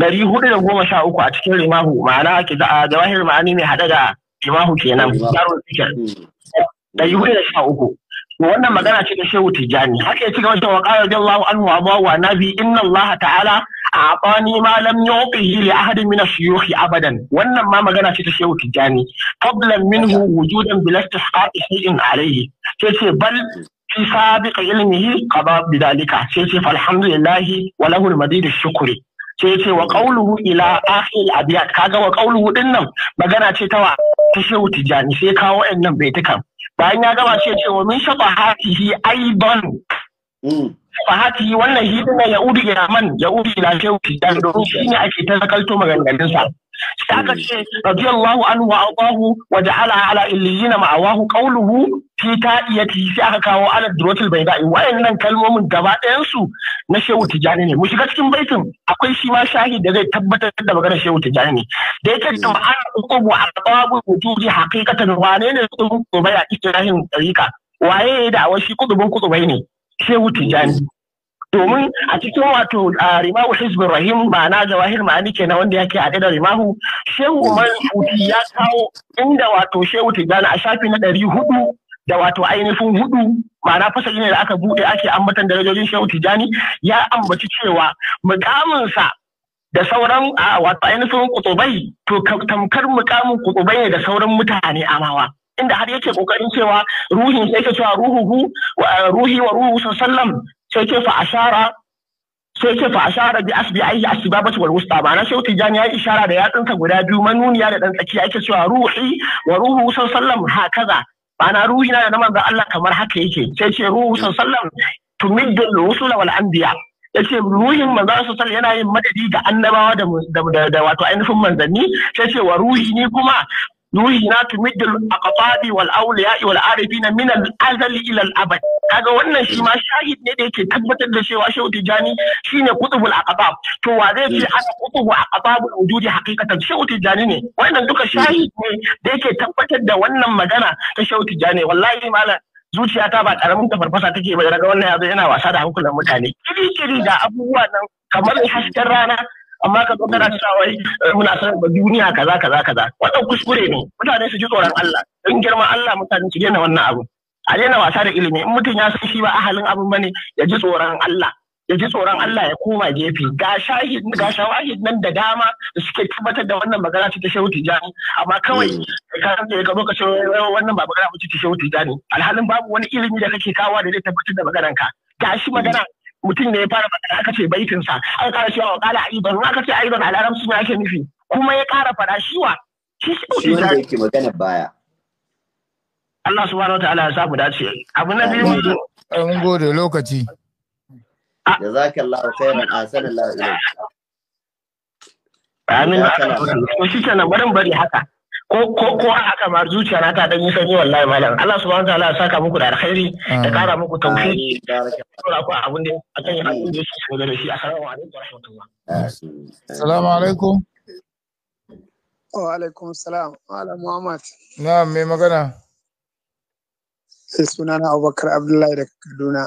ɗari hudu da goma sha uku a cikin rimahu ma'ana ke da jawahir ma'ani ne haɗe da rimahu kenan darul fikr ɗari hudu da sha uku wannan magana ce da shehu tijani haka ya ci gaba da wa qala radiyallahu anhu wa bawa nabi inna allah ta'ala a'tani ma lam yu'tihi li ahadin min ash-shuyukh abadan wannan ma magana ce ta shehu tijani qablan minhu wujudan bila istihqaqi shay'in alayhi sai ce bal fi sabiq ilmihi qada bidalika sai ce alhamdulillah wa lahu al-mazid ash-shukri sai ce wa qawluhu ila akhir abiyat kaga wa qawluhu dinnan magana ce ta wa ta shehu tijani sai kawo ɗan nan baitukan bayan ya gama shi ya ce wa shafa shafahatihi aiban mm. wannan hidina ya ila man ya udi ila shehu dan domin shi ne ake ta zakalto maganganunsa sai aka ce radiyallahu anhu wa abahu wa ja'ala ala illiyina ma'awahu qawluhu fi ta'iyati sai aka kawo ala durotul bayda'i wayannan kalmomin gaba ɗayan su na shehu tijani ne mu shiga cikin baitin akwai shi ma shahi da zai tabbatar da maganar shehu tijani ne da yake da hmm. ma'ana ukubu ababu wujudi haqiqatan wa ne kudubun kubai a istilahin tariqa waye da awashi shi kudubun kubai ne shehu tijani domin a cikin wato a rimahu hizbin rahim ba na jawahir ma'ani ke na wanda yake haɗe da rimahu shehu umar ya kawo inda wato shehu tijjani a shafi na ɗari hudu da wato ainihin hudu ma'ana fasali ne da aka buɗe ake ambatan darajojin shehu tijjani ya ambaci cewa mukaminsa da sauran a wato ainihin kutubai to tamkar mukamin kutubai ne da sauran mutane amawa inda har yake kokarin cewa ruhin sai ke cewa ruhuhu ruhi wa ruhu sallam sai ce fa ashara sai ce fa ashara bi asbi'aihi asbabatu wal wusta ma'ana sai tijani ya ishara da yatsunsa guda biyu manuniya da dan tsakiya ake cewa ruhi wa ruhu sallallahu hakaza ma'ana ruhi na da manzon Allah kamar haka yake sai ce ruhu sallallahu tumiddu rusul wal anbiya yace ruhin manzon sallallahu yana yin madadi ga annabawa da da wato ainihin manzanni sai ce wa ruhi ni kuma yuhina tumiddul aqtabi wal awliya wal arifina min al azali ila al abad kaga wannan shi ma shahid ne da yake tabbatar da cewa shehu tijani shine qutubul aqtab to wa zai ce ana qutubu aqtabul wujudi hakikatan shehu tijani ne wannan duka shahid ne da yake tabbatar da wannan magana ta shehu tijani wallahi malam zuciyata ba karamin ta farfasa take ba daga wannan yazo yana wasa da hankulan mutane kiri kiri da abubuwa nan kamar hasken rana amma ka zo kana cewa wai eh, muna son duniya kaza kaza kaza wannan kuskure ne mutane su ji tsoron Allah in girma Allah mutane su daina wannan abu a daina wasa da ilimi in mutum ya san shi ba ahalin abin bane ya ji tsoron Allah ya ji tsoron Allah ya koma gefe ga shahid ga shawahid nan da dama da suke tabbatar da wannan magana ta shehu tijani amma kawai mm. ka ya gaba ka ce wannan ba magana ta shehu tijani alhalin babu wani ilimi da kake kawo da zai tabbatar da maganar ka shi magana mutum ne ya fara magana aka ce baitinsa aka kara cewa wa kala ban aka ce ayi ban larabci ne ake nufi kuma ya kara fara shi wa shi shi wanda yake magana baya Allah subhanahu wataala ya samu dace abu na biyu mun gode eh, lokaci jazakallahu khairan ahsanallahu ilayk amin to shi kenan barin bari haka ko ko a haka ma zuciya na ta dan yi sanyi wallahi malam Allah subhanahu ta'ala ya saka muku da alkhairi da kara muku tauhidi da kara ku abin da akan abin da shi so da shi assalamu alaikum warahmatullahi assalamu alaikum wa alaikum salam malam muhammad na'am me magana eh, sunana abubakar abdullahi da kaduna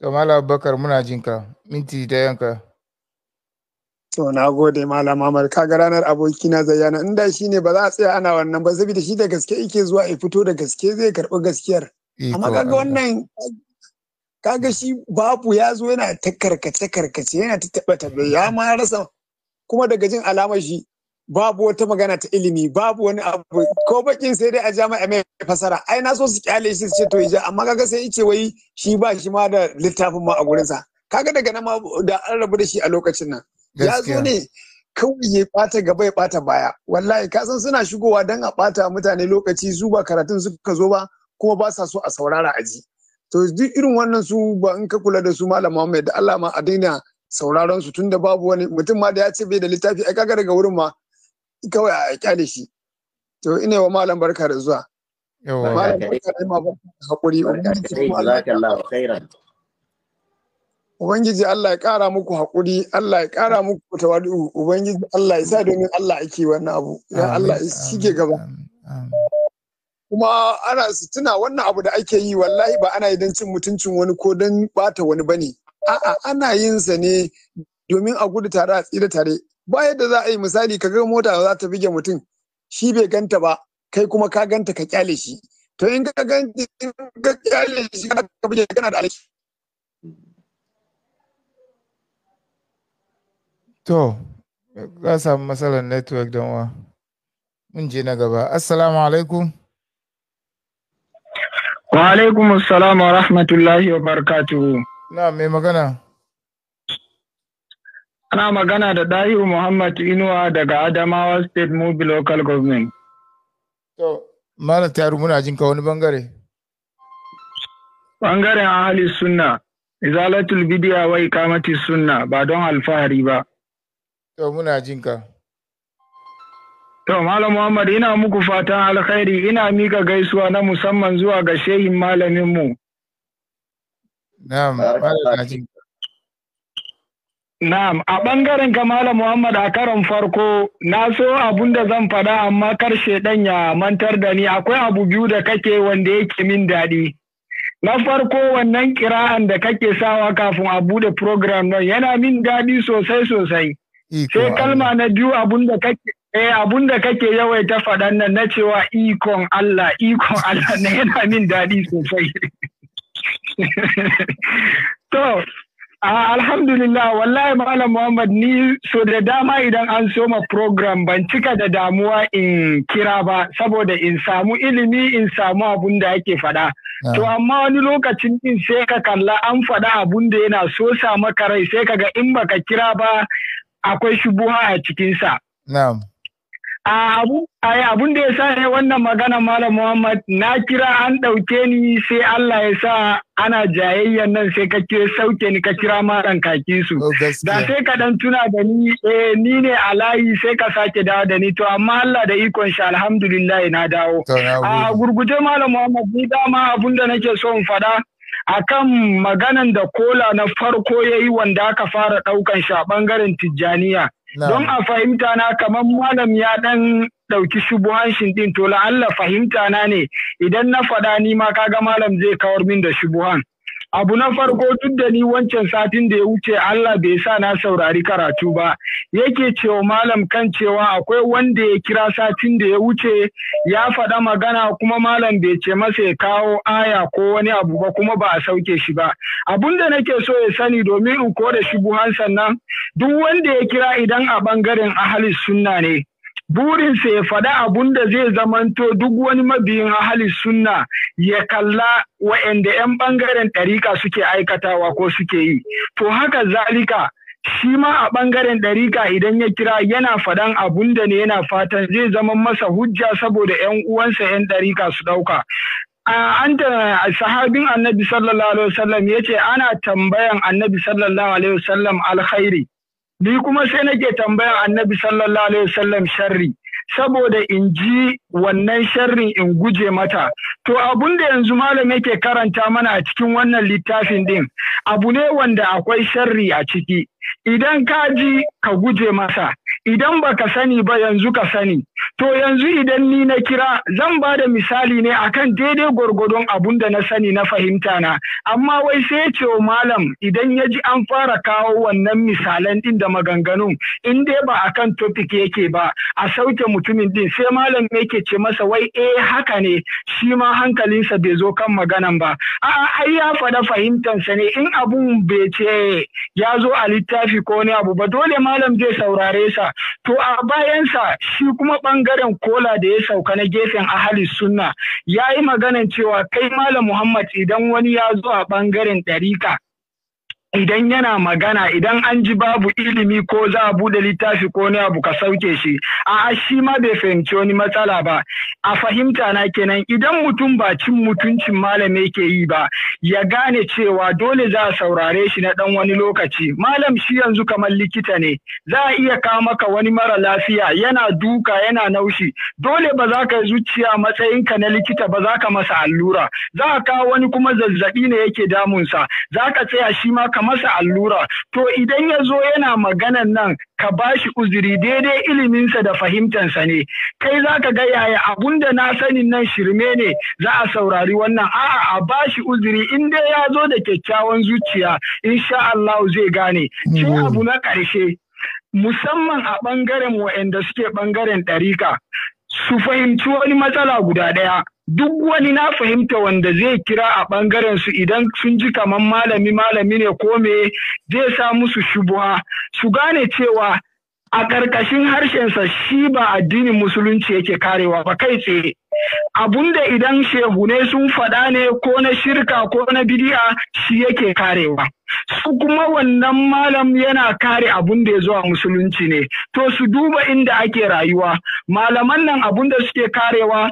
to malam abubakar muna jinka minti da yanka To na gode malama Ahmad kaga ranar aboki na Zayyana in da shi ne ba za a tsaya ana wannan ba saboda shi da gaske yake zuwa ya fito da gaske zai karɓi gaskiyar. Eh, amma kaga wannan kaga shi babu ya zo yana ta karkace karkace yana ta taɓa taɓa ya ma rasa kuma daga jin alamar shi babu wata magana ta ilimi babu wani abu ko bakin sai dai a jami'a mai fasara ai na so su kyale shi su ce to ija amma kaga sai ice wai shi ba shi ma da littafin ma a gurinsa kaga daga nan ma da an rabu da shi a lokacin nan ya zo ne kawai ya bata gaba ya bata baya wallahi ka san suna shigowa don a bata mutane lokaci su ba karatun suka zo ba kuma ba sa so a saurara aji to duk irin wannan su ba in ka kula da su malama Muhammad da Allah ma a daina sauraron su tunda babu wani mutum ma da ya ce bai da littafi ai kaga daga wurin ma kawai a kyale shi to ina wa malam barka da zuwa malam barka da ma ba hakuri ubangiji kuma Allah ya khairan Ubangiji Allah ya ƙara muku haƙuri, Allah ya ƙara muku tawadu, Ubangiji Allah ya sa domin Allah ake wannan abu, idan Allah ya shige gaba. Kuma ana su tuna wannan abu da ake yi wallahi ba ana yi don cin mutuncin wani ko don bata wani bane. A'a ana yin sa ne domin a gudu tare a tsira tare. Ba yadda za a yi misali ka ga mota za ta bige mutum, shi bai ganta ba, kai kuma ka ganta ka kyale shi. To in ka ganta ka kyale shi ka bige kana da alaki. To, ka samu matsalar network don wa. Mun je na gaba. Assalamu alaikum. Wa alaikum assalam wa rahmatullahi wa barakatuhu. Na mai magana. Ana magana da Dahiru Muhammad Inuwa daga Adamawa State Mobile Local Government. To, Malam Taru muna jin ka wani bangare. Bangaren ahali sunna, izalatul bidiya wa ikamati sunna ba don alfahari ba. To muna jin ka. To Malam Muhammad ina muku fatan alkhairi ina mika gaisuwa na musamman zuwa ga shehin malamin mu. Na'am, Na'am, a ɓangaren Malam Muhammad a karon farko, na so abun da zan faɗa amma karshe ɗan ya mantar da ni akwai abu biyu da kake wanda yake min daɗi. Na farko wannan kira'an da kake sawa kafin a buɗe program nan yana min daɗi sosai sosai. Sai kalma na biyu abunda kake Eh abun da kake yawaita faɗan nan na cewa ikon Allah ikon Allah na yana min daɗi sosai. *laughs* to alhamdulillah wallahi malam Muhammad ni so da dama idan an soma program ban cika da damuwa in kira ba saboda in samu ilimi in samu abun da ake faɗa. Ah. To amma wani lokacin din sai ka kalla an faɗa abun da yana so sa maka rai sai ka ga in baka kira ba akwai shubuha a cikinsa. Na'am. abun da ya sa ne wannan magana Malam Muhammad na kira an ɗauke ni sai Allah ya sa ana jayayyan nan sai ka sauke ni ka kira maran kaki su. Oh, da sai ka dan tuna da ni eh ni ne a layi sai ka sake dawo da ni to amma Allah da ikon shi alhamdulillah na dawo. A gurguje Malam Muhammad ni dama abun da nake so in faɗa. akan maganan da kola na farko ya yi wanda aka fara ɗaukan shi a ɓangaren tijjaniya. Don a fahimta na kamar malam ya ɗan ɗauki shubuhanshin ɗin to la'alla fahimta na ne idan na faɗa ni ma kaga malam zai kawar min da shubuhan. Abu na farko duk da ni wancan satin da ya wuce Allah bai sa na saurari karatu ba, yake cewa malam kan cewa akwai wanda ya kira satin da ya wuce ya faɗa magana kuma malam bai ce masa ya kawo aya ko wani abu ba kuma ba a sauke shi ba. Abun da nake so ya sani domin in da shi buhan sannan duk wanda ya kira idan a bangaren ahalis sunna ne. burinsa ya faɗa abun da zai zamanto duk wani mabiyin ahali sunna ya kalla wa'anda 'yan bangaren ɗarika suke aikatawa ko suke yi. To haka zalika shi ma a bangaren ɗarika idan ya kira yana faɗan abun da ne yana fatan zai zama masa hujja saboda 'yan uwansa 'yan ɗarika su ɗauka. an sahabin annabi sallallahu alaihi wasallam ya ce ana tambayan annabi sallallahu alaihi wasallam alkhairi ni kuma sai nake tambayan annabi sallallahu alaihi wasallam sharri saboda in ji wannan sharrin in guje mata to abun da yanzu malam yake karanta mana a cikin wannan littafin din abu ne wanda akwai sharri a ciki idan ka ji ka guje masa idan baka sani ba yanzu ka sani To yanzu idan ni na kira zan ba da misali ne akan daidai gwargwadon abun da na sani na fahimta na, amma wai sai ya ce malam idan ya ji an fara kawo wannan misalan din da maganganun in dai ba a akan topic yake ba a sauke mutumin din sai malam yake ce masa wai eh haka ne shi ma hankalinsa bai zo kan maganan ba. A'a ai ya faɗa fahimtansa ne in abun bai ce ya zo a littafi ko wani abu ba dole malam zai saurare sa to a bayansa shi kuma ba. bangaren kola da ya sauka na gefen ahali sunna ya yi maganan cewa kai malam muhammad idan wani ya zo a bangaren ɗarika idan yana magana idan an ji babu ilimi ko za a bude littafi ko ne abu ka sauke shi a shi ma bai fahimci wani matsala ba a fahimta na kenan idan mutum ba cin mutuncin malam yake yi ba ya gane cewa dole za a saurare shi na ɗan wani lokaci malam shi yanzu kamar likita ne za a iya kawo maka wani mara lafiya yana duka yana naushi dole ba za ka zuciya matsayinka na likita ba za ka masa allura za a kawo wani kuma zazzabi ne yake damunsa za ka tsaya shi ma masa allura to idan ya zo yana maganan nan ka bashi shi uzuri daidai iliminsa da fahimtansa ne kai za ka ga yaya abun da na sanin nan shirme ne za a saurari wannan a'a a bashi shi uzuri in dai ya zo da kyakkyawan zuciya insha Allah zai gane shi mm. abu na ƙarshe musamman a ɓangaren wa'anda suke ɓangaren ɗarika su fahimci wani matsala guda ɗaya duk wani na fahimta wanda zai kira a ɓangaren su idan sun ji kamar malami malami ne ko me zai sa musu shubuwa su gane cewa a ƙarƙashin harshensa shi ba addinin musulunci yake karewa ba kai tsaye abunda idan shehune sun faɗa ne ko na shirka ko na bidiya shi yake karewa su kuma wannan malam yana kare abun da ya zo a musulunci ne to su duba inda ake rayuwa malaman nan abun da suke karewa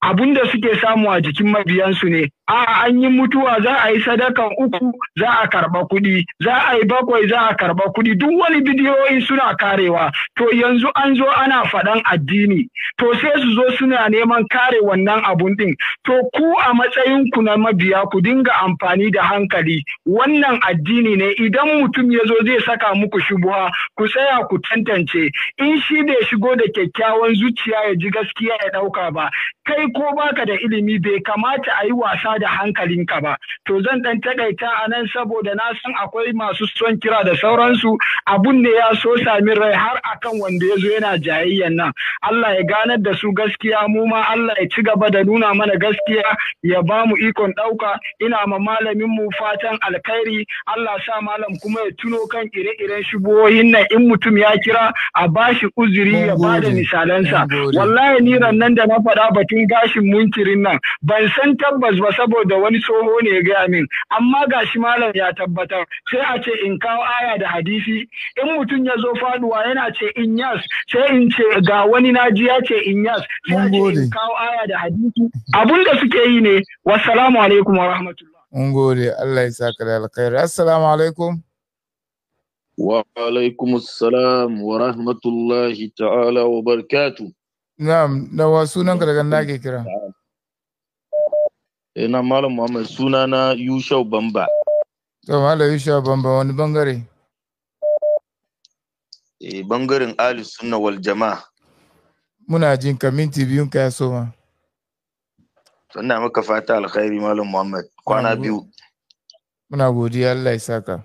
abun da suke samu a jikin mabiyansu ne a an yi mutuwa za a yi sadakan uku za a karba kuɗi za a yi bakwai za a karba kuɗi duk wani bidiyoyi suna karewa to yanzu an zo ana faɗan addini to sai su zo suna neman kare wannan abun ɗin to ku a matsayin ku na mabiya ku dinga amfani da hankali wannan addini ne idan mutum ya zo zai saka muku shubuha ku tsaya ku tantance in shi bai shigo da kyakkyawan zuciya ya ji gaskiya ya ɗauka ba kai ko baka da ilimi bai kamata a yi wasa da hankalinka ba to zan ɗan taƙaita a nan saboda na san akwai masu son kira da sauransu abun ne ya so sami rai har akan wanda ya zo yana jayayyan nan Allah ya ganar da su gaskiya mu ma Allah ya ci gaba da nuna mana gaskiya ya ba mu ikon ɗauka ina ma malamin mu fatan alkhairi Allah sa malam kuma ya tuno kan ire-iren shubohin nan in mutum ya kira a bashi uzuri ya bada misalansa wallahi ni nan da na faɗa batun gashin munkirin nan ban san tabbas ba saboda wani tsoho ne ya gaya min amma ga shi malam ya tabbatar sai a ce in kawo aya da hadisi in mutum ya zo faduwa yana ce in yas sai in ce ga wani naji ya ce in yas sai a ce in kawo aya da hadisi abun da suke yi ne wassalamu alaikum wa rahmatullah mun gode Allah ya saka da alkhairi assalamu alaikum wa alaikum assalam wa rahmatullahi ta'ala wa barakatuh na'am da wasu nan daga nake kira Ina eh, Malam Muhammad suna na Yushau Bamba. To Malam Yushau Bamba wani bangare? Eh bangaren Ali Sunna wal Jama'a. Muna jin ka minti biyun ka ya soma. Sannan maka fata alkhairi Malam Muhammad kwana biyu. Muna godiya Allah ya saka.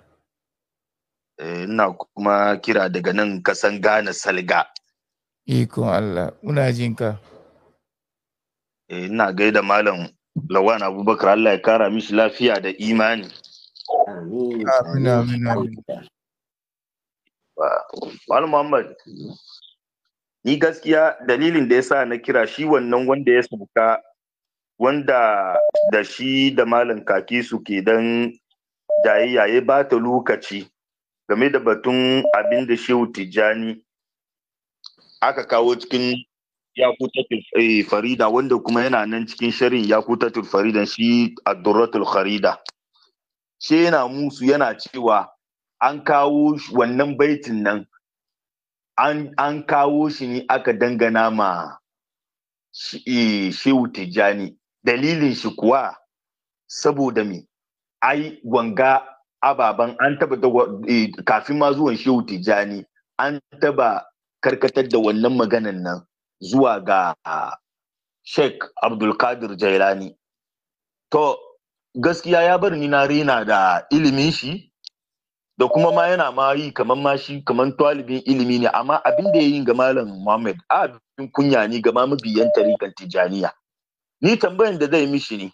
Eh, ina kuma kira daga nan kasan Ghana Salga. Ikon Allah, muna jin ka. Eh, ina gaida Malam lawan abubakar Allah ya kara mishi lafiya da imani amin amin amin Muhammad ni gaskiya dalilin da ya sa na kira shi wannan wanda ya sauka wanda da shi da malam kaki suke ke dan jayayya ya ba ta lokaci game da batun abin da shehu tijjani aka kawo cikin yakutatul eh, farida wanda kuma yana nan cikin ya yakutatul farida shi addurratul kharida shi yana musu yana cewa an kawo wannan baitin nan an kawo shi ne aka dangana ma eh, shehu tijjani dalilin shi kuwa saboda me ai wanga ababan, an taba eh, kafin ma zuwan shehu tijjani an taba karkatar da wannan maganan nan zuwa ga Sheikh Abdulkadir Jailani. To, gaskiya ya bar ni na rena da ilimin shi, da kuma ma yana ma yi kamar ma shi kamar talibin ilimi ne, amma abin da ya yi ga Malam Muhammad, abin kunya ne ga mabiyan tarikan Tijaniya. Ni tambayan da zai mishi ne,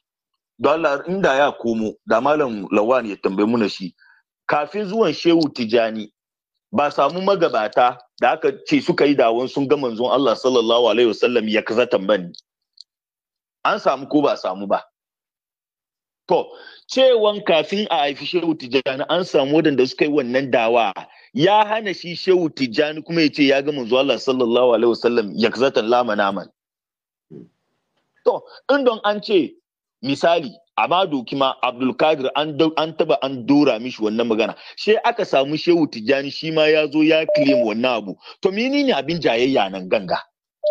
don Allah inda ya komo, da Malam Lawan ya tambaye muna shi, kafin zuwan Shehu Tijani, ba samu magabata da aka ce suka yi dawon sun ga manzon Allah sallallahu alaihi wasallam ya kaza tambani an samu ko ba samu ba to cewan kafin a haifi shehu tijani an samu wadanda suka yi wannan dawa ya hana shi shehu tijani kuma ya ce ya ga manzon Allah sallallahu alaihi wasallam ya kaza lama naman to in don an ce misali ma doki ma abdulkadir an taba an dora mishi wannan magana sai aka samu shehu tijjani shi ma ya zo ya claim wannan abu to menene abin jayayya nan ganga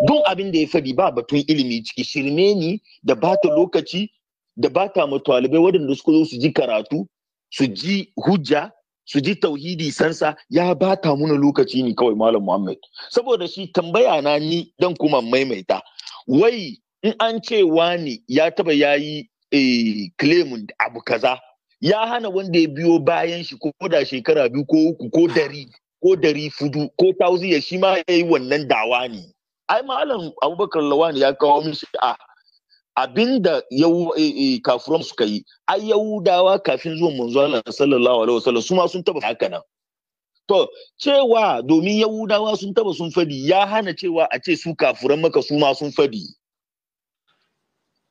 don abin da ya fadi ba batun ilimi ciki shirme ni da bata lokaci da bata ma talibai waɗanda suka zo su ji karatu su ji hujja su ji tauhidi sansa ya bata muna lokaci ne kawai malam muhammad saboda shi tambaya na ni dan kuma maimaita wai in an ce wani ya taba ya yi eh, claimin abu kaza ya hana wanda ya biyo bayan shi ko da shekara biyu ko uku ko dari ko dari fudu ko tausiya shi ma ya yi wannan dawa ne ai malam abubakar lawani ya kawo musu a abinda eh, eh, kafuran suka yi ai yahudawa kafin zuwan manzo Allah sallallahu alaihi wasallam su ma sun taba haka nan to cewa domin yahudawa sun taba sun fadi ya hana cewa a ce su kafuran maka su ma sun fadi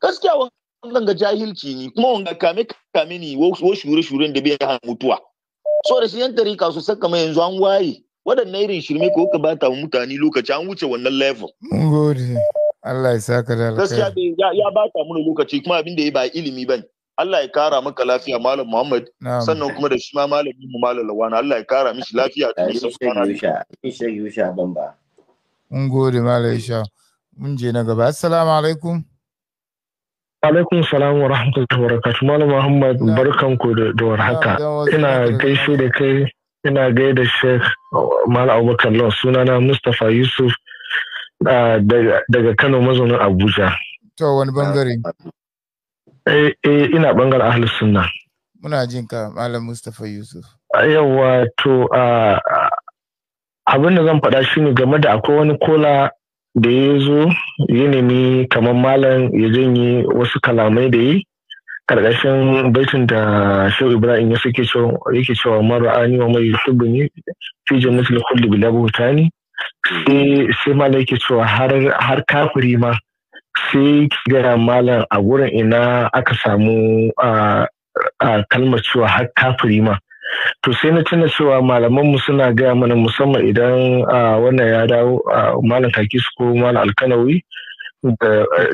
gaskiya wannan ga jahilci ne kuma wanga kame kame ne wo shure shuren da bai hana mutuwa so da shi yan ka su saka mai yanzu an waye waɗannan irin shirme ko ka bata mutane lokaci an wuce wannan level mun gode Allah ya saka da alkhairi gaskiya ya bata mu lokaci kuma abin da ya ba ilimi bane Allah ya kara maka lafiya Malam Muhammad sannan kuma da shi ma malamin mu Malam Lawana Allah ya kara mishi lafiya da nisan kwana. Isha Yusha ban ba. Mun gode Malam Isha. Mun je na gaba. Assalamu alaikum. Alaikum salam wa rahmatullahi wa barakatuh. Malam Muhammad barkanku da warhaka. Ina gaishe da kai ina gaida Sheikh Malam Abubakar Law sunana Mustapha Yusuf daga Kano mazaunin Abuja. To wani bangare? Eh, eh ina bangaren Ahlus Sunna. Muna jin ka Malam Mustapha Yusuf. Yawwa to abin da zan faɗa shine game da akwai wani kola da ya zo ya nemi kamar malam ya janye wasu kalamai da yi karkashin baitin da shehu ibrahim ya suke yake cewa mara'ani wa mai ne fi jannatul kulli bila butani sai sai malam yake cewa har kafiri ma sai gara malam a gurin ina aka samu a kalmar cewa har kafiri ma to sai na tuna cewa malamanmu suna gaya mana musamman idan wannan ya dawo malam su ko malam alkanawi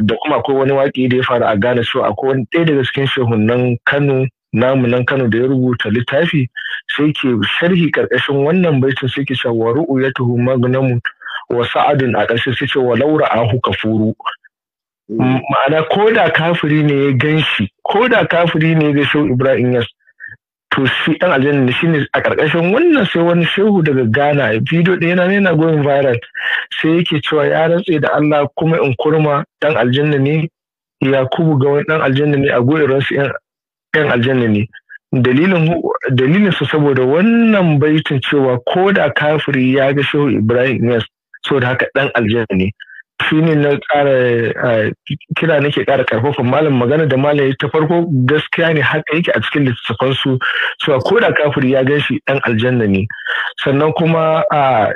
da kuma akwai wani waki da ya faru a gane cewa akwai wani ɗaya daga cikin shehunan kano namu kano da ya rubuta littafi sai ke sharhi karkashin wannan baitin sai ke cewa ru'u ya tuhu magnamu wa a ƙarshe sai ce wa laura huka furu ma'ana ko da kafiri ne ya gan shi ko da kafiri ne ya ga shau ibrahim yas to shi ɗan aljanna ne shine a ƙarƙashin wannan sai wani shehu daga ghana bidiyo ɗaya na yana going viral sai yake cewa ya rantse da allah kuma in kurma ɗan aljanna ne yakubu ga wani ɗan aljanna ne a goyin ransu ɗan aljanna ne dalilin su saboda wannan baitin cewa ko da kafiri ya ga shehu ibrahim yes so da haka ɗan aljanna ne shi ne na kira nake ƙara karfafa malam magana da malam ta farko gaskiya ne haka yake a cikin littattafan su cewa ko da kafiri ya gan shi ɗan aljanna ne sannan kuma a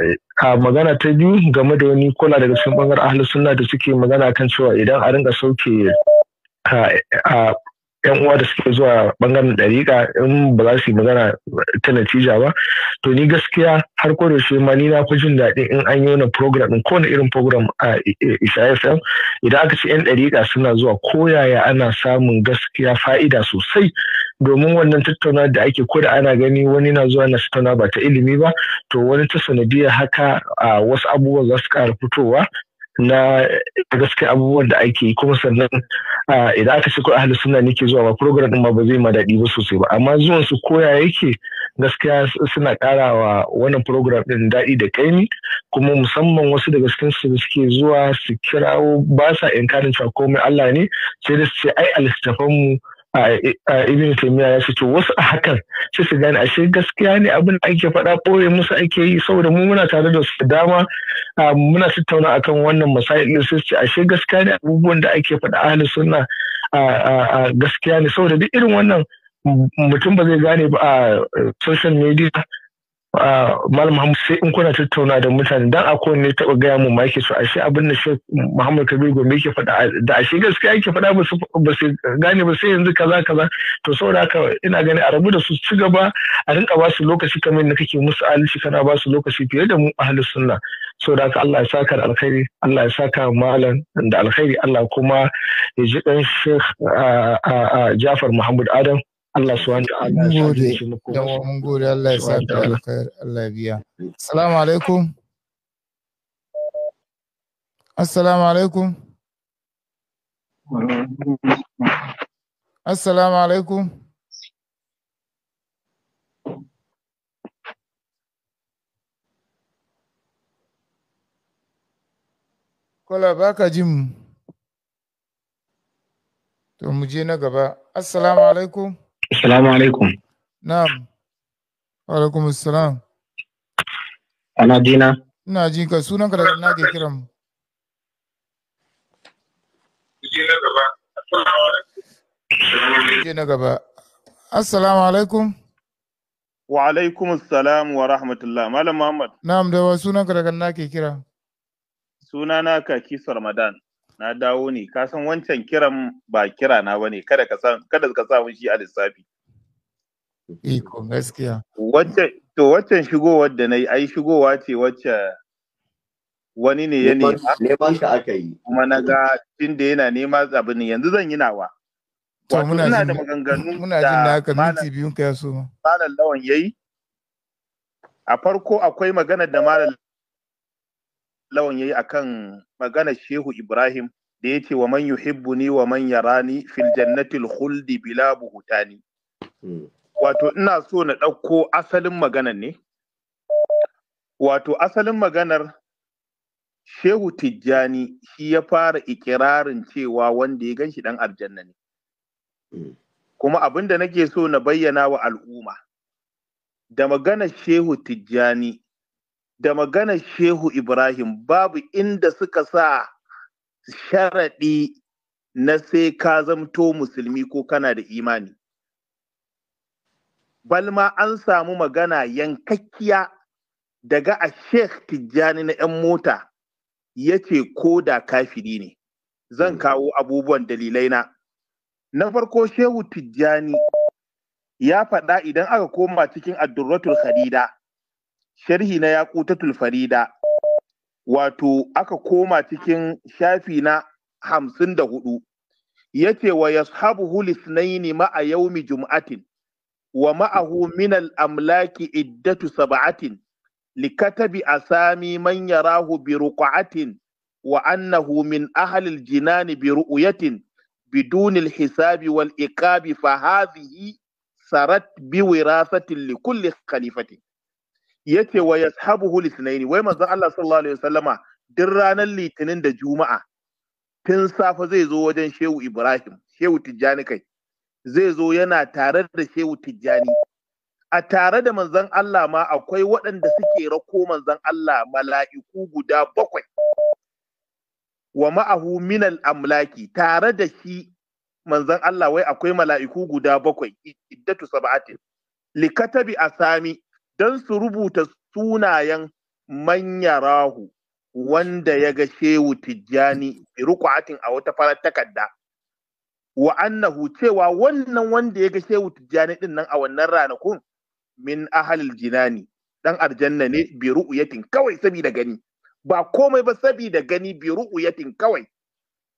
magana ta biyu game da wani kula daga cikin bangar ahlus sunna da suke magana kan cewa idan a ringa sauke a yan uwa da suke zuwa bangaren dariƙa in ba za su yi magana ta natija ba to ni gaskiya har ko da ma ni na fi jin daɗi in an yi wani program in kowane irin program a isa idan aka ce yan dariƙa suna zuwa ko yaya ana samun gaskiya fa'ida sosai domin wannan tattauna da ake ko da ana gani wani na zuwa na tattauna ba ta ilimi ba to wani ta sanadiyar haka a wasu abubuwa za su ƙara fitowa na gaske abubuwan da ake yi kuma sannan idan aka ce ko ahli sunna ne ke zuwa ba program din ma ba zai ma daɗi ba sosai ba amma zuwan su koya yake gaskiya suna karawa wannan program din daɗi da kaini kuma musamman wasu daga cikin su suke zuwa su kirawo ba sa inkarin cewa komai Allah ne sai da su ce ai a mu ibn taymiya ya fito wasu a hakan sai su gane ashe gaskiya ne abin da ake faɗa ɓoye musu ake yi saboda mu muna tare da su dama muna tattauna akan wannan masail sai ce ashe gaskiya ne abubuwan da ake faɗa ahli sunna gaskiya ne saboda duk irin wannan mutum ba zai gane ba a social media Malam Muhammad sai in kuna tattauna da mutane dan a kowanne taɓa gaya mu ma yake so ashe abin da shi Muhammad Kabir Gombe yake faɗa da ashe gaskiya yake faɗa ba su gane ba sai yanzu kaza kaza to saboda haka ina gani a rabu da su ci gaba a rinka ba su lokaci kamar yadda kake musu alishi kana ba su lokaci fiye da mu ahli sunna saboda haka Allah ya saka alkhairi Allah ya saka malam da alkhairi Allah kuma ya ji dan Sheikh Jafar Muhammad Adam Allah su wani Allah alaikum assalamu alaikum assalamu alaikum Kola baka jin mu. To mu je na gaba. Assalamu alaikum. Assalamu alaikum. Na'am. Wa alaikum assalam. Ana jina? Ina ji ka sunan ka daga ina ke kiran mu. Je na gaba. Je na gaba. Assalamu alaikum. Wa alaikum assalam wa rahmatullah. Malam Muhammad. Na'am da wa sunan ka daga ina ke kira? Sunana Kakis Ramadan. na dawo ne ka san wancan kiran ba kira na bane kada ka san kada ka sa mun shi a lissafi iko gaskiya wacce to waccan shigowar da nayi ai shigowa ce wacce wani ne ya nema shi aka yi kuma na ga tun da yana nema abin yanzu zan yi nawa to muna jin da maganganu muna jin da haka minti biyun ka ya so malam lawan yayi a farko akwai magana da malam lawan yayi akan magana Shehu Ibrahim da yace wa man yuhibbuni wa man yarani fil jannatil khuldi bila buhutani hmm. wato ina so na ɗauko asalin maganar ne wato asalin maganar Shehu Tijjani shi ya fara ikirarin cewa wanda ya ganshi dan ɗan aljanna ne. Hmm. Kuma abinda da nake so na bayyana wa al'umma, da maganar Shehu Tijjani da maganar shehu ibrahim babu inda suka sa sharaɗi na sai ka zamto musulmi ko kana da imani balma an samu magana yankakkiya daga a sheikh tijjani na 'yan mota ya ce ko da kafiri ne zan hmm. kawo abubuwan dalilai na na farko shehu tijjani ya faɗa idan aka koma cikin addurratul khadida sharhi na Yaqutatul Farida wato aka koma cikin shafi na hamsin da hudu yace wa yashabuhu lisnaini ma'a yaumi jum'atin wa ma'ahu minal amlaki iddatu sab'atin likatabi asami man yarahu bi ruq'atin wa annahu min ahli jinani bi ru'yatin بدون الحساب والإقاب فهذه سرت بوراثة لكل خليفة yace wa yashabuhu litnaini wai manzo Allah sallallahu alaihi wasallama duk ranar litinin da juma'a tun safe zai zo wajen Shehu Ibrahim Shehu Tijjani kai zai zo yana tare da Shehu Tijjani a tare da manzon Allah ma akwai waɗanda suke rako manzon Allah mala'iku guda bakwai wa ma'ahu al amlaki tare da shi manzon Allah wai akwai mala'iku guda bakwai iddatu sab'atin likatabi asami don su rubuta sunayen manyarahu wanda ya ga shehu tijjani ruku'atin a wata farar takarda wa annahu cewa wannan wanda ya ga shehu tijjani din nan a wannan ranakun min ahalil jinani dan aljanna ne bi ru'yatin kawai saboda gani ba komai ba saboda gani bi ru'yatin kawai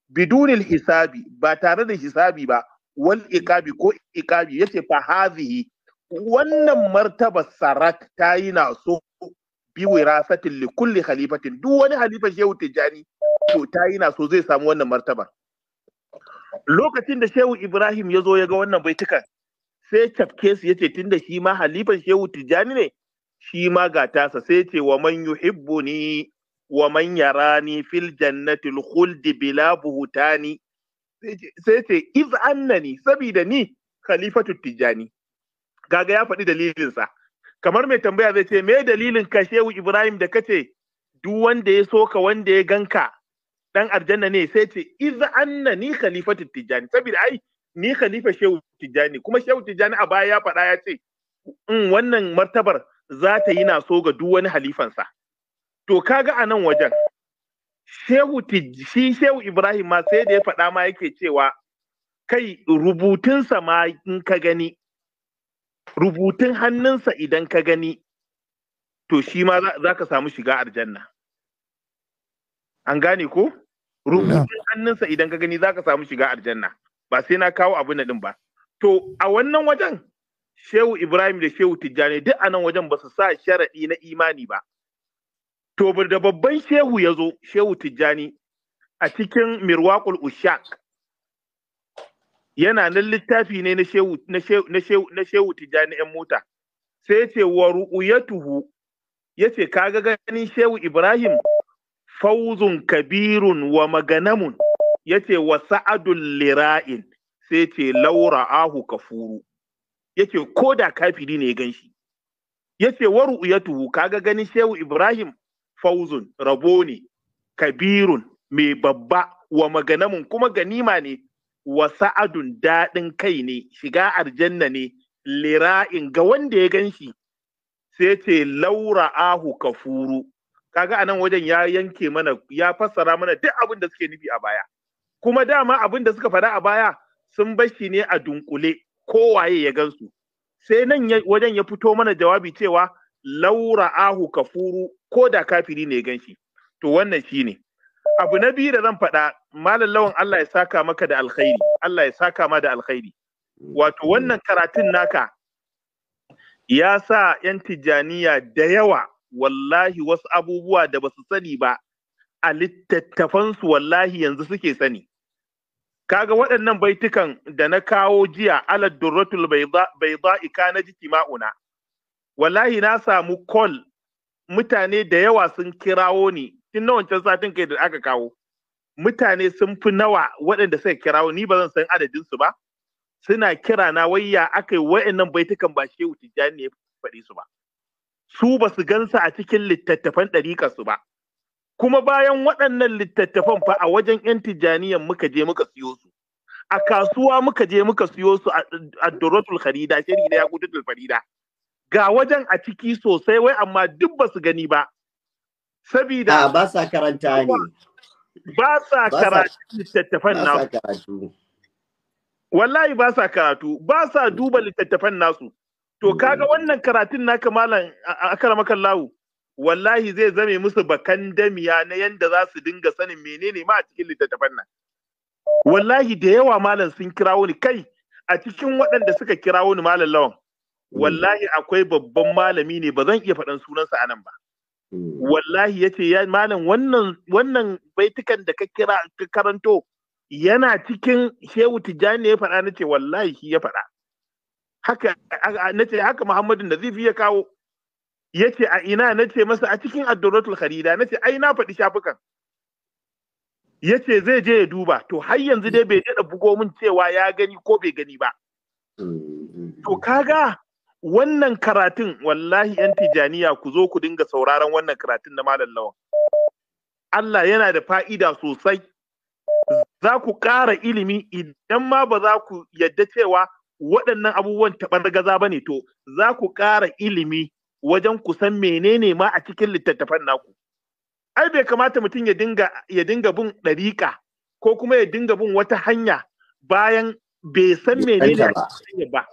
bidunil hisabi ba tare da hisabi ba wal iqabi ko iqabi yace fa hazihi wannan martaba sarak ta yi na so bi wirasatin li kulli khalifatin duk wani halifa shehu tijjani to ta yi na so zai samu wannan martaba. lokacin da shehu ibrahim ya zo ya ga wannan baitukan sai cafke su yace tunda shi ma halifan shehu tijjani ne shi ma ga tasa sai ce wa man ni wa man yarani fil jannatil khuldi bila buhutani sai ce iz annani sabida ni khalifatu tijjani gaga ya faɗi dalilinsa kamar mai tambaya zai ce me dalilin ka shehu ibrahim da kace duk wanda ya soka wanda ya ganka ɗan aljanna ne sai ce iz anna ni khalifa Tijjani? saboda ai ni khalifa shehu Tijjani. kuma shehu Tijjani a baya ya faɗa ya ce in mm, wannan martabar za ta yi na so ga duk wani halifansa to kaga a nan wajen shehu shi shehu ibrahim ma sai da ya faɗa ma yake cewa kai rubutunsa ma in ka gani rubutun hannunsa idan ka gani to shi ma za ka samu shiga aljanna an gane ko rubutun hannunsa idan ka gani za ka samu shiga aljanna ba sai na kawo abin din ba to a wannan wajen shehu ibrahim da shehu tijjani duk a nan wajen ba su sa sharaɗi na imani ba to da babban shehu ya zo shehu tijjani a cikin mirwakul ushak yana nan littafi ne na shehu na shehu na shehu na shehu tijani yan mota sai ce wa ru'yatuhu yace kaga ganin shehu ibrahim fawzun kabirun wa maganamun yace wa Sa'adun lira'in sai ce laura ahu kafuru yace ko da kafiri ne gan shi yace wa ru'yatuhu kaga ganin shehu ibrahim fawzun rabo ne kabirun mai babba wa maganamun kuma ganima ne wa sa'adun daɗin kai ne shiga aljanna ne lira'in ga wanda ya gan shi sai ce laura ahu kafuru kaga anan wajen ya yanke mana ya fassara mana duk abin da suke nufi a baya kuma dama abin da suka faɗa a baya sun bashi ne a dunkule kowaye ya gansu sai nan wajen ya fito mana jawabi cewa laura ahu kafuru ko da kafiri ne ganshi to wannan shine abu na biyu da zan faɗa malam lawan Allah ya saka maka da alkhairi Allah ya saka ma da alkhairi wato wannan karatun naka ya sa yan Tijjaniya da yawa wallahi wasu abubuwa da basu sani ba a littattafansu wallahi yanzu suke sani kaga waɗannan baitukan da na kawo jiya alad durratul bayda ika na jiki ma'una wallahi na samu call mutane da yawa sun kirawo ni tun na wancan satin kai da aka kawo mutane sun fi nawa waɗanda suka kirawo ni ba zan san adadin su ba suna kira na wayya aka yi wa'annan baitukan ba shehu tijjani ne faɗi su ba su ba su gansa a cikin littattafan ɗariƙar su ba kuma bayan waɗannan littattafan fa a wajen 'yan tijjaniyan muka je muka siyo su a kasuwa muka je muka siyo su a Dorotul Kharida shiri da ya gudu Farida ga wajen a ciki sosai wai amma duk ba su gani ba sabida ba sa karanta ne ba sa karatu littattafan nasu wallahi ba sa karatu ba sa duba littattafan nasu to hmm. kaga wannan karatun naka malam akramakan lawu wallahi zai zame musu bakan damiya na yanda za su dinga sanin menene ma a cikin littattafan nan wallahi da yawa malam sun kirawo ni kai a cikin waɗanda suka kirawo ni malam lawan hmm. wallahi akwai babban malami ne ba zan iya faɗan sunansa a nan ba Hmm. wallahi ya ce malam wannan wannan baitukan da ka kira ka karanto yana cikin shehu tijjani ya faɗa na ce wallahi shi ya faɗa haka na ce haka muhammadu nazifi ya kawo ya ce a ina na ce masa a cikin addoratul kharida na ce ai na faɗi shafukan ya ce zai je ya duba to har yanzu dai bai daɗa bugo min cewa ya gani ko bai gani ba hmm, hmm, to kaga wannan karatun wallahi yan tijaniya ku zo ku dinga sauraron wannan karatun na malam lawan Allah yana da fa'ida sosai za ku ƙara ilimi idan ma ba za ku yadda cewa waɗannan abubuwan taɓar gaza ba ne to za ku ƙara ilimi wajen ku san menene ma a cikin littattafan naku ai bai kamata mutum ya dinga ya dinga bin ɗariƙa ko kuma ya dinga bin wata hanya bayan bai san menene a cikin ba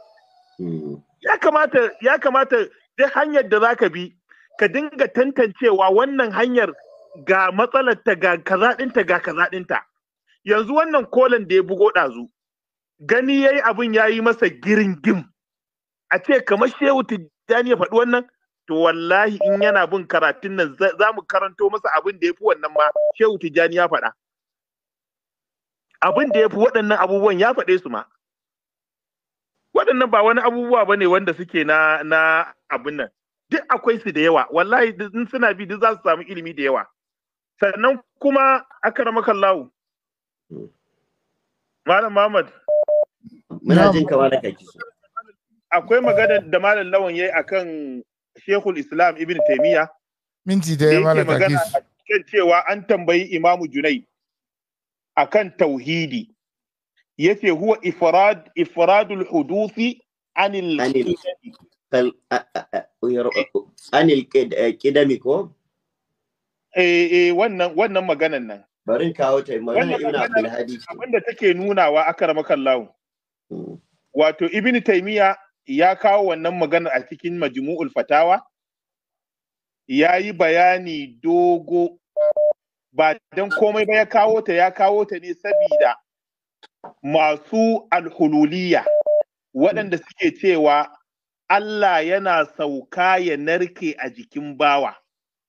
hmm. ya kamata ya kamata duk hanyar da zaka bi ka dinga tantancewa wannan hanyar ga matsalar ta ga kaza ga kaza yanzu wannan kolan da ya bugo ɗazu gani yayi abin yayi masa giringim a ce kamar shehu tijjani ya faɗi wannan to wallahi in yana bin karatun nan za mu karanto masa abin da ya fi wannan ma shehu tijjani ya faɗa abin da ya fi waɗannan abubuwan ya faɗe su ma waɗannan ba wani abubuwa ba ne wanda suke na na abin nan duk akwai su da yawa wallahi in suna bi duk za su samu ilimi da yawa sannan kuma akaramakan lawu malam Muhammad muna jin ka malaka akwai magana da malam lawan yayi akan Sheikhul Islam Ibn Taymiyyah minti da ya malaka kiso kan cewa an tambayi Imamu Junaid akan tauhidi yace huwa ifrad ifradul huduthi anil anil kidami eh, ko eh eh wannan wannan nan barin kawo ta maganar ibn abdul hadi abinda take nunawa akaramakan lawo hmm. wato ibn taymiya ya kawo wannan maganar a cikin majmu'ul fatawa ya yi bayani dogo ba dan komai ba ya kawo ta ya kawo ta ne sabida masu alhululiya waɗanda hmm. suke cewa Allah yana sauka ya narke a jikin bawa,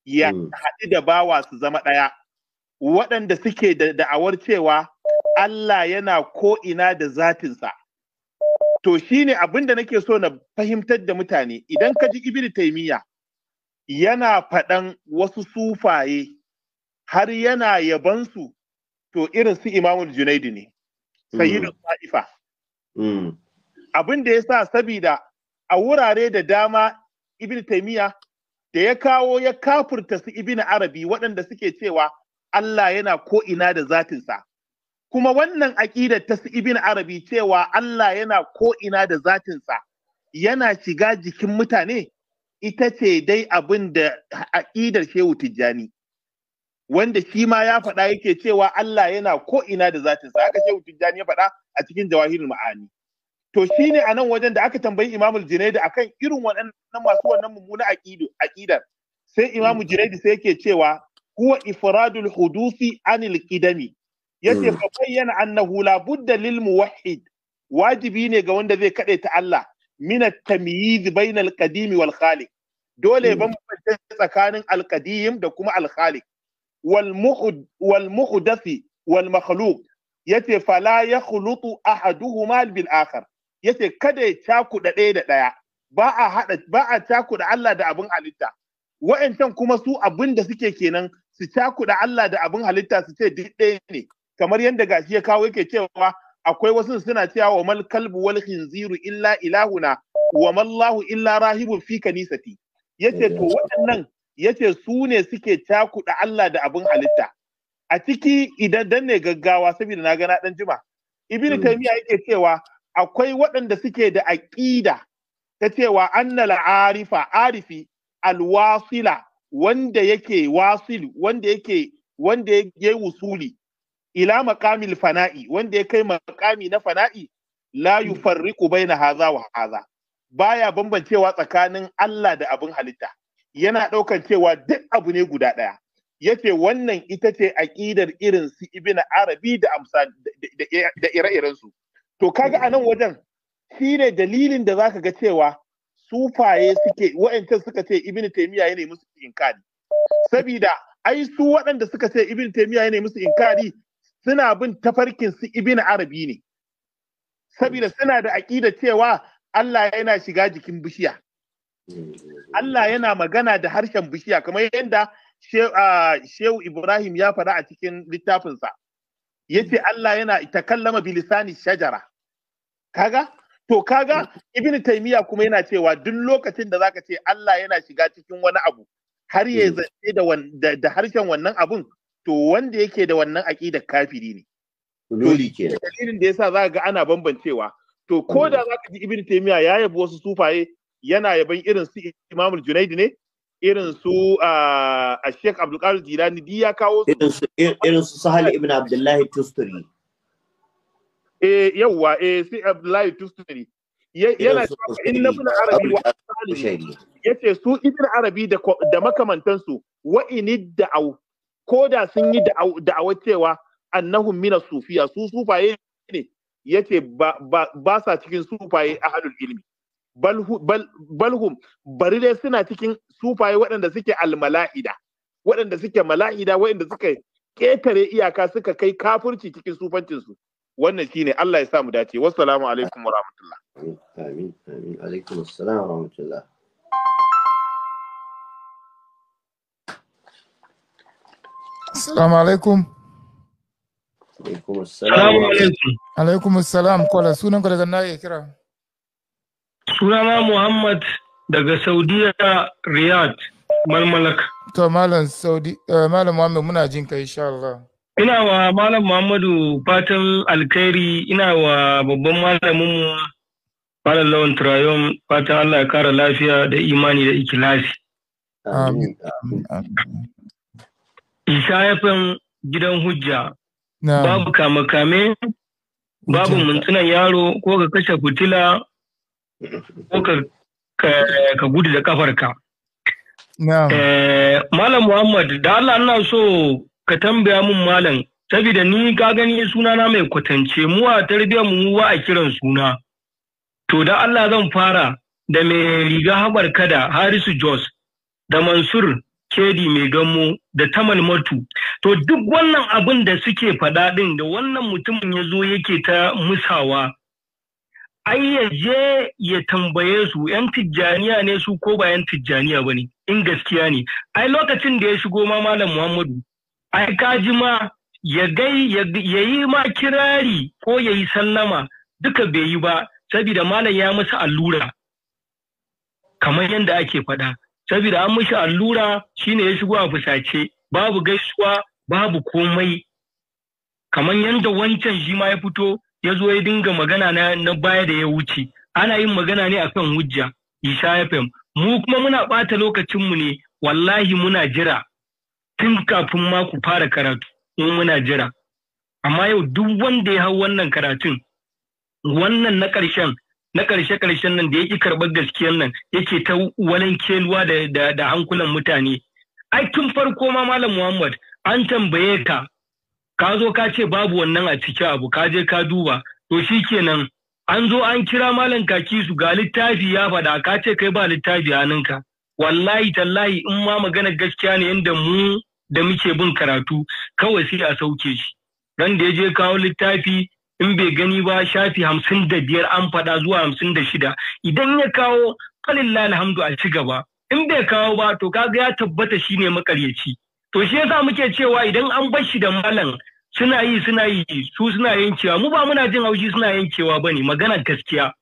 ya hmm. haɗu da bawa su zama ɗaya, waɗanda suke da da'awar cewa Allah yana ko'ina da zatinsa. To shi ne abin da nake so na fahimtar da mutane, idan ka ji Ibn Taimiyya yana faɗan wasu sufaye har yana yabansu, to irin su Imamul Junaidi ne. sayyidul mm. ta'ifa mm. abin da ya sa sabida a wurare da dama ibn taimiyya da ya kawo ya kafurta su ibn arabi waɗanda suke cewa Allah yana ko'ina da zatinsa kuma wannan aƙidar ta su ibn arabi cewa Allah yana ko'ina da zatinsa yana shiga jikin mutane ita ce dai abin da aƙidar shehu tijjani wanda shi ma ya faɗa yake cewa Allah yana ko ina da zatin sa haka Shehu Tijjani ya faɗa a cikin Jawahirul Ma'ani to shine a nan wajen da aka tambayi Imamul Junaidi akan irin waɗannan masu wannan mummuna aqidu aqidar sai Imamul Junaidi sai yake cewa huwa ifradul hudusi anil qidami yace fa bayyana annahu la budda lil muwahhid wajibi ne ga wanda zai kade ta Allah min at-tamyiz al qadimi wal khaliq dole hmm. ban tsakanin al-qadim da kuma al-khaliq wal muhdasi wal makhluq yace fala yakhlutu ahaduhuma bil akhar yace kada ya cakuda ɗaya da ɗaya ba a hada ba a cakuda Allah da abin halitta wa'ancan kuma su abin da suke kenan su cakuda Allah da abin halitta su ce duk ɗaya ne kamar yadda gashi ya kawo yake cewa akwai wasu suna cewa wa mal kalbu wal khinziru illa ilahuna wa mallahu illa rahibu fi kanisati yace to eh, eh. waɗannan yace su ne suke cakuɗa Allah da abin halitta a ciki idan dan ne gaggawa saboda na gana dan jima ibnu mm. taymiya yake cewa akwai waɗanda suke da aƙida ta cewa annal arifa arifi alwasila wanda yake wasil wanda yake wanda ya wusuli ila maqamil fana'i wanda ya kai maqami na fana'i la mm. yufarriqu baina haza wa haza baya bambancewa tsakanin Allah da abin halitta yana ɗaukan cewa duk abu ne guda ɗaya yace wannan ita ce aƙidar irin su ibn arabi da amsa da ire-iren su to kaga anan wajen shine dalilin da zaka ga cewa sufaye suke wa'ancan suka ce ibn taymiya yana musu inkari sabida ai su waɗanda suka ce ibn taymiya yana musu inkari suna bin tafarkin su ibn arabi ne sabida suna da aƙidar cewa Allah yana shiga jikin bishiya Allah yana magana da harshen bishiya kamar yadda Shehu Ibrahim ya faɗa a cikin littafinsa. Ya ce Allah yana kallama bilisani shajara. Kaga? To kaga Ibn Taymiyyah kuma yana cewa duk lokacin da zaka ce Allah yana shiga cikin wani abu har ya hmm. zance da harshen wannan abun to wanda yake da wannan aqidar kafiri ne. Loli ke. Dalilin da yasa zaka ga ana bambancewa. To ko hmm. da zaka ji Ibn Taymiyyah ya yabi wasu sufaye yana yaban irin su Imam Junaid ne irin su ah, a Sheikh Abdul Qadir Jilani di ya kawo su irin su Sahal ibn Abdullahi Tustari eh yawa eh si Abdullahi Tustari yana in na ibn Arabi wa yace su ibn Arabi da da makamantansu wa inid da'aw ko da sun yi da'awa cewa annahum min sufiya su sufaye ne yace ba ba sa cikin sufaye ahlul ilmi balhum bari dai suna cikin sufaye waɗanda suke almala'ida waɗanda suke mala'ida waɗanda suka ƙetare iyaka suka kai kafurci cikin sufancinsu wannan shine Allah ya sa mu dace wassalamu alaikum wa rahmatullah amin amin alaikum assalam wa rahmatullah assalamu alaikum alaikum assalam alaikum assalam kola sunan ka daga na ya kira Sunana Muhammad daga Saudiya Riyadh Malmalak. To Malam Saudi eh, Malam Muhammad muna jin kai insha Allah. Ina wa Malam Muhammadu fatan alkhairi ina wa babban malamin mu Malam Lawan Trayon fatan Allah ya kara lafiya da imani da ikilasi. Amin. Isa ya fan gidan hujja. Babu kame-kame, babu mintunan yaro ko ka kashe fitila ko ka gudu da kafarka. Eh, malam Muhammad, da Allah ina so ka tambaya mun malam, saboda ni ka gani sunana mai kwatance mu a tarbiyyar mu wa a kiran suna. To da Allah zan fara da mai riga habar kada Harisu Jos da Mansur Kedi mai gammo da Tamal Matu. To duk wannan abin da suke faɗa ɗin da wannan mutumin ya zo yake ta musawa ai ya je ya tambaye su yan tijjaniya ne su ko ba yan tijjaniya ba ne in gaskiya ne ai lokacin da ya shigo ma malam muhammadu ai kaji ma ya gai ya yi ma kirari ko ya yi sallama duka bai yi ba saboda malam ya masa allura kamar yadda ake faɗa saboda an mishi allura shine ya shigo a fusace babu gaisuwa babu komai kamar yadda wancan shi ma ya fito ya zo ya dinga magana na, baya da ya wuce ana yin magana ne akan hujja isa fm mu kuma muna ɓata lokacinmu ne wallahi muna jira tun kafin ma ku fara karatu in muna jira amma yau duk wanda ya hau wannan karatun wannan na ƙarshen na ƙarshe ƙarshen nan da ya ƙi karɓar gaskiyar nan yake ta walan keluwa da, da, da hankulan mutane ai tun farko ma malam muhammad an tambaye ka ka zo ka ce babu wannan a cikin abu ka je ka duba to shi shikenan an zo an kira malam kaki su ga littafi ya faɗa ka ce kai ba littafi hannunka wallahi tallahi in ma maganar gaskiya ne yadda mu da muke bin karatu kawai sai a sauke shi ran da ya je kawo littafi in bai gani ba shafi hamsin da biyar an faɗa zuwa hamsin da shida idan ya kawo falillah alhamdu a ci gaba in bai kawo ba to kaga ya tabbata shine makaryaci to shi yasa muke cewa idan an bar shi da malam suna yi suna yi su suna yankewa mu ba muna jin haushi suna yankewa ne. magana gaskiya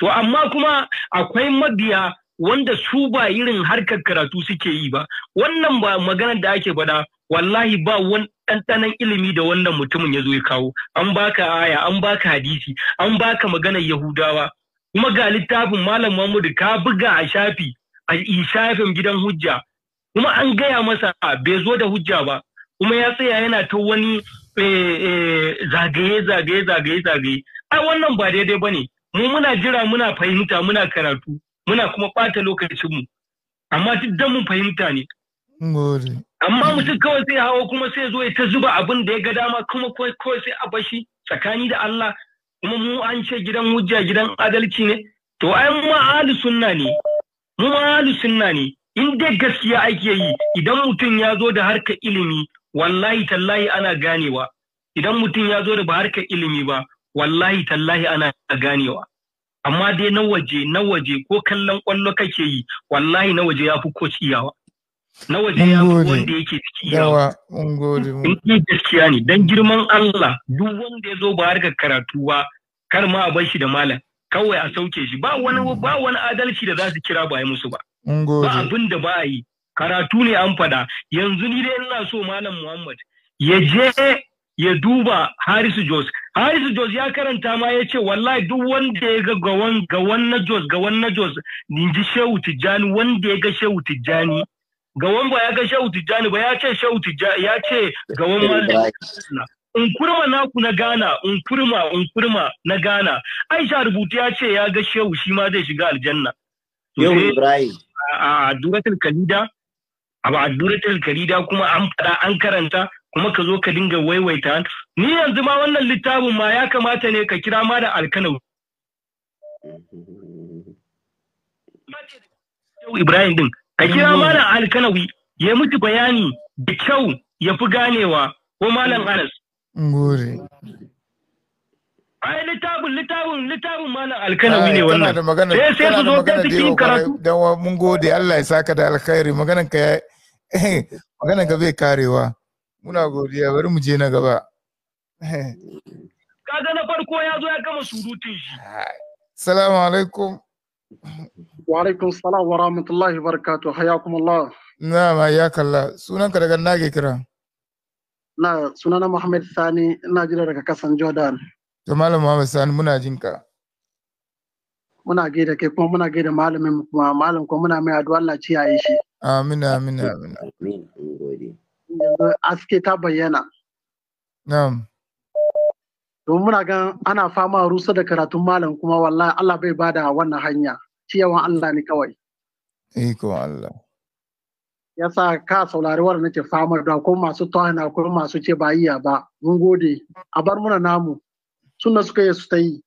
to amma kuma akwai mabiya wanda su ba irin harkar karatu suke yi ba wannan ba maganar da ake bada wallahi ba wani ɗanɗanon ilimi da wannan mutumin ya zo ya kawo an baka aya an baka hadisi an baka maganar yahudawa kuma ga littafin malam muhammadu ka buga a shafi a shafin gidan hujja kuma an gaya masa ah, bai zo da hujja ba kuma ya tsaya yana ta wani eh, eh, zagaye zagaye zagaye zagaye ai wannan ba daidai bane mu muna jira muna fahimta muna karatu muna kuma ɓata lokacinmu amma duk dan mu fahimta ne amma mutum kawai sai hawa kuma sai zo ya ta zuba abin da ya ga dama kuma kawai sai a bashi tsakani da Allah kuma mu an ce gidan hujja gidan adalci ne to ai mu ma ahli sunna ne mu ma ahli sunna ne in dai gaskiya ake yi idan mutum ya zo da harka ilimi wallahi tallahi ana ganewa idan mutum ya zo da ba harka ilimi ba wallahi tallahi ana ganewa amma dai na waje na waje ko kallon kwallo kake yi wallahi na waje ya fi ko ciyawa na waje ya fi wanda yake ciki yawa in gaskiya ne dan girman Allah duk wanda ya zo ba harka karatu ba kar ma a bar shi da malam kawai a sauke shi ba wani ba wani adalci da za su kira ba yi musu ba Ba abin da ba yi. Karatu ne an fada Yanzu ni dai ina so Malam Muhammad ya je ya duba Harisu Jos. Harisu Jos ya karanta ma ya ce wallahi duk wanda ya ga ga wannan Jos ga wannan Jos ji Shehu Tijjani wanda ya ga Shehu Tijjani. Gawan ba ya ga Shehu Tijjani ba ya ce Shehu Tijjani ya ce gawan Malam. Unkurma naku na Ghana, unkurma, unkurma na Ghana. Aisha rubutu ya ce ya ga Shehu shi ma zai shiga aljanna. Yau Ibrahim. a duratul kalida a duratul kalida kuma an faɗa an karanta kuma ka zo ka dinga waiwaita ni yanzu ma wannan littafin ma ya kamata ne ka kira ma da alkanau Ibrahim din ka kira ma da alkanawi ya mutu bayani da kyau ya fi ganewa ko malam Anas. ai littafin littafin littafin malam alkalami ne wannan eh, sai sai su zo ta cikin karatu dan mun gode Allah ya saka da alkhairi maganan ka *laughs* maganan ka bai karewa muna godiya bari mu je na gaba *laughs* kaga na farko ya zo ya gama surutun shi assalamu alaikum wa alaikum salam wa rahmatullahi barakatuh hayakum Allah na'am hayaka Allah sunan ka daga nage kira na sunana Muhammad Sani ina jira daga kasan Jordan To Malam Muhammad Sani muna jin ka. Muna da kai kuma muna da malamin mu kuma malam kuma muna mai addu'a Allah ci yayi shi. Amina, Amina, Amina. Yanzu Aske ta bayyana. Na'am. To muna gan ana fama rusa da karatun malam kuma wallahi Allah bai bada wannan hanya. ci yawan Allah ne kawai. ko Allah. ya sa ka saurari wannan nake famar da ko masu tawana ko masu ce ba ba mun gode a bar muna namu suna suka yi su ta yi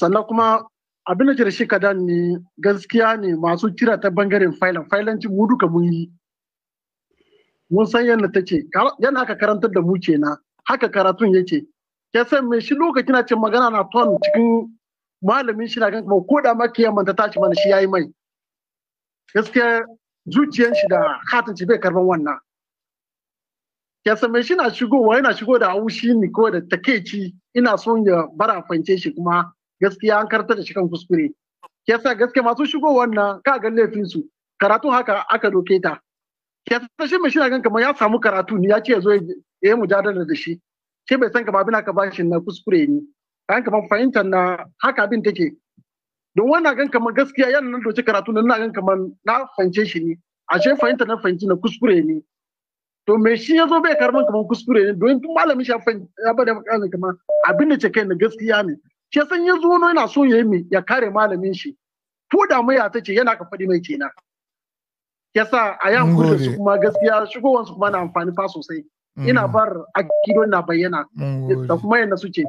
sannan kuma abin da da shi kadan ne gaskiya ne masu kira ta bangaren filan Filanci mu duka mun yi mun san yadda ta ce yana aka karantar da mu na, haka karatun yake ya san me shi lokacin na ce magana na ton cikin malamin shi na kan kuma ko da ma yamma ta tashi mana shi ya yi mai gaskiya zuciyan shi da hatin bai karban wannan ya same shi na shigowa yana shigo da haushi ni ko da takeici ina son ya bara fance shi kuma gaskiya an karta da shi kan kuskure yasa gaskiya masu shigo wannan ka ga laifin su karatu haka aka doke ta yasa shi mai shi gan kamar ya samu karatu ne ya ce ya zo ya yi mujadala da shi Sai bai san kamar abin aka shi na kuskure ne kan kamar fahimtar na haka abin take don wannan gan kamar gaskiya yana nan doce karatu nan na gan kamar na fance shi ne ashe fahimtar na fahimci na kuskure ne to me shi ya zo bai karban kamar kuskure ne domin tun malamin shi ya bada ne kamar abin da ce kai na gaskiya ne shi san ya zo yana so ya yi ya kare malamin shi ko da mai ya tace yana ka faɗi mai kenan yasa a yi kudu su kuma gaskiya shigowar su kuma na amfani fa sosai mm. ina bar kido na bayyana da kuma yadda suke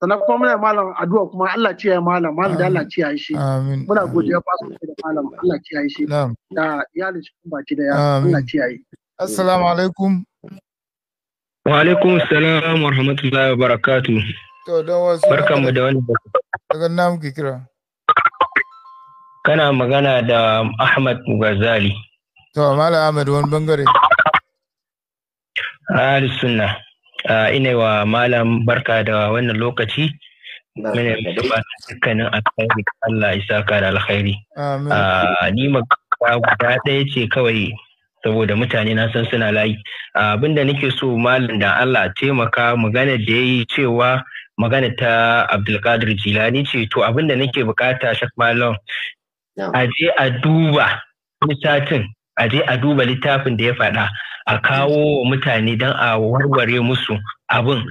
sannan kuma muna malam addu'a kuma Allah ce ya malam malam da Allah ce ya shi muna godiya fa sosai da malam Allah ce ya shi da iyalin shi kuma baki da ya Allah ce ya yi Assalamu alaikum. Wa alaikum salam wa rahmatullahi wa barakatu. To don wasu. Barkan mu da wani. Daga na muke kira. Kana magana da Ahmad Ghazali. To Malam Ahmad wani bangare. Ahli sunna. ina wa malam barka da wannan lokaci. Mene da dukkanin alkhairi Allah isa ka da alkhairi. Amin. Ni maka guda ɗaya ce kawai saboda mutane na san suna layi abin da nake so malam da Allah taimaka magana da yayi cewa magana ta Abdulkadir Jilani ce to abin da nake bukata Shak Malam a je a duba satin a je a duba littafin da ya faɗa a kawo wa mutane don a warware musu abin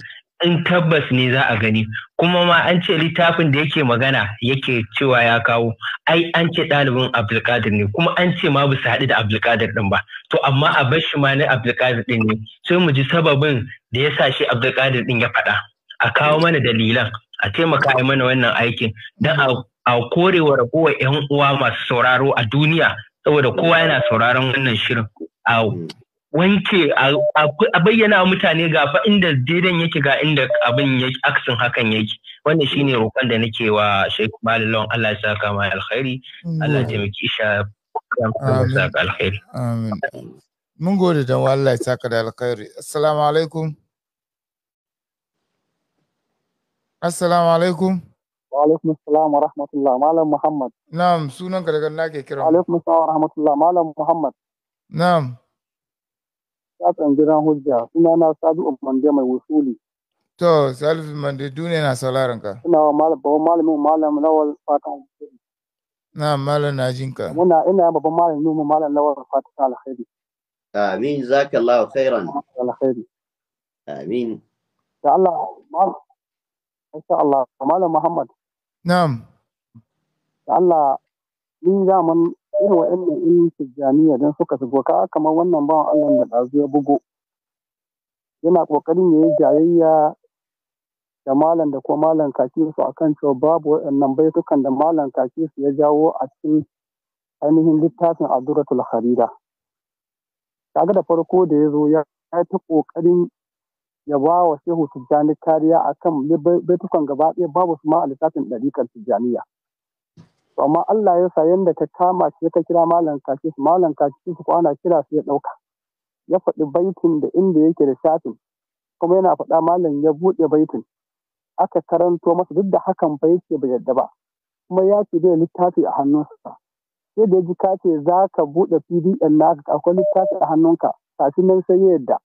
in tabbas ne za a gani kuma ma an ce littafin da yake magana yake cewa ya kawo ai an ce ɗalibin abdulkadir ne kuma an ce ma bisa haɗu da abdulkadir ɗin ba to amma a bar shi ma na abdulkadir ɗin ne sai mu ji sababin da ya sa shi abdulkadir ɗin ya faɗa a kawo mana dalilan a taimaka mana wannan aikin don a korewa ragowar 'yan uwa masu sauraro a duniya saboda kowa yana sauraron wannan shirin a wanke a bayyana mutane ga fa inda daidan yake ga inda abin yake aksin hakan yake wannan shine roƙon da nake wa Sheikh Malalon Allah ya saka mai alkhairi Allah ya taimaki shi saka alkhairi amin mun gode da Allah ya saka da alkhairi assalamu alaikum assalamu alaikum wa alaikum assalam wa rahmatullah malam muhammad na'am sunan ka daga nake kira wa alaikum assalam wa rahmatullah malam muhammad na'am Sassan jiran hujja suna na Sabi'u Mande mai wusuli. To, Salisu Mande duniya na sauraron ka. Ina wa malam babban malamin malam lawal fatan Na malam na jinka. Muna ina ya babban malamin mu malam lawal fatan alkhairi Amin zakallahu khairan. alkhairi Amin. Da Allah malam insha Allah malam Muhammad. Na'am. Da Allah ni zaman irin wa'annan in tijjaniya don suka shigo ka kamar wannan bawan Allah da ɗazu ya bugo yana ƙoƙarin ya yi jayayya da malam da ko malam kaki su akan cewa babu waɗannan baitukan da malam kaki su ya jawo a cikin ainihin littafin Abdurratul Harira. Kaga da farko da ya zo ya ta ƙoƙarin ya ba wa Shehu Tijjani kariya akan baitukan gaba ɗaya babu su ma a littafin ɗariƙar Tijjaniya. to amma Allah ya sa yanda ta kama shi ta kira malam kashi malam kashi su kwana kira su ya ɗauka ya faɗi baitin da inda yake da shafin kuma yana faɗa malam ya buɗe baitin aka karanto masa duk da hakan ba yake bai yadda ba kuma ya ce da littafi a hannunsa sai da ji ka za ka buɗe pdn naka akwai littafi a hannunka kafin nan sai ya yadda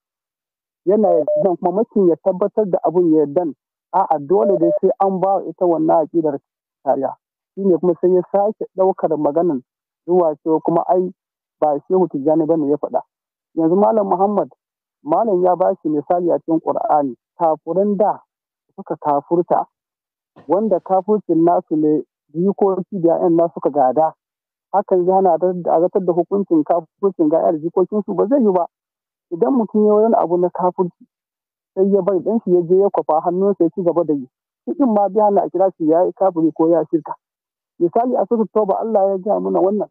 yana yadda kuma mutum ya tabbatar da abun ya yadda a'a dole dai sai an ba ita wannan aƙidar kariya shi ne kuma sai ya sake ɗaukar maganan zuwa cewa kuma ai ba shehu tijjani bane ya faɗa yanzu malam muhammad malam ya ba shi misali a cikin ƙur'ani. kafuran da suka kafurta wanda kafurcin nasu ne jikoki da ƴaƴan nasu suka gada hakan zai hana a zartar da hukuncin kafurcin ga ƴaƴan jikokinsu ba zai yi ba idan mutum ya wani abu na kafurci sai ya bari ɗan shi ya je ya kwafa hannunsa ya ci gaba da yi cikin ma bi hana a kira shi ya yi kafuri ko ya shirka misali a sura tauba Allah ya gaya mana wannan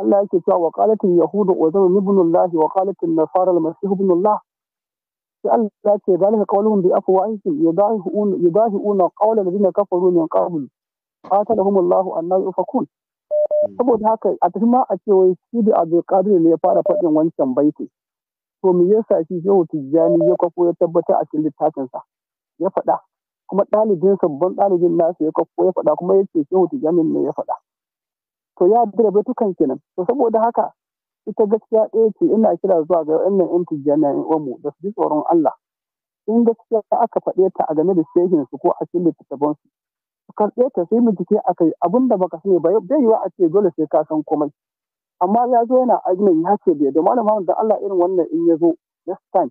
Allah yake cewa wa qalatil yahudu wa zama ibn Allah wa qalatil nasara al masih ibn Allah sai Allah ya ce zalika qawluhum bi afwahihim yudahi'un yudahi'una qawla alladhina kafaru min qabl qatalahum Allah an yufakun saboda haka a tafi ma a ce wai shi da abu Qadir ne ya fara faɗin wancan baiti to me yasa shi Shehu Tijjani ya kwafo ya tabbata a cikin littafinsa ya faɗa kuma ɗalibin sabbin ɗalibin nasu ya kafo ya faɗa kuma ya ce shehu tijamin ne ya faɗa to ya bi da baitukan kenan to saboda haka ita gaskiya ɗaya ce ina kira zuwa ga wannan yan tijjaniya yan uwanmu da su ji tsoron Allah in gaskiya aka faɗe ta a game da shehin su ko a cikin littattafan su su karɓe ta sai jike a kai abin da baka sani ba bai yiwa a ce dole sai ka san komai amma ya zo yana ajin ya ce bai da malam da Allah irin wannan in ya zo next time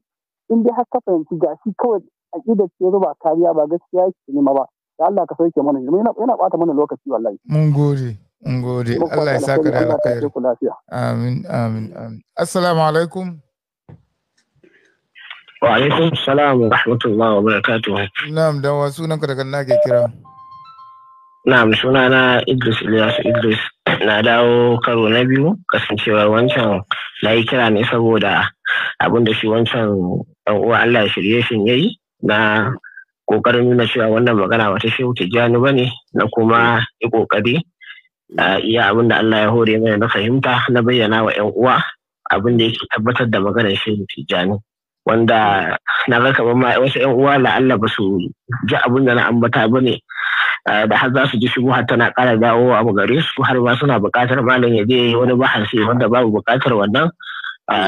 in dai har ka fahimci gashi kawai aqidar ce ba kariya ba gaskiya ce ne ma ba da Allah ka sauke mana yana yana bata mana lokaci wallahi mun gode mun gode Allah ya saka da alkhairi amin amin amin assalamu alaikum wa alaikum salam wa rahmatullahi wa barakatuh na'am dan wasu nan ka daga na ke kira na'am suna na Idris Ilyas Idris na dawo karo na biyu kasancewar wancan na yi kira ne saboda abin da shi wancan ɗan uwa Allah shirye shi yayi na kokarin nuna cewa wannan magana wata shehu tijjani ba ne na kuma yi kokari iya abin da Allah ya hore mana na fahimta na bayyana wa 'yan uwa abin da yake tabbatar da maganar shehu tijjani wanda na ga kamar ma wasu 'yan uwa Allah ba su ji abin da na ambata ba ne da har za su ji shubuha tana ƙara dawowa a gare su har ma suna buƙatar malam ya je wani bahasi wanda babu buƙatar wannan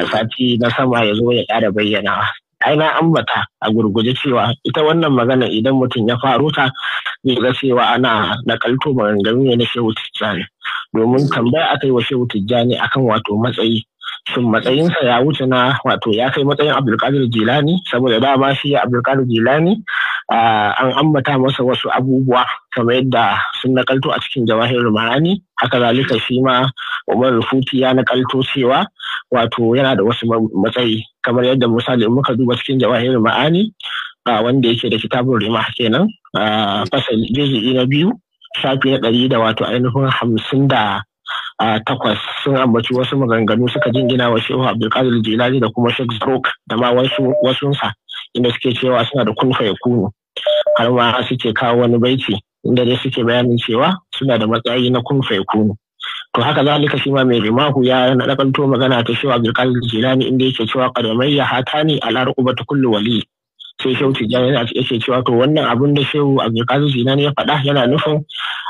sati na sama ya zo ya ƙara bayyana. ai na ambata a gurguje cewa ita wannan magana idan mutum ya faru ta zai ga cewa ana nakalto maganganu ne na shehu tijjani domin tambaya a kai wa shehu tijjani akan wato matsayi shin matsayinsa ya wuce na wato ya kai matsayin abdulkadir jilani saboda dama shi abdulkadir jilani an ambata masa wasu abubuwa kamar yadda sun nakalto a cikin jawahirul ma'ani haka zalika shi ma umar rufuti ya nakalto cewa wato yana da wasu matsayi kamar yadda misali muka duba cikin jawahirin ma'ani a wanda yake da kitabun rima kenan fasal juz'i na biyu shafi na ɗari da wato ainihin hamsin da takwas sun ambaci wasu maganganu suka jingina wa shehu abdulkadir jilani da kuma sheikh zarok da ma wasu wasunsa inda suke cewa suna da kunfa ya kunu har ma suke kawo wani baiti inda dai suke bayanin cewa suna da matsayi na kunfa ya kunu to haka zalika shi ma mai rimahu ya nakalto magana ta shewa abdulkadir jilani inda yake cewa ya hatani ala rukubati kullum wali sai shehu tijjani yana yake cewa to wannan abin da shehu abdulkadir jilani ya faɗa yana nufin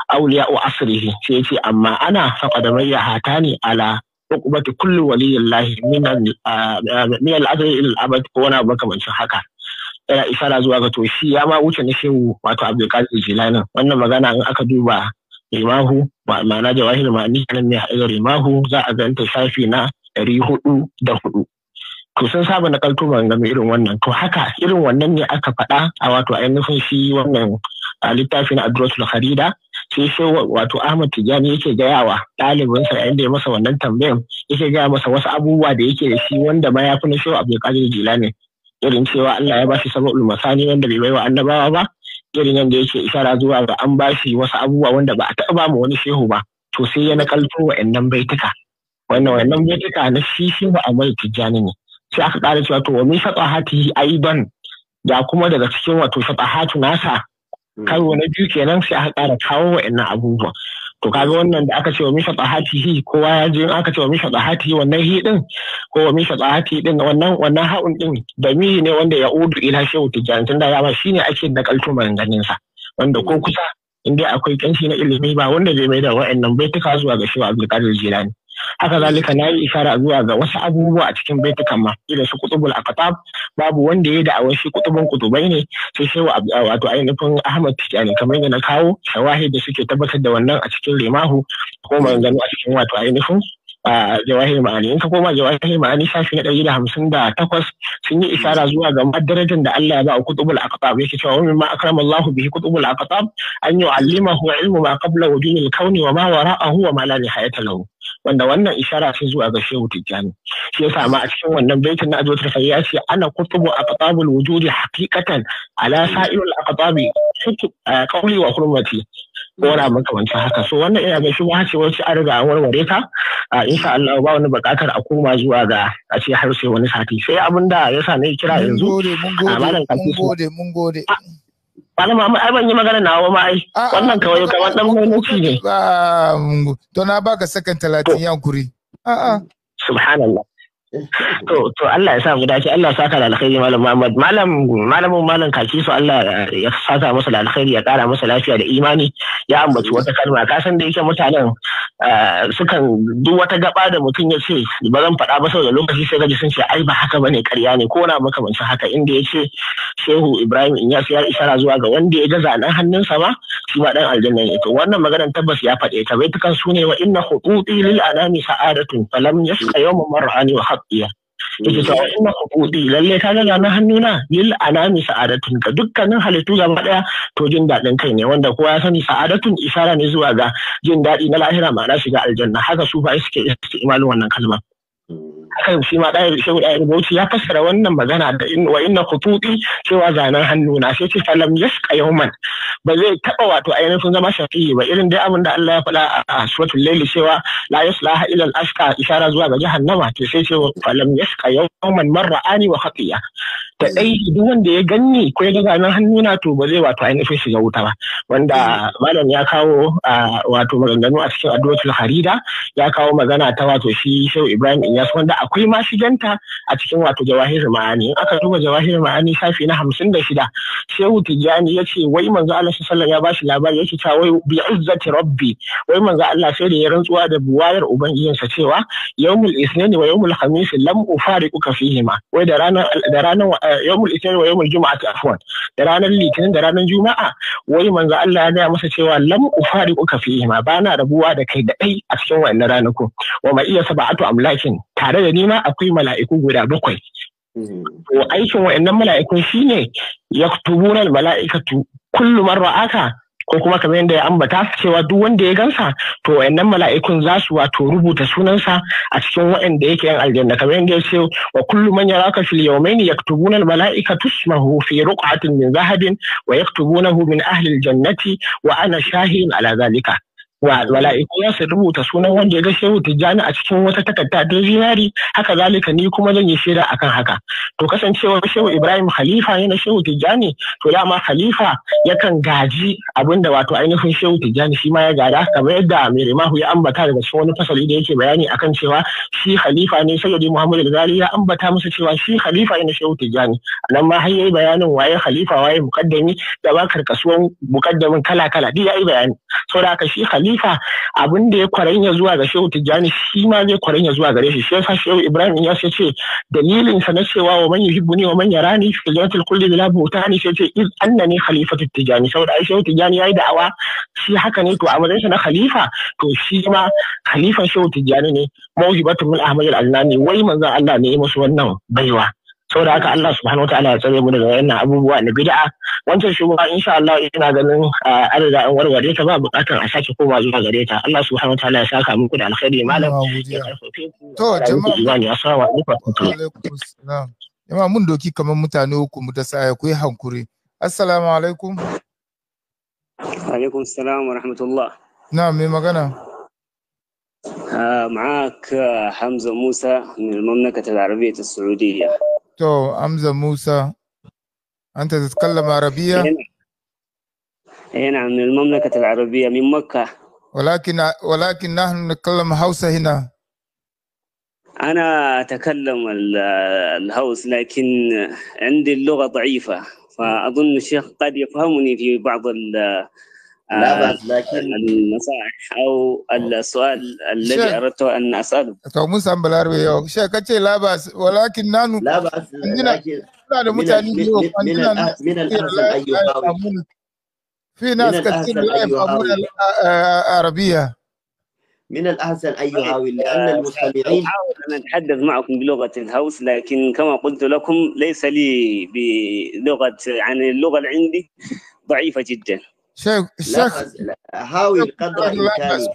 auliya wa asrihi sai yace amma ana fa ya hatani ala rukubati kullu kullum min al-azri ila al-abad ko wani abu makamancin haka yana isara zuwa ga to shi ya ma wuce na shehu wato abdulkadir jilani wannan magana in aka duba rimahu ma'ana jawahir ma'ani nan ne haɗar rimahu za a ganta shafi na ɗari hudu da hudu. To sun saba na kalto game irin wannan. To haka irin wannan ne aka faɗa a wato ainihin shi wannan littafin Adrosul Harida sai sai wato Ahmad Tijjani yake gaya wa ɗalibinsa yayin da ya masa wannan tambayan yake gaya masa wasu abubuwa da yake da shi wanda ma ya fi na shi Abdulkadir Jilani irin cewa Allah ya ba shi sababul masani wanda bai baiwa annabawa ba irin da yake isara zuwa ga an bashi wasu abubuwa wanda ba a taɓa ba mu wani shehu ba to sai ya nakalto wa'annan baituka wannan wannan baituka na shi shehu mai Tijjani ne sai aka ƙara cewa to wa min ai ban da kuma daga cikin wato hatu nasa hmm. karo na biyu kenan sai aka ƙara kawo wa'annan abubuwa to kaga wannan da aka ce wa misha hi kowa ya ji aka ce wa misa tsahati wannan hi din ko wa misha tsahati din wannan wannan ha'un din da mi ne wanda ya udu ila shehu tijjani tun da dama shine ake da kalto maganganun sa wanda ko kusa in dai akwai kanshi na ilimi ba wanda zai mai da wa'annan zuwa ga shehu abdulkadir jilani haka zalika na yi ishara zuwa ga wasu abubuwa a cikin baitukan ma irin su kutubul akatab babu wanda ya da shi kutubun kutubai ne sai sai wato ainihin ahmad tijani kamar yadda na kawo shawahi da suke tabbatar da wannan a cikin limahu ko maganganu a cikin wato ainihin a jawahir ma'ani in ka koma jawahir ma'ani shafi na ɗari da hamsin da takwas sun yi isara zuwa ga darajar da Allah ya ba a kutubul aqtab yake cewa wa ma akrama Allah bihi kutubul akatab an yu'allimahu ilmu ma qabla wujudil kauni wa ma wara'ahu wa ma la nihayata lahu wanda wannan ishara ce zuwa ga shehu tijjani shi yasa ma a cikin wannan baitin na azotar fa ya ce ana kutubu aqtabul wujudi haqiqatan ala sa'irul aqtabi qawli wa hurmati wara makamancin haka so wannan ina ga shi ma ce wacce an riga a warware ta a insha Allah ba wani bukatar a koma zuwa ga a ce har sai wani sati sai abin da yasa na kira yanzu mun gode mun gode mun gode Wani mamu ai ban yi magana na hawa ma ai. Wannan kawai kamar dan maimaci ne. To na baka sakan talatin yankuri. A'a. Subhanallah. To, to Allah ya sa mu dace, Allah ya saka da alkhairi Malam Muhammad. Malam malamin Malam kaki su Allah ya saka masa da alkhairi ya kara masa lafiya da imani ya ambaci wata kalma. Ka san da yake mutanen ah, sukan duk wata gaba da mutum ya ce ba zan faɗa ba saboda lokaci sai gaji sun ce ai ba haka bane ƙarya ne ko na makamancin haka inda ya ce Shehu Ibrahim in ya isara zuwa ga wanda ya gaza nan hannunsa ba, shi ma dan aljanna ne. To wannan maganar tabbas ya faɗe ta bai tukan su ne wa inna khututi lil anami sa'adatun falam yasqa yawma mar'ani wa haƙiya yake mm. cewa ina kuɗi lalle ka ga na hannuna lil anami sa'adatun ka dukkanin halittu gaba ɗaya to jin daɗin kai ne wanda kowa ya sani sa'adatun isara ne zuwa ga jin daɗi na lahira ma'ana shiga aljanna haka su fa suke imanin wannan kalmar. haka shi ma ɗaya shehu ɗaya bauchi ya fassara wannan magana da wa inna khututi cewa zanen hannu na sai ce falam yasqa yawman ba zai taba wato ainihin zama shafi ba irin dai abin da Allah ya faɗa a suratul layl cewa la yaslaha ila al ashqa zuwa ga jahannama to sai ce falam yasqa yawman marra'ani wa khatiya ta dai duk wanda ya ganni ko ya ga zanen hannu na to ba zai wato ainihin shiga wuta ba wanda malam ya kawo wato maganganu a cikin addu'atul harida ya kawo magana ta wato shi shehu Ibrahim Inyas wanda a akwai mashiganta a cikin wato jawahir ma'ani in aka duba jawahir ma'ani safi na hamsin da shida shehu tijjani ya ce wai manzo Allah sallallahu ya bashi labari yake cewa wai bi izzati rabbi wai manzo Allah sai da ya rantsuwa da buwayar ubangijinsa cewa yawmul isnani wa yawmul khamis lam ufariquka fihima wai da ranar da ranar eh, yawmul wa yawmul afwan da ranar litinin da ranar juma'a wai manzo Allah ya gaya masa cewa lam ufariquka fihima bana rabuwa da kai da kai a cikin wannan ranaku wa ma iya sab'atu amlakin tare da asali ma akwai mala'iku guda bakwai. To aikin waɗannan mala'ikun shine ya tuburan mala'ikatu kullum ra'aka ko kuma kamar yadda ya ambata cewa duk wanda ya gansa to wayannan mala'ikun za su wato rubuta sunansa a cikin wayanda yake yan aljanna kamar yadda ya ce wa kullu man yaraka fil yawmaini yaktubuna mala'ikatu ismahu fi ruqatin min zahabin wa yaktubunahu min ahli al jannati wa ana shahidun ala zalika wala'iku za su rubuta sunan wanda ya ga shehu tijjani a cikin wata takarda don zinari haka zalika ni kuma zan yi shaida akan haka to kasancewar shehu ibrahim khalifa ne na shehu tijjani to dama khalifa yakan gaji abinda wato ainihin shehu tijjani shi ma ya gada kamar yadda mai rimahu ya ambata daga cikin wani fasali da yake bayani akan cewa shi khalifa ne sayyidi muhammad al-ghali ya ambata masa cewa shi khalifa yana shehu tijjani anan ma har yayi bayanin waye khalifa waye mukaddami da ba karkasuwan mukaddamin kala kala duk yayi bayani saboda haka shi khalifa abin da ya kwaranya zuwa ga shehu tijjani shi ma zai kwaranya zuwa gare shi shi yasa shehu ibrahim ya ce dalilin sa na cewa wa man yuhibbuni wa man yarani fi jannatil kulli bila butani sai ce iz annani khalifatu tijjani saboda ai shehu tijjani yayi da'awa shi haka ne to a matsayin na khalifa to shi ma khalifan shehu tijjani ne mawhibatu min ahmad al-annani wai manzon Allah ne ya musu wannan baiwa saboda haka Allah subhanahu ta'ala ya tsare mu daga wannan abubuwa na bid'a wancan kuma insha Allah ina ganin an an warware ta ba bukatan a sake koma zuwa gare ta Allah subhanahu ta'ala ya saka muku da alkhairi malam ya ku to jama'a assalamu alaikum jama'a mun doki kamar mutane uku mu ta saya ku yi hankuri assalamu alaikum alaikum salam wa rahmatullah na mai magana معك حمزة موسى من المملكة العربية السعودية تو حمزة موسى أنت تتكلم عربية؟ أي نعم. إيه نعم من المملكة العربية من مكة ولكن ولكن نحن نتكلم هوسة هنا أنا أتكلم الهوس لكن عندي اللغة ضعيفة فأظن الشيخ قد يفهمني في بعض لا آه، باس لكن النصائح او السؤال الذي اردت ان اساله تو موسى بالعربي شيخ لا باس ولكن نحن لا باس آه، آه، من الاحسن ان طيب، يحاول في ناس كثير لا يفهمون العربيه من الاحسن ان يحاول لان المستمعين احاول ان اتحدث معكم بلغه الهوس لكن كما قلت لكم ليس لي بلغه يعني اللغه اللي عندي ضعيفه جدا شيخ هاول قدر إمكانك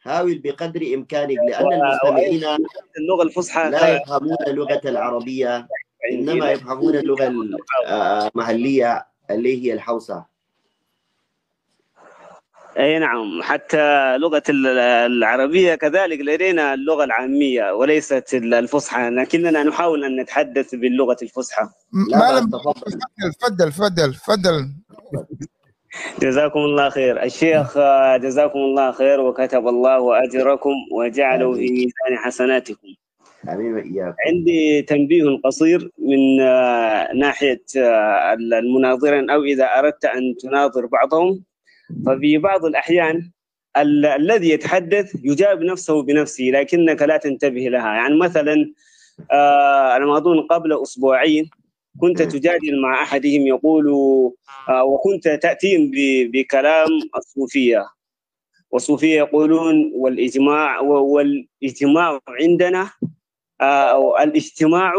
حاول بقدر إمكانك لأن المستمعين اللغة الفصحى لا يفهمون اللغة العربية آه، إنما يفهمون اللغة المحلية اللي هي الحوسة اي نعم حتى لغه العربيه كذلك لدينا اللغه العاميه وليست الفصحى لكننا نحاول ان نتحدث باللغه الفصحى ما لم تفضل تفضل تفضل *laughs* جزاكم الله خير الشيخ آه، جزاكم الله خير وكتب الله أجركم وجعله في ميزان حسناتكم امين عندي تنبيه قصير من آه، ناحيه آه، المناظرين او اذا اردت ان تناظر بعضهم ففي بعض الاحيان ال الذي يتحدث يجاب نفسه بنفسه لكنك لا تنتبه لها يعني مثلا انا ما اظن قبل اسبوعين كنت تجادل مع احدهم يقول آه، وكنت تاتيهم بكلام الصوفيه والصوفيه يقولون والاجماع والاجتماع عندنا آه، الاجتماع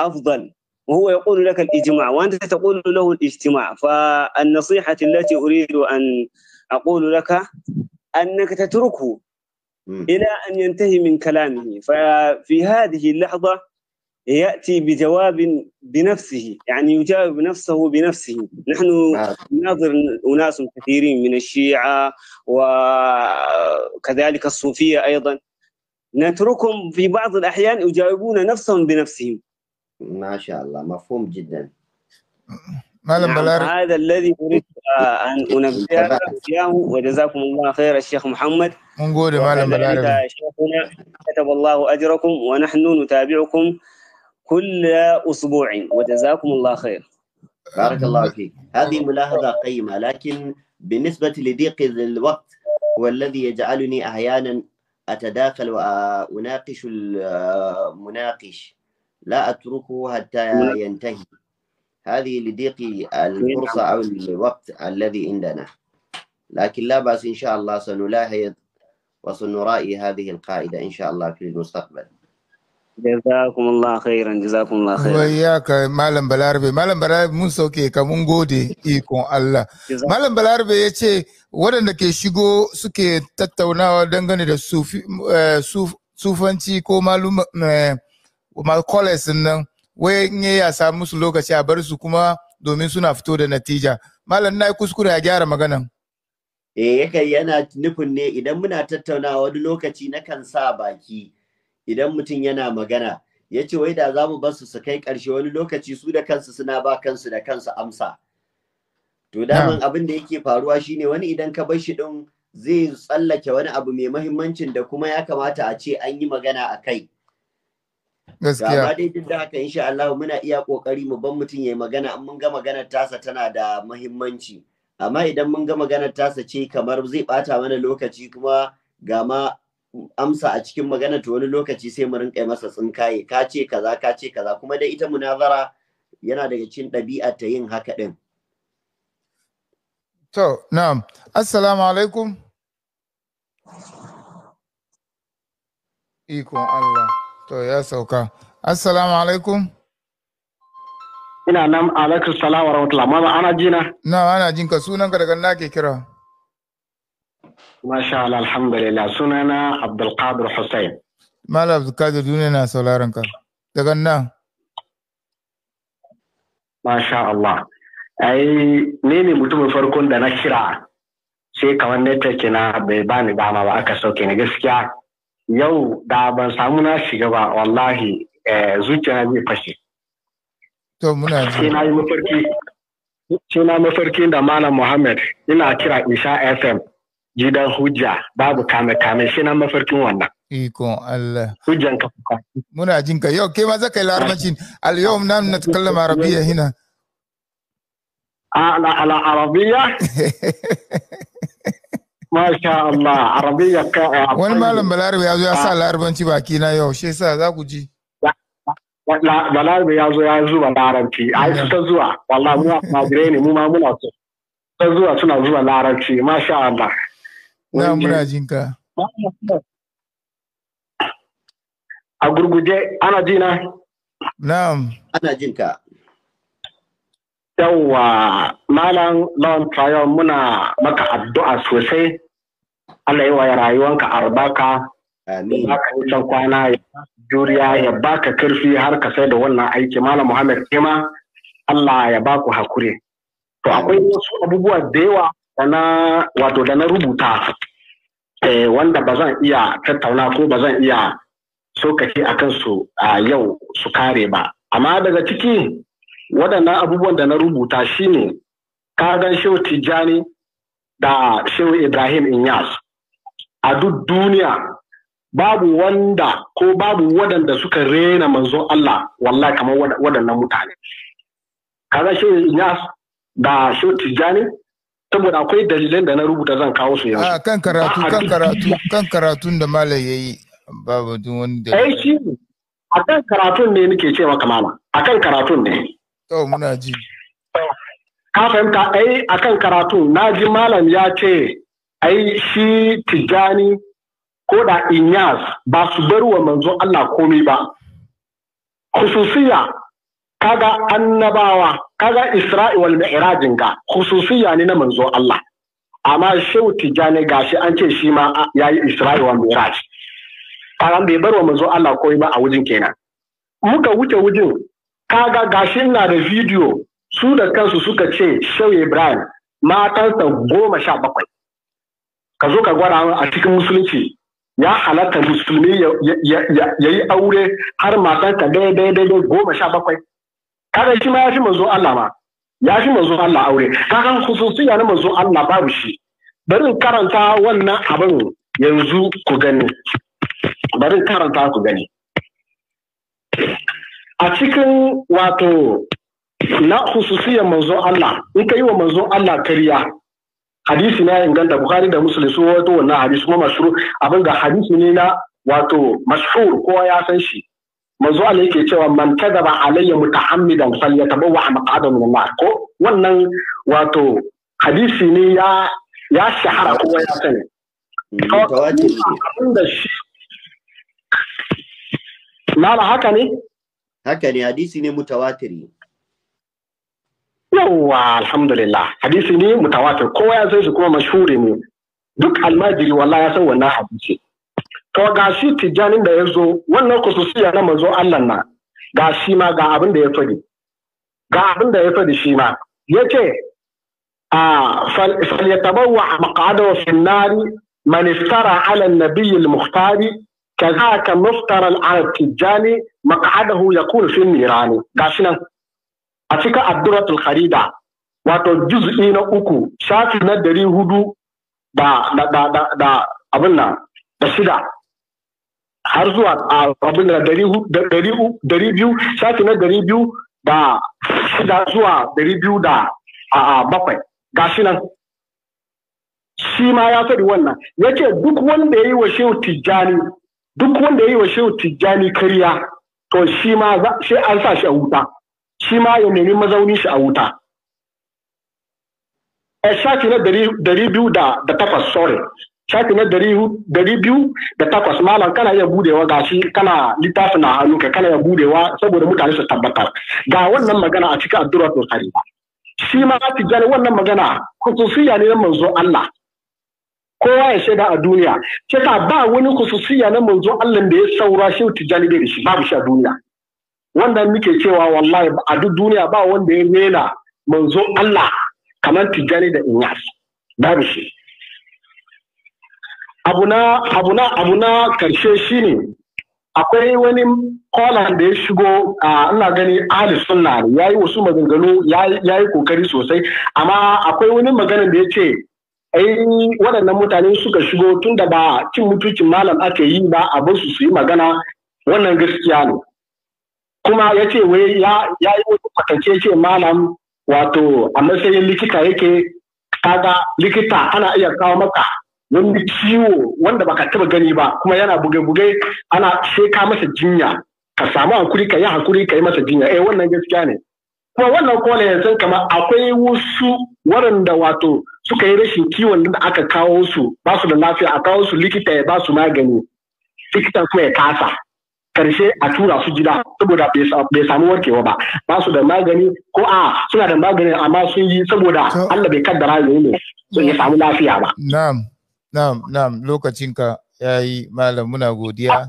افضل وهو يقول لك الاجماع وانت تقول له الاجتماع فالنصيحه التي اريد ان اقول لك انك تتركه الى ان ينتهي من كلامه ففي هذه اللحظه ياتي بجواب بنفسه يعني يجاوب نفسه بنفسه نحن نعم. نناظر اناس كثيرين من الشيعه وكذلك الصوفيه ايضا نتركهم في بعض الاحيان يجاوبون نفسهم بنفسهم ما شاء الله مفهوم جدا ما نعم هذا الذي أريد أن أنبهكم وجزاكم الله خير الشيخ محمد نقول معلم بلاري شيخنا كتب الله أجركم ونحن نتابعكم كل اسبوع وجزاكم الله خير بارك نعم. الله فيك هذه ملاحظه قيمه لكن بالنسبه لضيق الوقت هو الذي يجعلني احيانا اتداخل واناقش المناقش لا اتركه حتى ينتهي هذه لضيق الفرصه او الوقت الذي عندنا لكن لا باس ان شاء الله سنلاحظ وسنرائي هذه القاعده ان شاء الله في المستقبل Jazakumullah khairan jazakumullah khairan. Wai ya ka Malam Balarabe, Malam Balarabe mun sauke ka mun gode ikon Allah. Malam Balarabe ya ce waɗanda ke shigo suke tattaunawa dangane da eh, sufanci ko makoles eh, nan wai in ya samu musu lokaci a bar su kuma domin suna fito da natija. Malam na yi kuskure a gyara maganan. Eh yakan yana nufin ne idan muna tattaunawa wani lokaci na kan sa baki. idan mutum yana magana ya ce wai da za mu basu su kai ƙarshe wani lokaci su da kansu suna ba kansu da kansu amsa to daman abin da yake faruwa shine wani idan ka bar shi din zai tsallake wani abu mai mahimmancin da kuma ya kamata a ce an yi magana a kai gaskiya dai duk da haka insha Allah muna iya kokari mu ban mutum yayi magana in mun ga maganar tasa tana da mahimmanci amma idan mun ga maganar tasa ce kamar zai bata mana lokaci kuma ga ma amsa a cikin magana to wani lokaci sai mu rinka masa tsinkaye ka ce kaza ka ce kaza kuma da ita munazara yana daga cikin ɗabi'a ta yin haka din to na'am assalamu alaikum ikon Allah to ya sauka assalamu alaikum ina nan alaikum salam wa rahmatullah mama ana jina na ana jinka sunan ka daga na ke kira Masha Allah alhamdulillah sunana Abdulkadir Hussein. Mala Abdulkadir duniya na sauraron ka. Daga nan. Masha Allah. Ai ne ne mutumin farkon da na kira sai kamar network na bai bani dama ba aka sauke ni gaskiya yau da ban samu na shiga ba wallahi zuciya zai fashe. To muna ji. Sai na yi mafarki. Sai na mafarki da Malam Muhammad ina kira Isha FM. gidan hujja babu kame kame shi na mafarkin wannan Iko Allah hujjan ka muna jin ka yau ke ma zaka yi larabci al yawm nan natakallama arabiyya hina ala ala arabiyya *laughs* Masha Allah, Arabiya ka eh, Wani malam Balarabe ya zo ya sa ah. larabanci baki na yau, shi sa za ku ji. Balarabe ya zo ya zuba larabci, a yi ta zuwa, wallah mu ma ne mu ma muna so. Ta zuwa suna zuwa larabci, Masha Allah. na muna a gurguje ana ji na na'am ana jin malam lawan trayon muna maka addu'a sosai Allah yi wa rayuwanka arbaka Amin. kwana ya juriya ya baka karfi har ka sai wannan aiki Malam Muhammad Kema Allah ya baku hakuri. To akwai wasu abubuwa da yawa wato da na rubuta eh, wanda ba zan iya tattauna ko ba zan iya sokaci a kansu a yau su kare ba amma daga ciki waɗannan abubuwan da na rubuta shine kagan shehu tijjani da shehu ibrahim inyas a duk duniya babu wanda ko babu waɗanda suka rena manzon Allah wallahi kamar waɗannan mutane kaga shehu inyas da shehu tijjani saboda akwai dalilan da na rubuta zan kawo su yanzu. kan karatu kan karatu kan karatun da malam yi babu duk wani eh, da. Ai shi a kan karatun ne nake ce maka mama a kan karatun ne. To muna ji. Ka fahimta ai a kan karatun na ji malam ya ce ai shi tijjani ko da inyas ba su bar wa manzon Allah komai ba. Khususiya kaga annabawa kaga isra'i wal mi'rajin ga khususiya ne na manzo Allah amma shehu tijani gashi an ce shi ma yayi isra'i wal mi'raj kaga bai bar wa manzo Allah koi ba a wujin kenan muka wuce wujin kaga gashi na da video su da kansu suka ce shehu ibrahim matansa goma sha bakwai ka zo ka gwada a cikin musulunci ya halatta musulmi ya yi aure har matanka daidai daidai goma sha bakwai kaga shi ma ya fi manzon Allah ma ya fi manzon Allah aure kaga khususiya na manzon Allah babu shi bari in karanta wannan abin yanzu ku gani bari in karanta ku gani a cikin wato na khususiyar manzon Allah in ka yi wa manzon Allah kariya hadisi na inganta Bukhari da Muslim su wato wannan hadisi kuma mashru abin ga hadisi ne na wato mashhur kowa ya san shi manzo Allah yake cewa man kadaba alayya muta'ammidan falyatabawwa maq'adahu min nar ko wannan wato hadisi ne ya ya shahara kuma ya sani Na shi haka ne? Haka ne hadisi ne mutawatiri. Yawwa alhamdulillah hadisi ne mutawatir kowa ya san shi kuma mashhuri ne duk almajiri wallahi ya san wannan hadisi. to ga shi tijjanin da ya zo wannan kususiya na manzo Allah na ga shi ma ga abin da ya fadi ga abin da ya fadi shi ma yace a fal falyatabawwa maq'adahu fi an-nar man iftara 'ala an-nabiy al-mukhtar كذاك مفترى على التجاني مقعده يكون في النيران غاشنا أتيك الدرة الخريدة wato juz'i na uku shafi na dari hudu da da da da abin nan da shida har zuwa abin da dari biyu shafi na dari biyu da shida zuwa dari biyu da bakwai shi nan shi ma ya sani wannan ya ce duk wanda ya yi wa shehu tijjani duk wanda ya yi wa shehu tijjani kariya to shi ma sai an sa shi a wuta shi ma ya nemi mazaunin shi a wuta a eh, shafi na dari biyu da takwas sorry shafi na dari biyu da takwas malam kana iya budewa ga shi kana littafi na ka kana iya budewa saboda mutane su tabbatar ga wannan magana a cikin addu'ar tsari ba shi ma tijjani wannan magana khususiyya ne na manzo Allah kowa ya shaida a duniya ce ba wani khususiyya na manzo Allah da ya saura shi tijjani bai da shi babu shi a duniya wanda muke cewa wallahi a duk duniya ba wanda ya rena manzo Allah kamar tijjani da inyas babu shi abu na karshe shi ne, akwai wani kolan da ya shigo a ina gani ahli sunna ya yi wasu maganganu ya yi kokari sosai amma akwai wani maganin da ya ce waɗannan mutane suka shigo tun da ba cin mutuncin malam ake yi ba a basu su yi magana wannan gaskiya ne kuma ya ce wai ya yi wani kwatance ce malam wato a matsayin likita yake kaga likita ana iya kawo maka wani ciwo wanda baka taba gani ba kuma yana buge-buge ana sai ka masa jinya ka samu hankuri ka yi hakuri ka yi masa jinya eh wannan gaskiya ne kuma wannan kone yanzu kama akwai wasu waɗanda wato suka yi rashin kiwon da aka kawo su ba su da lafiya a kawo su likita ya ba su magani likita kuma ya kasa karshe a tura su gida saboda bai samu warkewa ba ba su da magani ko a suna da magani amma sun yi saboda Allah bai kaddara ne ya samu lafiya ba na'am Na'am, na'am, lokacinka ya yi malam muna godiya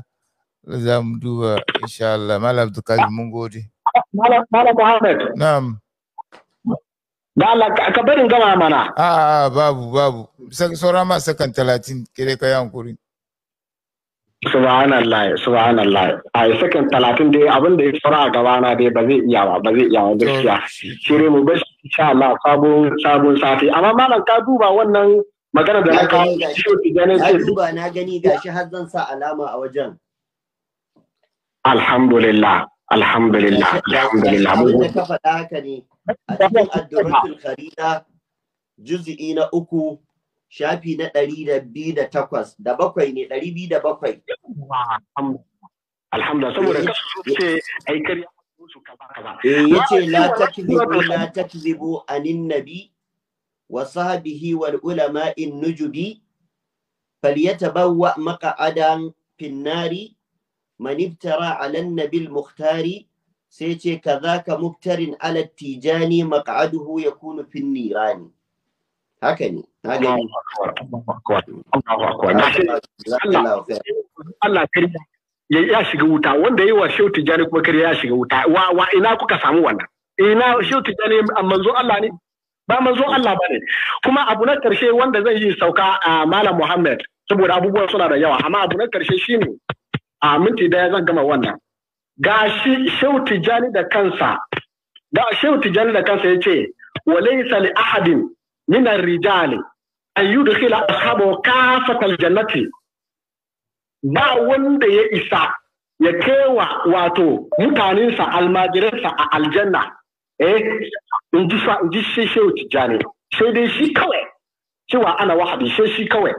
za mu duba insha Allah. Malam Abdulkarim mun gode. Malam Muhammad. Na'am. Da Allah ka barin gama mana. A a babu babu. Saura ma sakan talatin kire ka yi hankuri. Subhanallah, subhanallah. A yi sakan talatin dai abin da ya saura a na dai ba zai iya ba, ba zai iya ba gaskiya. Shire mu bashi insha Allah sabon sabon sati. Amma malam ka duba wannan magana da na kawo shi duba na gani gashi har zan sa alama a wajen alhamdulillah alhamdulillah alhamdulillah mun da ka faɗa haka ne a cikin addu'atul kharida juz'i na uku shafi na ɗari da biyu da takwas da bakwai ne ɗari biyu da bakwai alhamdulillah saboda eh, kasu ce ai karya musu kaza kaza eh yace la takzibu la takzibu anin nabi وصحبه والعلماء النجب فليتبوأ مقعدا في النار من ابترى على النبي المختار سيتي كذاك مبتر على التيجان مقعده يكون في النيران هكذا هكذا الله أكبر الله أكبر الله أكبر ya shiga wuta wanda yi wa shehu tijjani kuma kare ya shiga wuta wa ina kuka samu wannan ina shehu tijjani manzo Allah ne ba manzon Allah ba ne. kuma abu na karshe wanda zai yi sauka a malam Muhammad saboda abubuwan suna da yawa amma abu na karshe shine a minti daya zan gama wannan ga shi Shehu Tijani da kansa ga Shehu Tijani da kansa yace wa laysa li ahadin min ar-rijali an yudkhila ashabahu kafatal jannati ba wanda ya isa ya kewa wato mutanensa almajiransa a aljanna eh in ji in ji shi shehu tijjani sai dai shi kawai cewa ana wahabi sai shi kawai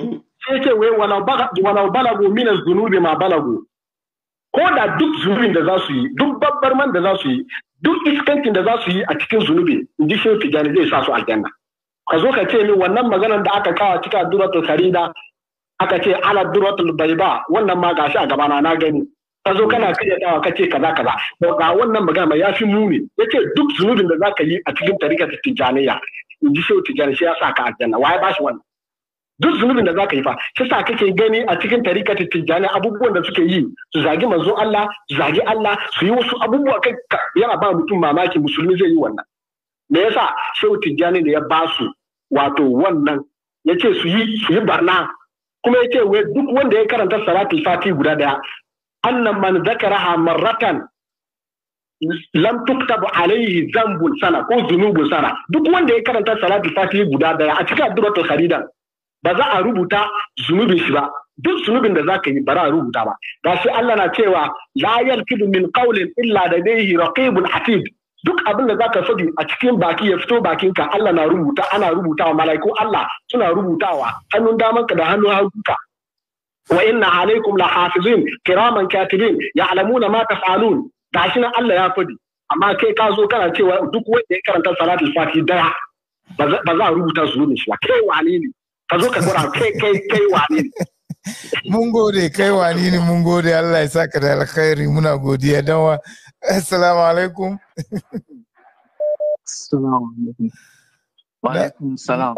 hmm. sai ce wai walau balagu minan zunubi ma balagu ko da duk zunubin da za su yi duk babbar man da za su yi duk iskantin da za su yi a cikin zunubi in ji shehu tijjani zai sa su aljanna ka zo ka ce min wannan maganar da aka kawo cika duratul karida aka ce ala duratul baiba wannan ma gashi a gabana na gani ka zo kana karyatawa ka ce kaza kaza to ga wannan magana ya fi muni yace duk zunubin da zaka yi a cikin tarikar tijaniya in ji shehu tijani shi ya sa ka aljanna waye shi wannan duk zunubin da zaka yi fa shi sa kake gani a cikin tarikar tijani abubuwan da suke yi su zagi manzo Allah su zagi Allah su yi wasu abubuwa kai yana ba mutum mamaki musulmi zai yi wannan me yasa shehu tijani ne ya ba su wato wannan yace su yi su yi barna kuma ya ce duk wanda ya karanta salatul fati guda daya أن من ذكرها مرة lam tuktabu alaihi zambun sana ko zunubun sana duk wanda ya karanta salatul fatihi guda daya a cikin addu'atul kharidan ba za a rubuta zunubin shi ba duk zunubin da za ka yi ba za a rubuta ba gashi Allah na cewa la kaulin illa da illa ladayhi raqibun atid duk abin da ka faɗi a cikin baki ya fito bakinka Allah na rubuta ana rubutawa mala'iku Allah suna rubutawa hannun damanka da hannun hagunka wa inna alaikum la hafizin kiraman katibin ya'lamuna ma taf'alun gashi nan Allah ya fadi amma kai ka zo kana cewa duk wanda ya karanta salatul fati daya ba za rubuta su ne shi ba kai wani ne ka zo ka gura kai kai kai wani ne mun gode kai wani ne mun gode Allah ya saka da alkhairi muna godiya dan wa assalamu alaikum assalamu alaikum wa alaikum salam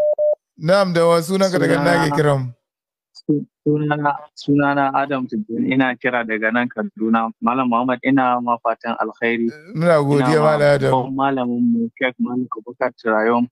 na'am da wa sunan ka daga nake kiran Sunana Adam Tijjani ina kira daga nan Kaduna. Malam Muhammad ina ma fatan alkhairi. Muna godiya Malam Adam. Malamin mu Sheikh Malik Abubakar Trayon.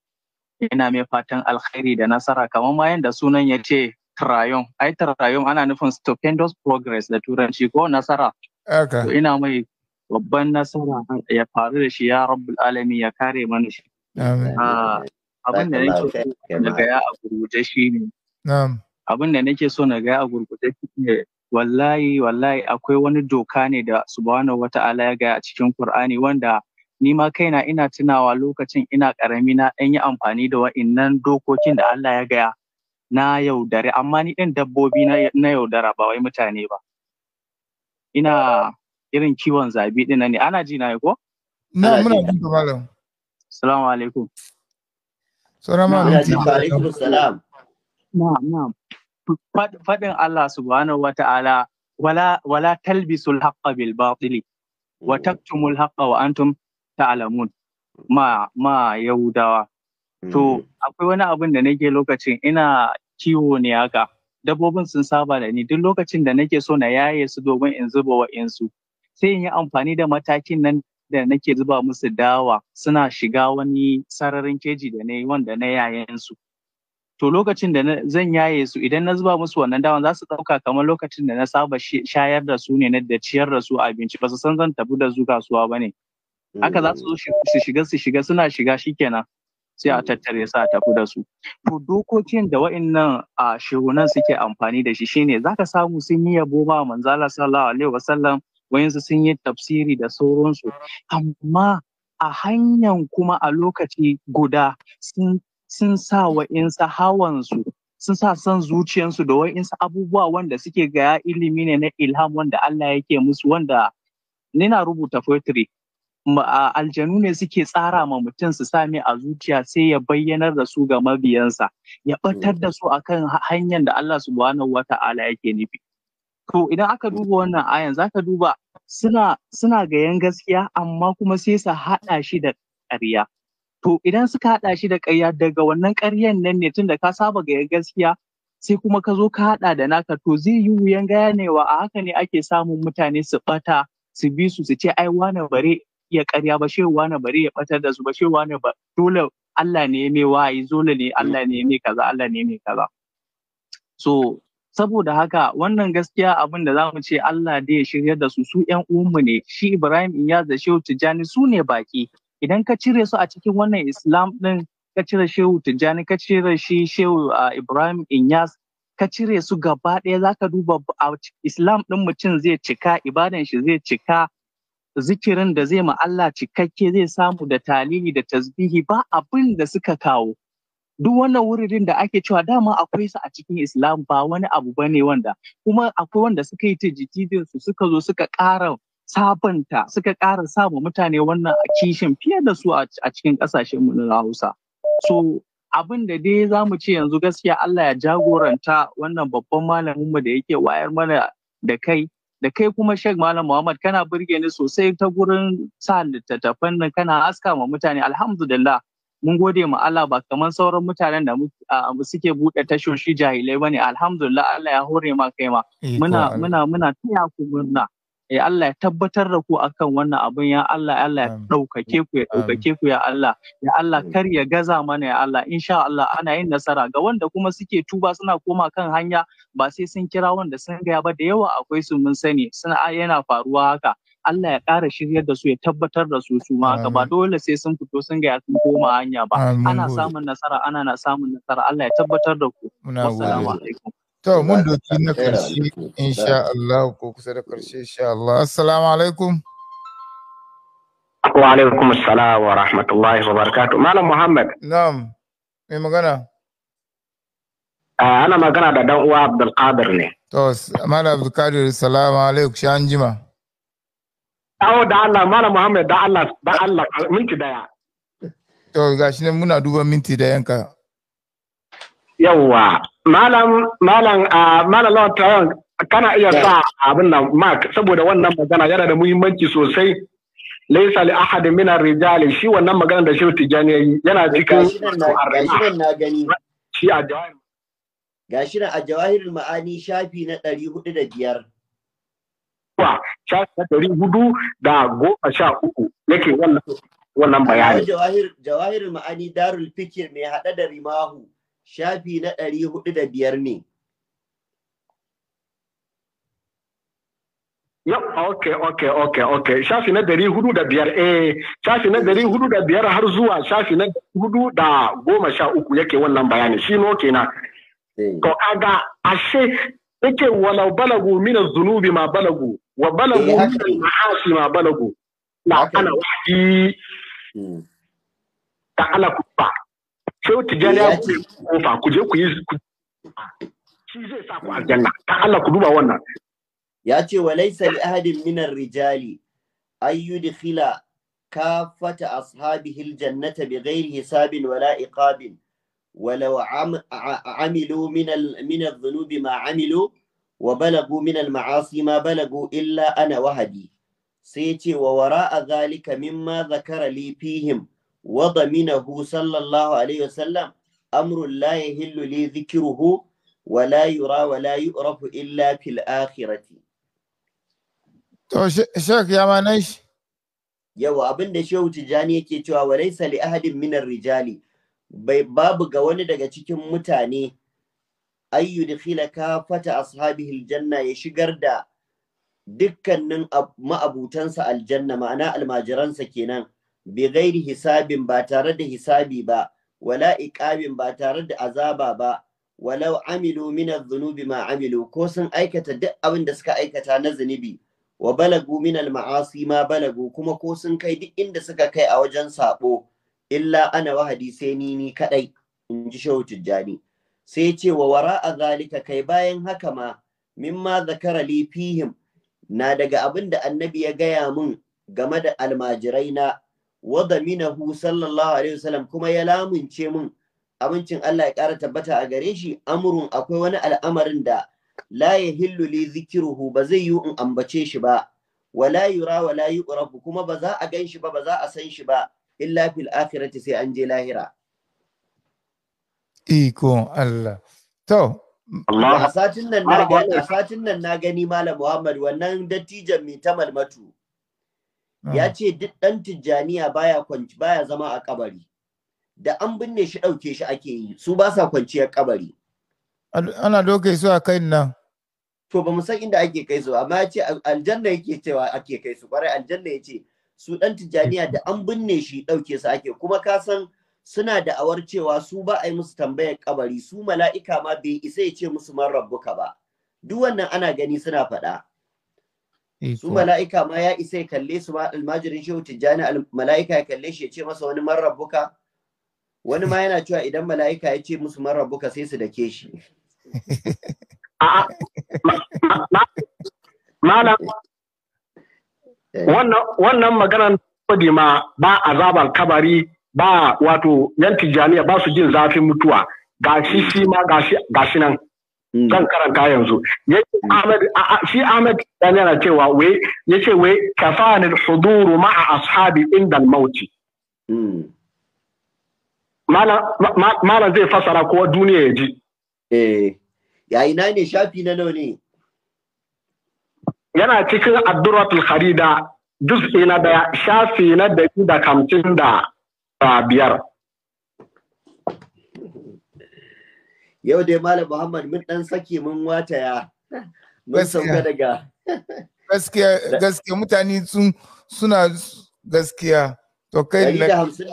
Ina mai fatan alkhairi da nasara kamar ma yanda sunan ya ce Trayon. Ai Trayon ana nufin stupendous progress da turanci ko nasara. Aka. Ina mai babban nasara ya faru da shi ya rabbul alami ya kare mana shi. Amin. Ah, abin da nake daga ya abu shi ne. Na'am. abin da nake so na gaya a gurguje ne wallahi wallahi akwai wani doka ne da subhanahu wata'ala ya gaya a cikin Qur'ani wanda ni ma kaina ina tunawa lokacin ina karami na dan yi amfani da wa'innan dokokin da Allah ya gaya na yaudare amma ni ɗin dabbobi na yaudara ba wai mutane ba ina irin kiwon zabi ɗin ne ana ji na ko na muna jin ka malam assalamu alaikum assalamu alaikum faɗin Allah subhanahu wa ta'ala wala wala talbisul haqqa bil batili wa mm. taktumul haqqa wa antum ta'lamun ma ma yahudawa to mm. akwai wani abin da nake lokacin ina kiwo ne haka dabbobin sun saba da ni duk lokacin da nake so na yaye su domin in zuba wa insu sai in yi amfani da matakin nan da nake zuba musu dawa suna shiga wani sararin keji da na wanda na yayen su to lokacin da zan yaye su idan na zuba musu wannan dawan za su ɗauka kamar lokacin da na saba shayar da su ne na da ciyar da su abinci ba su san zan tafi da su kasuwa ba ne haka za su mm. su shiga su shiga suna shiga shikenan sai a mm. tattare su a tafi da su to dokokin da wa'annan a shehunan suke amfani da shi shine zaka samu sun yi yabo ma Manzala, Allah sallallahu alaihi wasallam wayansu sun yi tafsiri da sauransu amma a hanyan kuma a lokaci guda sun sun sa wa'insa hawansu sun sa son zuciyarsu da wa'insu abubuwa wanda suke gaya ilimi ne na ilham wanda Allah yake musu wanda nina rubuta poetry aljanu ne suke tsara ma mutum su sami a zuciya sai ya bayyanar da su ga mabiyansa ya ɓatar da su akan hanyar da Allah subhanahu wa ta'ala yake nufi to idan aka duba wannan ayan zaka duba suna suna gayan gaskiya amma kuma sai su haɗa shi da ƙarya to idan suka haɗa shi da ƙarya daga wannan ƙaryan nan ne tunda ka saba ga gaskiya sai kuma ka zo ka haɗa da naka to zai yi wuyan ganewa a haka ne ake samun mutane su ɓata su bi su su ce ai wane bare ya ƙarya ba shewa wane bare ya ɓatar da su ba shewa wane ba dole Allah ne mai wayi dole ne Allah ne mai kaza Allah ne mai kaza so saboda haka wannan gaskiya abin da zamu ce Allah da ya shirya da su su ƴan uwanmu ne shi Ibrahim Iyaz da Shehu Tijjani su ne baki idan ka cire su a cikin wannan islam din ka cire shehu tijjani ka cire shi shehu ibrahim inyas ka cire su gaba ɗaya za ka duba a islam ɗin mutum zai cika ibadan shi zai cika zikirin da zai ma Allah cikakke zai samu da talili da tasbihi ba abin da suka kawo duk wannan wuridin da ake cewa dama akwai su a cikin islam ba wani abu ba ne wanda kuma akwai wanda suka yi tijjidin su suka zo suka ƙara sabanta suka ƙara saba mutane wannan a kishin fiye da su a cikin ƙasashenmu na Hausa. So abin da dai za mu ce yanzu gaskiya Allah ya jagoranta wannan babban malaminmu da yake wayar mana da kai da kai kuma Sheikh Malam Muhammad kana burge ni sosai ta gurin sa littattafan nan kana aska ma mutane alhamdulillah mun gode ma Allah ba kamar sauran mutanen da suke buɗe tashoshi jahilai ba. bane alhamdulillah Allah ya hore ma kai ma eh, muna muna muna taya ku murna eh Allah ya tabbatar da ku akan wannan abun ya Allah Allah ya ɗaukake ku ya ɗaukake ku ya Allah ya Allah kar ya gaza mana ya Allah insha Allah ana yin nasara ga wanda kuma suke tuba suna koma kan hanya ba sai sun kira wanda sun gaya ba da yawa akwai su mun sani suna yana faruwa haka Allah ya ƙara shiryar da su ya tabbatar da su su ma haka ba dole sai sun fito sun gaya sun koma hanya ba ana samun nasara ana na samun nasara Allah ya tabbatar da ku assalamu alaikum To mun doki na ƙarshe insha Allah ko kusa da ƙarshe insha Allah. Assalamu alaikum. Wa alaikum assalam wa rahmatullahi wa barakatuh. Malam Muhammad. Na'am. Me magana? Ah, ana magana da dan uwa Abdul Qadir ne. To Malam Abdul Qadir salamu alaikum shi an jima. Awo da Allah Malam Muhammad da Allah da Allah minti daya. To gashi ne muna duba minti da yanka. yawwa malam malam a ah, malam lawan taron kana iya sa abin nan mark saboda wannan magana yana da muhimmanci sosai laisa li ahadin min rijali shi wannan magana da shi tijani yayi yana cikin shi a jawahir gashi a jawahirul ma'ani shafi na 405 wa shafi na 413 yake wannan wannan bayani jawahir jawahirul ma'ani darul fikir mai hada da rimahu shafi na ɗari hudu da biyar ne. Yau, ok, ok, ok, ok. Shafi na dari hudu da biyar, eh, shafi na dari hudu da biyar har zuwa shafi na hudu da goma sha uku yake wannan bayani, shi no na. Eh. To, ga ashe, yake walau balagu mina zunubi ma balagu, wa balagu mina eh, ma'asi ma balagu, na ana wahi hmm. ta ala kuma. Shehu Tijjani ya kofa eh, ku je ku yi shi zai sa ku aljanna. Ta Allah ku duba wannan. Ya ce wa laisa li ahadin minar rijali ay yudkhila kafata ashabihi aljannata gairi hisabin wala iqabin ولو عملوا من من الذنوب ما عملوا وبلغوا من المعاصي ما بلغوا sai أنا وهدي سيتي ووراء ذلك مما ذكر لي فيهم wa daminahu sallallahu alaihi wasallam amrun la yahillu li dhikruhu wa la yura wa illa fil akhirati to shek ya manai yawa abin da shehu tijani yake cewa wa laysa ahadin min rijali bai babu ga wani daga cikin mutane ay yudkhila kafata ashabihi aljanna ya shigar da dukkanin ma'abutansa aljanna ma'ana almajiransa kenan bi hisabin ba tare da hisabi ba wala iqabin ba tare da azaba ba walau amilu min adh-dhunubi ma amilu ko sun aikata duk abin da suka aikata na zunubi wa balagu min al-ma'asi ma balagu kuma ko sun kai duk inda suka kai a wajen sabo illa ana wahadi sai ni ni kadai in ji shehu tijjani sai ce wa wara'a zalika kai bayan haka ma mimma zakara li fihim na daga abin da annabi ya gaya mun game da almajirai na wa daminahu sallallahu alaihi wasallam kuma ya lamunce mun abincin Allah ya ƙara tabbata a gare shi Amurun akwai wani al'amarin da la yahillu li zikruhu ba zai yi in ambace shi ba wala yura wala yuqrabu kuma ba za a gan shi ba ba za a san shi ba illa fil akhirati sai an je lahira iko Allah to Allah satin nan na gani satin nan na gani malam Muhammad wannan dattijan mai ta malmatu ya ce duk ɗan tijjaniya baya baya zama a kabari da an binne shi ɗauke shi ake yi su ba sa kwanciyar kabari ana doke su a kai nan to ba san inda ake kai su amma ya ce aljanna yake cewa ake kai su kwarai aljanna ya ce su ɗan tijjaniya da an binne shi ɗauke su ake kuma ka san suna awar cewa su ba a yi musu tambayar kabari su mala'ika ma bai isa ya ce musu man rabbuka ba duk wannan ana gani suna faɗa Eh su mala'ika ma ya isa ya kalle su ma almajirin shehu tijjani mala'ika ya kalle shi ya ce masa wani man wani ma yana cewa idan mala'ika ya ce musu man sai su dake shi malam eh. wannan maganar kudi ma ba azaban kabari ba wato yan tijjaniya ba su jin zafin mutuwa gashi shi ma gashi nan Mm. zan karanta yanzu mm. shi Ahmed dan yana cewa wai yace wai kafani al-huduru ma'a ashabi inda mauti mm. malam zai fasara ko duniya ya ji eh ya ina ne shafi na nau ne yana cikin addurratul kharida duk ina daya shafi na dari da kamcin da ah, biyar yau dai malam muhammad mun dan saki mun wataya mun sauka daga *laughs* gaskiya gaskiya mutane sun suna gaskiya to kai da hamsin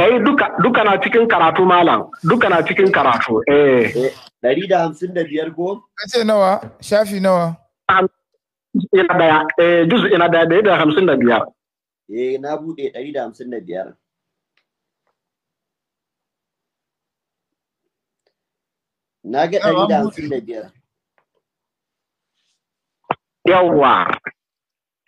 Eh duka duka na cikin karatu malam duka na cikin karatu eh 155 eh, da hamsin da biyar ko kace nawa shafi nawa ina daya eh juz ina daya da hamsin da biyar eh na bude 155 da hamsin da biyar Na ga ɗari da hamsin da biyar. Yawwa.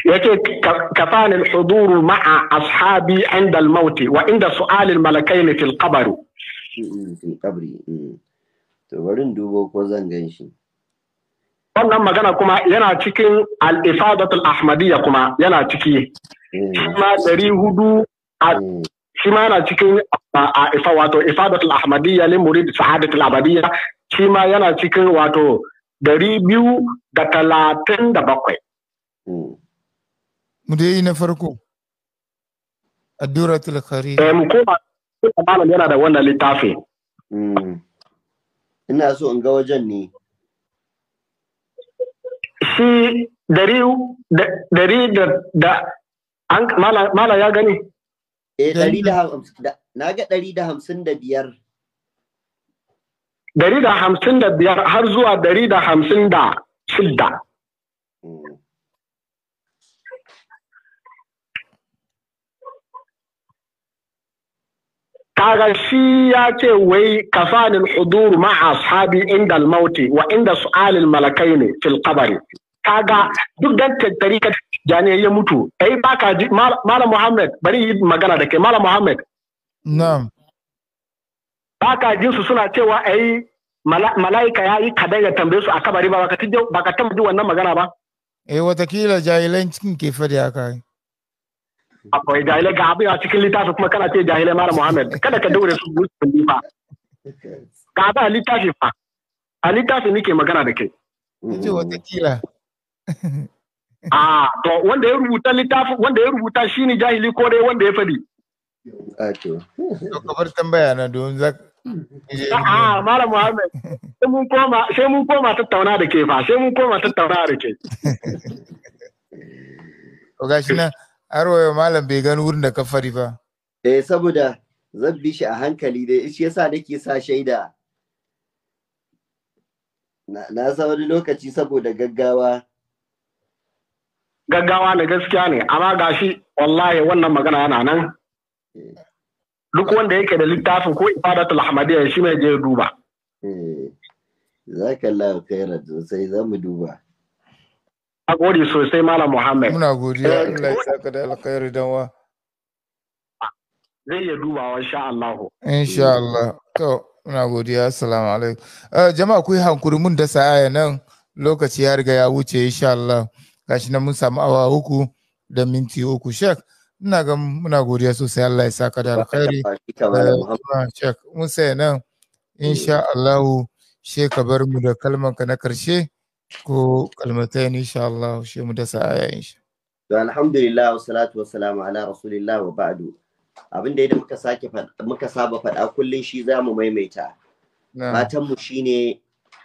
yake kafanin huduru ma'a ashabi inda al-mauti wa inda su'alil malakaini fil qabr fil qabri mm. to barin dubo ko zan gan shi wannan magana kuma yana cikin al ahmadiyya kuma yana ciki mm. Shima dari hudu a mm. ma yana cikin wato ifadatul ahmadiyya li murid sa'adatul abadiyya shi ma yana cikin wato dari biyu da talatin da bakwai. Mu na farko. Adduratul tulkari. Eh mu koma malam yana da wannan littafi. Hmm. Ina so in ga wajen ne. Shi dari dari da da an mala ya gani? Eh dari da na ga dari da hamsin da biyar. dari da hamsin da biyar har zuwa dari da hamsin da shidda. kaga shi ya ce wai kafanin hudur ma ashabi inda almauti wa inda su'alil malakai ne fil kabari. kaga duk dan ka jani ya mutu kai baka ji mala muhammad bari yi magana da kai mala muhammad na'am ba ka jin su suna cewa yi mala'ika ya yi kadan ya tambaye su a kabari ba ba ka ji wannan magana ba eh watakila jahilan cikin ke fadi haka akwai jahilai ga abin a cikin littafi kuma kana ce jahilai mara muhammad kada ka daure su gudu ba. ga abin a littafi fa a littafi nike magana da kai ce watakila a *laughs* ah, to wanda ya rubuta littafi wanda ya rubuta shine jahili ko dai wanda ya fadi to kamar tambaya na don A'a, Malam Muhammad, sai mun koma tattauna da ke fa, sai mun koma tattauna da ke. To gashi nan, har Malam bai gani wurin da ka fari ba. Eh, saboda zan bi shi a hankali dai, shi yasa nake sa shaida. Na sa wani lokaci saboda gaggawa. Gaggawa ne gaskiya ne, amma gashi wallahi wannan magana yana nan. Eh. duk wanda yake da littafin ko ta ahmadiyya shi mai je duba eh, zaka Allah khairan sosai za mu duba a gode sosai malam muhammad muna godiya Allah ya saka da alkhairi dan wa zai iya dubawa insha Allah insha Allah to muna godiya assalamu alaikum eh, jama'a ku yi hankuri mun da sa'a nan lokaci ya riga ya wuce insha Allah gashi nan mun samu awa uku da minti uku Sheikh, ina ga muna godiya sosai Allah ya saka da alkhairi eh, musa mun sai nan insha eh. Allah she ka bar mu da kalmar ka na karshe ko kalmatai ne insha Allah she mu da sa'aya insha to alhamdulillah wassalatu wassalamu ala rasulillah wa ba'du abin da muka sake muka saba faɗa kullun shi zamu maimaita fatan mu shine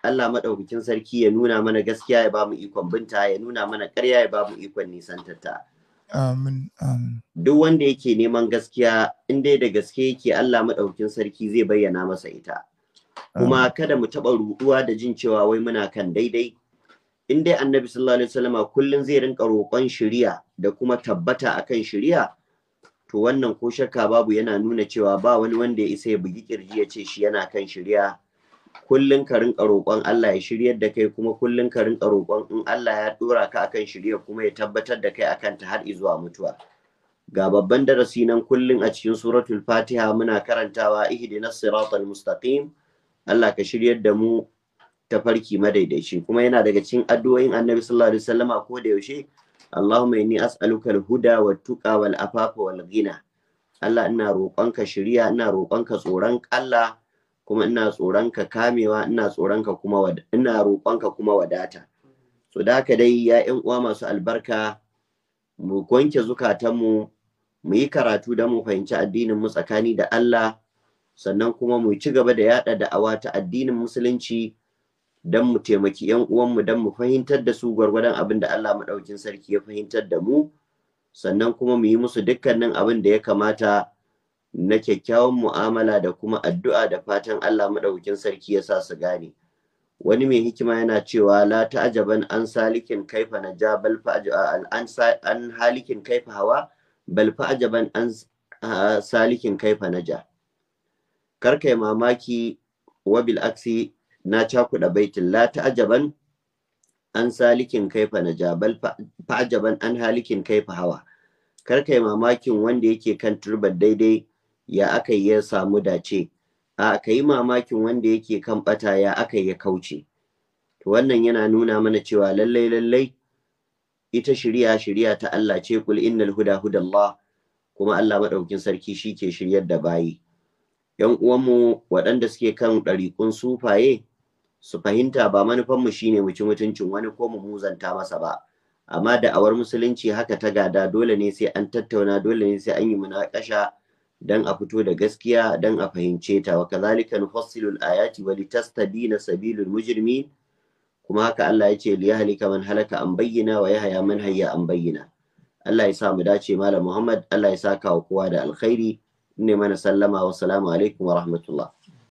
Allah madaukakin sarki ya nuna mana gaskiya ya ba mu ikon binta ya nuna mana ƙarya ya ba mu ikon nisantarta. Amin. Duk wanda yake neman gaskiya in dai da gaske yake Allah maɗaukin sarki zai bayyana masa ita. Kuma kada mu taɓa ruɗuwa da jin cewa wai muna kan daidai. In dai annabi sallallahu alaihi wasallama kullum zai rinka roƙon shiriya da kuma tabbata akan shiriya to wannan ko shakka babu yana nuna cewa ba wani wanda ya isa ya bugi kirji ya ce shi yana kan shiriya Kullun ka rinka roƙon Allah ya shiryar da kai kuma kullun ka rinka roƙon in Allah ya dora ka akan shirya kuma ya tabbatar da kai akan ta har zuwa mutuwa ga babban darasi nan kullum a cikin suratul fatiha muna karantawa ihdinas siratal mustaqim Allah ka shiryar da mu tafarki madaidaici kuma yana daga cikin addu'o'in annabi sallallahu alaihi wasallama ko da yaushe Allahumma inni as'aluka al-huda wa tuqa wal afafa wal ghina Allah ina roƙonka shirya, ina ka tsoron Allah kuma ina tsoron ka kamewa ina tsoron ka kuma ina roƙon ka kuma wadata so da haka dai ya ƴan uwa masu albarka mu wanke zukatanmu mu yi karatu da mu fahimci addinin mu tsakani da Allah sannan kuma mu ci gaba da yada da'awa ta addinin musulunci don mu taimaki yan uwanmu don mu fahimtar da su gwargwadon abin da Allah maɗaukin sarki ya fahimtar da mu sannan kuma mu yi musu dukkanin abin da ya kamata na kyakkyawan mu'amala da kuma addu'a da fatan Allah maɗaukin sarki ya sa su gane. Wani mai hikima yana cewa la ta'ajaban an salikin kaifa na ja bal an halikin kaifa hawa bal fa'ajaban an salikin kaifa na ja. Karkai mamaki wabil aksi na cakuɗa baitin la ta'ajaban an salikin kaifa na ja bal fa'ajaban an halikin kaifa hawa. Karkai mamakin wanda yake kan turbar daidai ya aka ya samu dace a ka yi mamakin wanda yake kan bata ya aka ya kauce to wannan yana nuna mana cewa lallai lallai ita shiriya shiriya ta Allah ce kul innal huda hudallah kuma Allah madaukin sarki shi ke shiryar da bayi yan uwanmu waɗanda suke kan ɗariƙun sufaye su fahimta ba mu shine mu ci mutuncin wani ko mu muzanta masa ba amma da awar musulunci haka ta gada dole ne sai an tattauna dole ne sai an yi munakasha dan a fito da gaskiya dan a fahimce ta wa kazalika nufassilu al-ayati wa litastabina sabilul mujrimin kuma haka Allah ya ce li yahlika man halaka an bayyana wa yahya man hayya an bayyana Allah ya sa mu dace malam Muhammad Allah ya saka wa kowa da alkhairi ne mana sallama wa salamu alaikum wa rahmatullah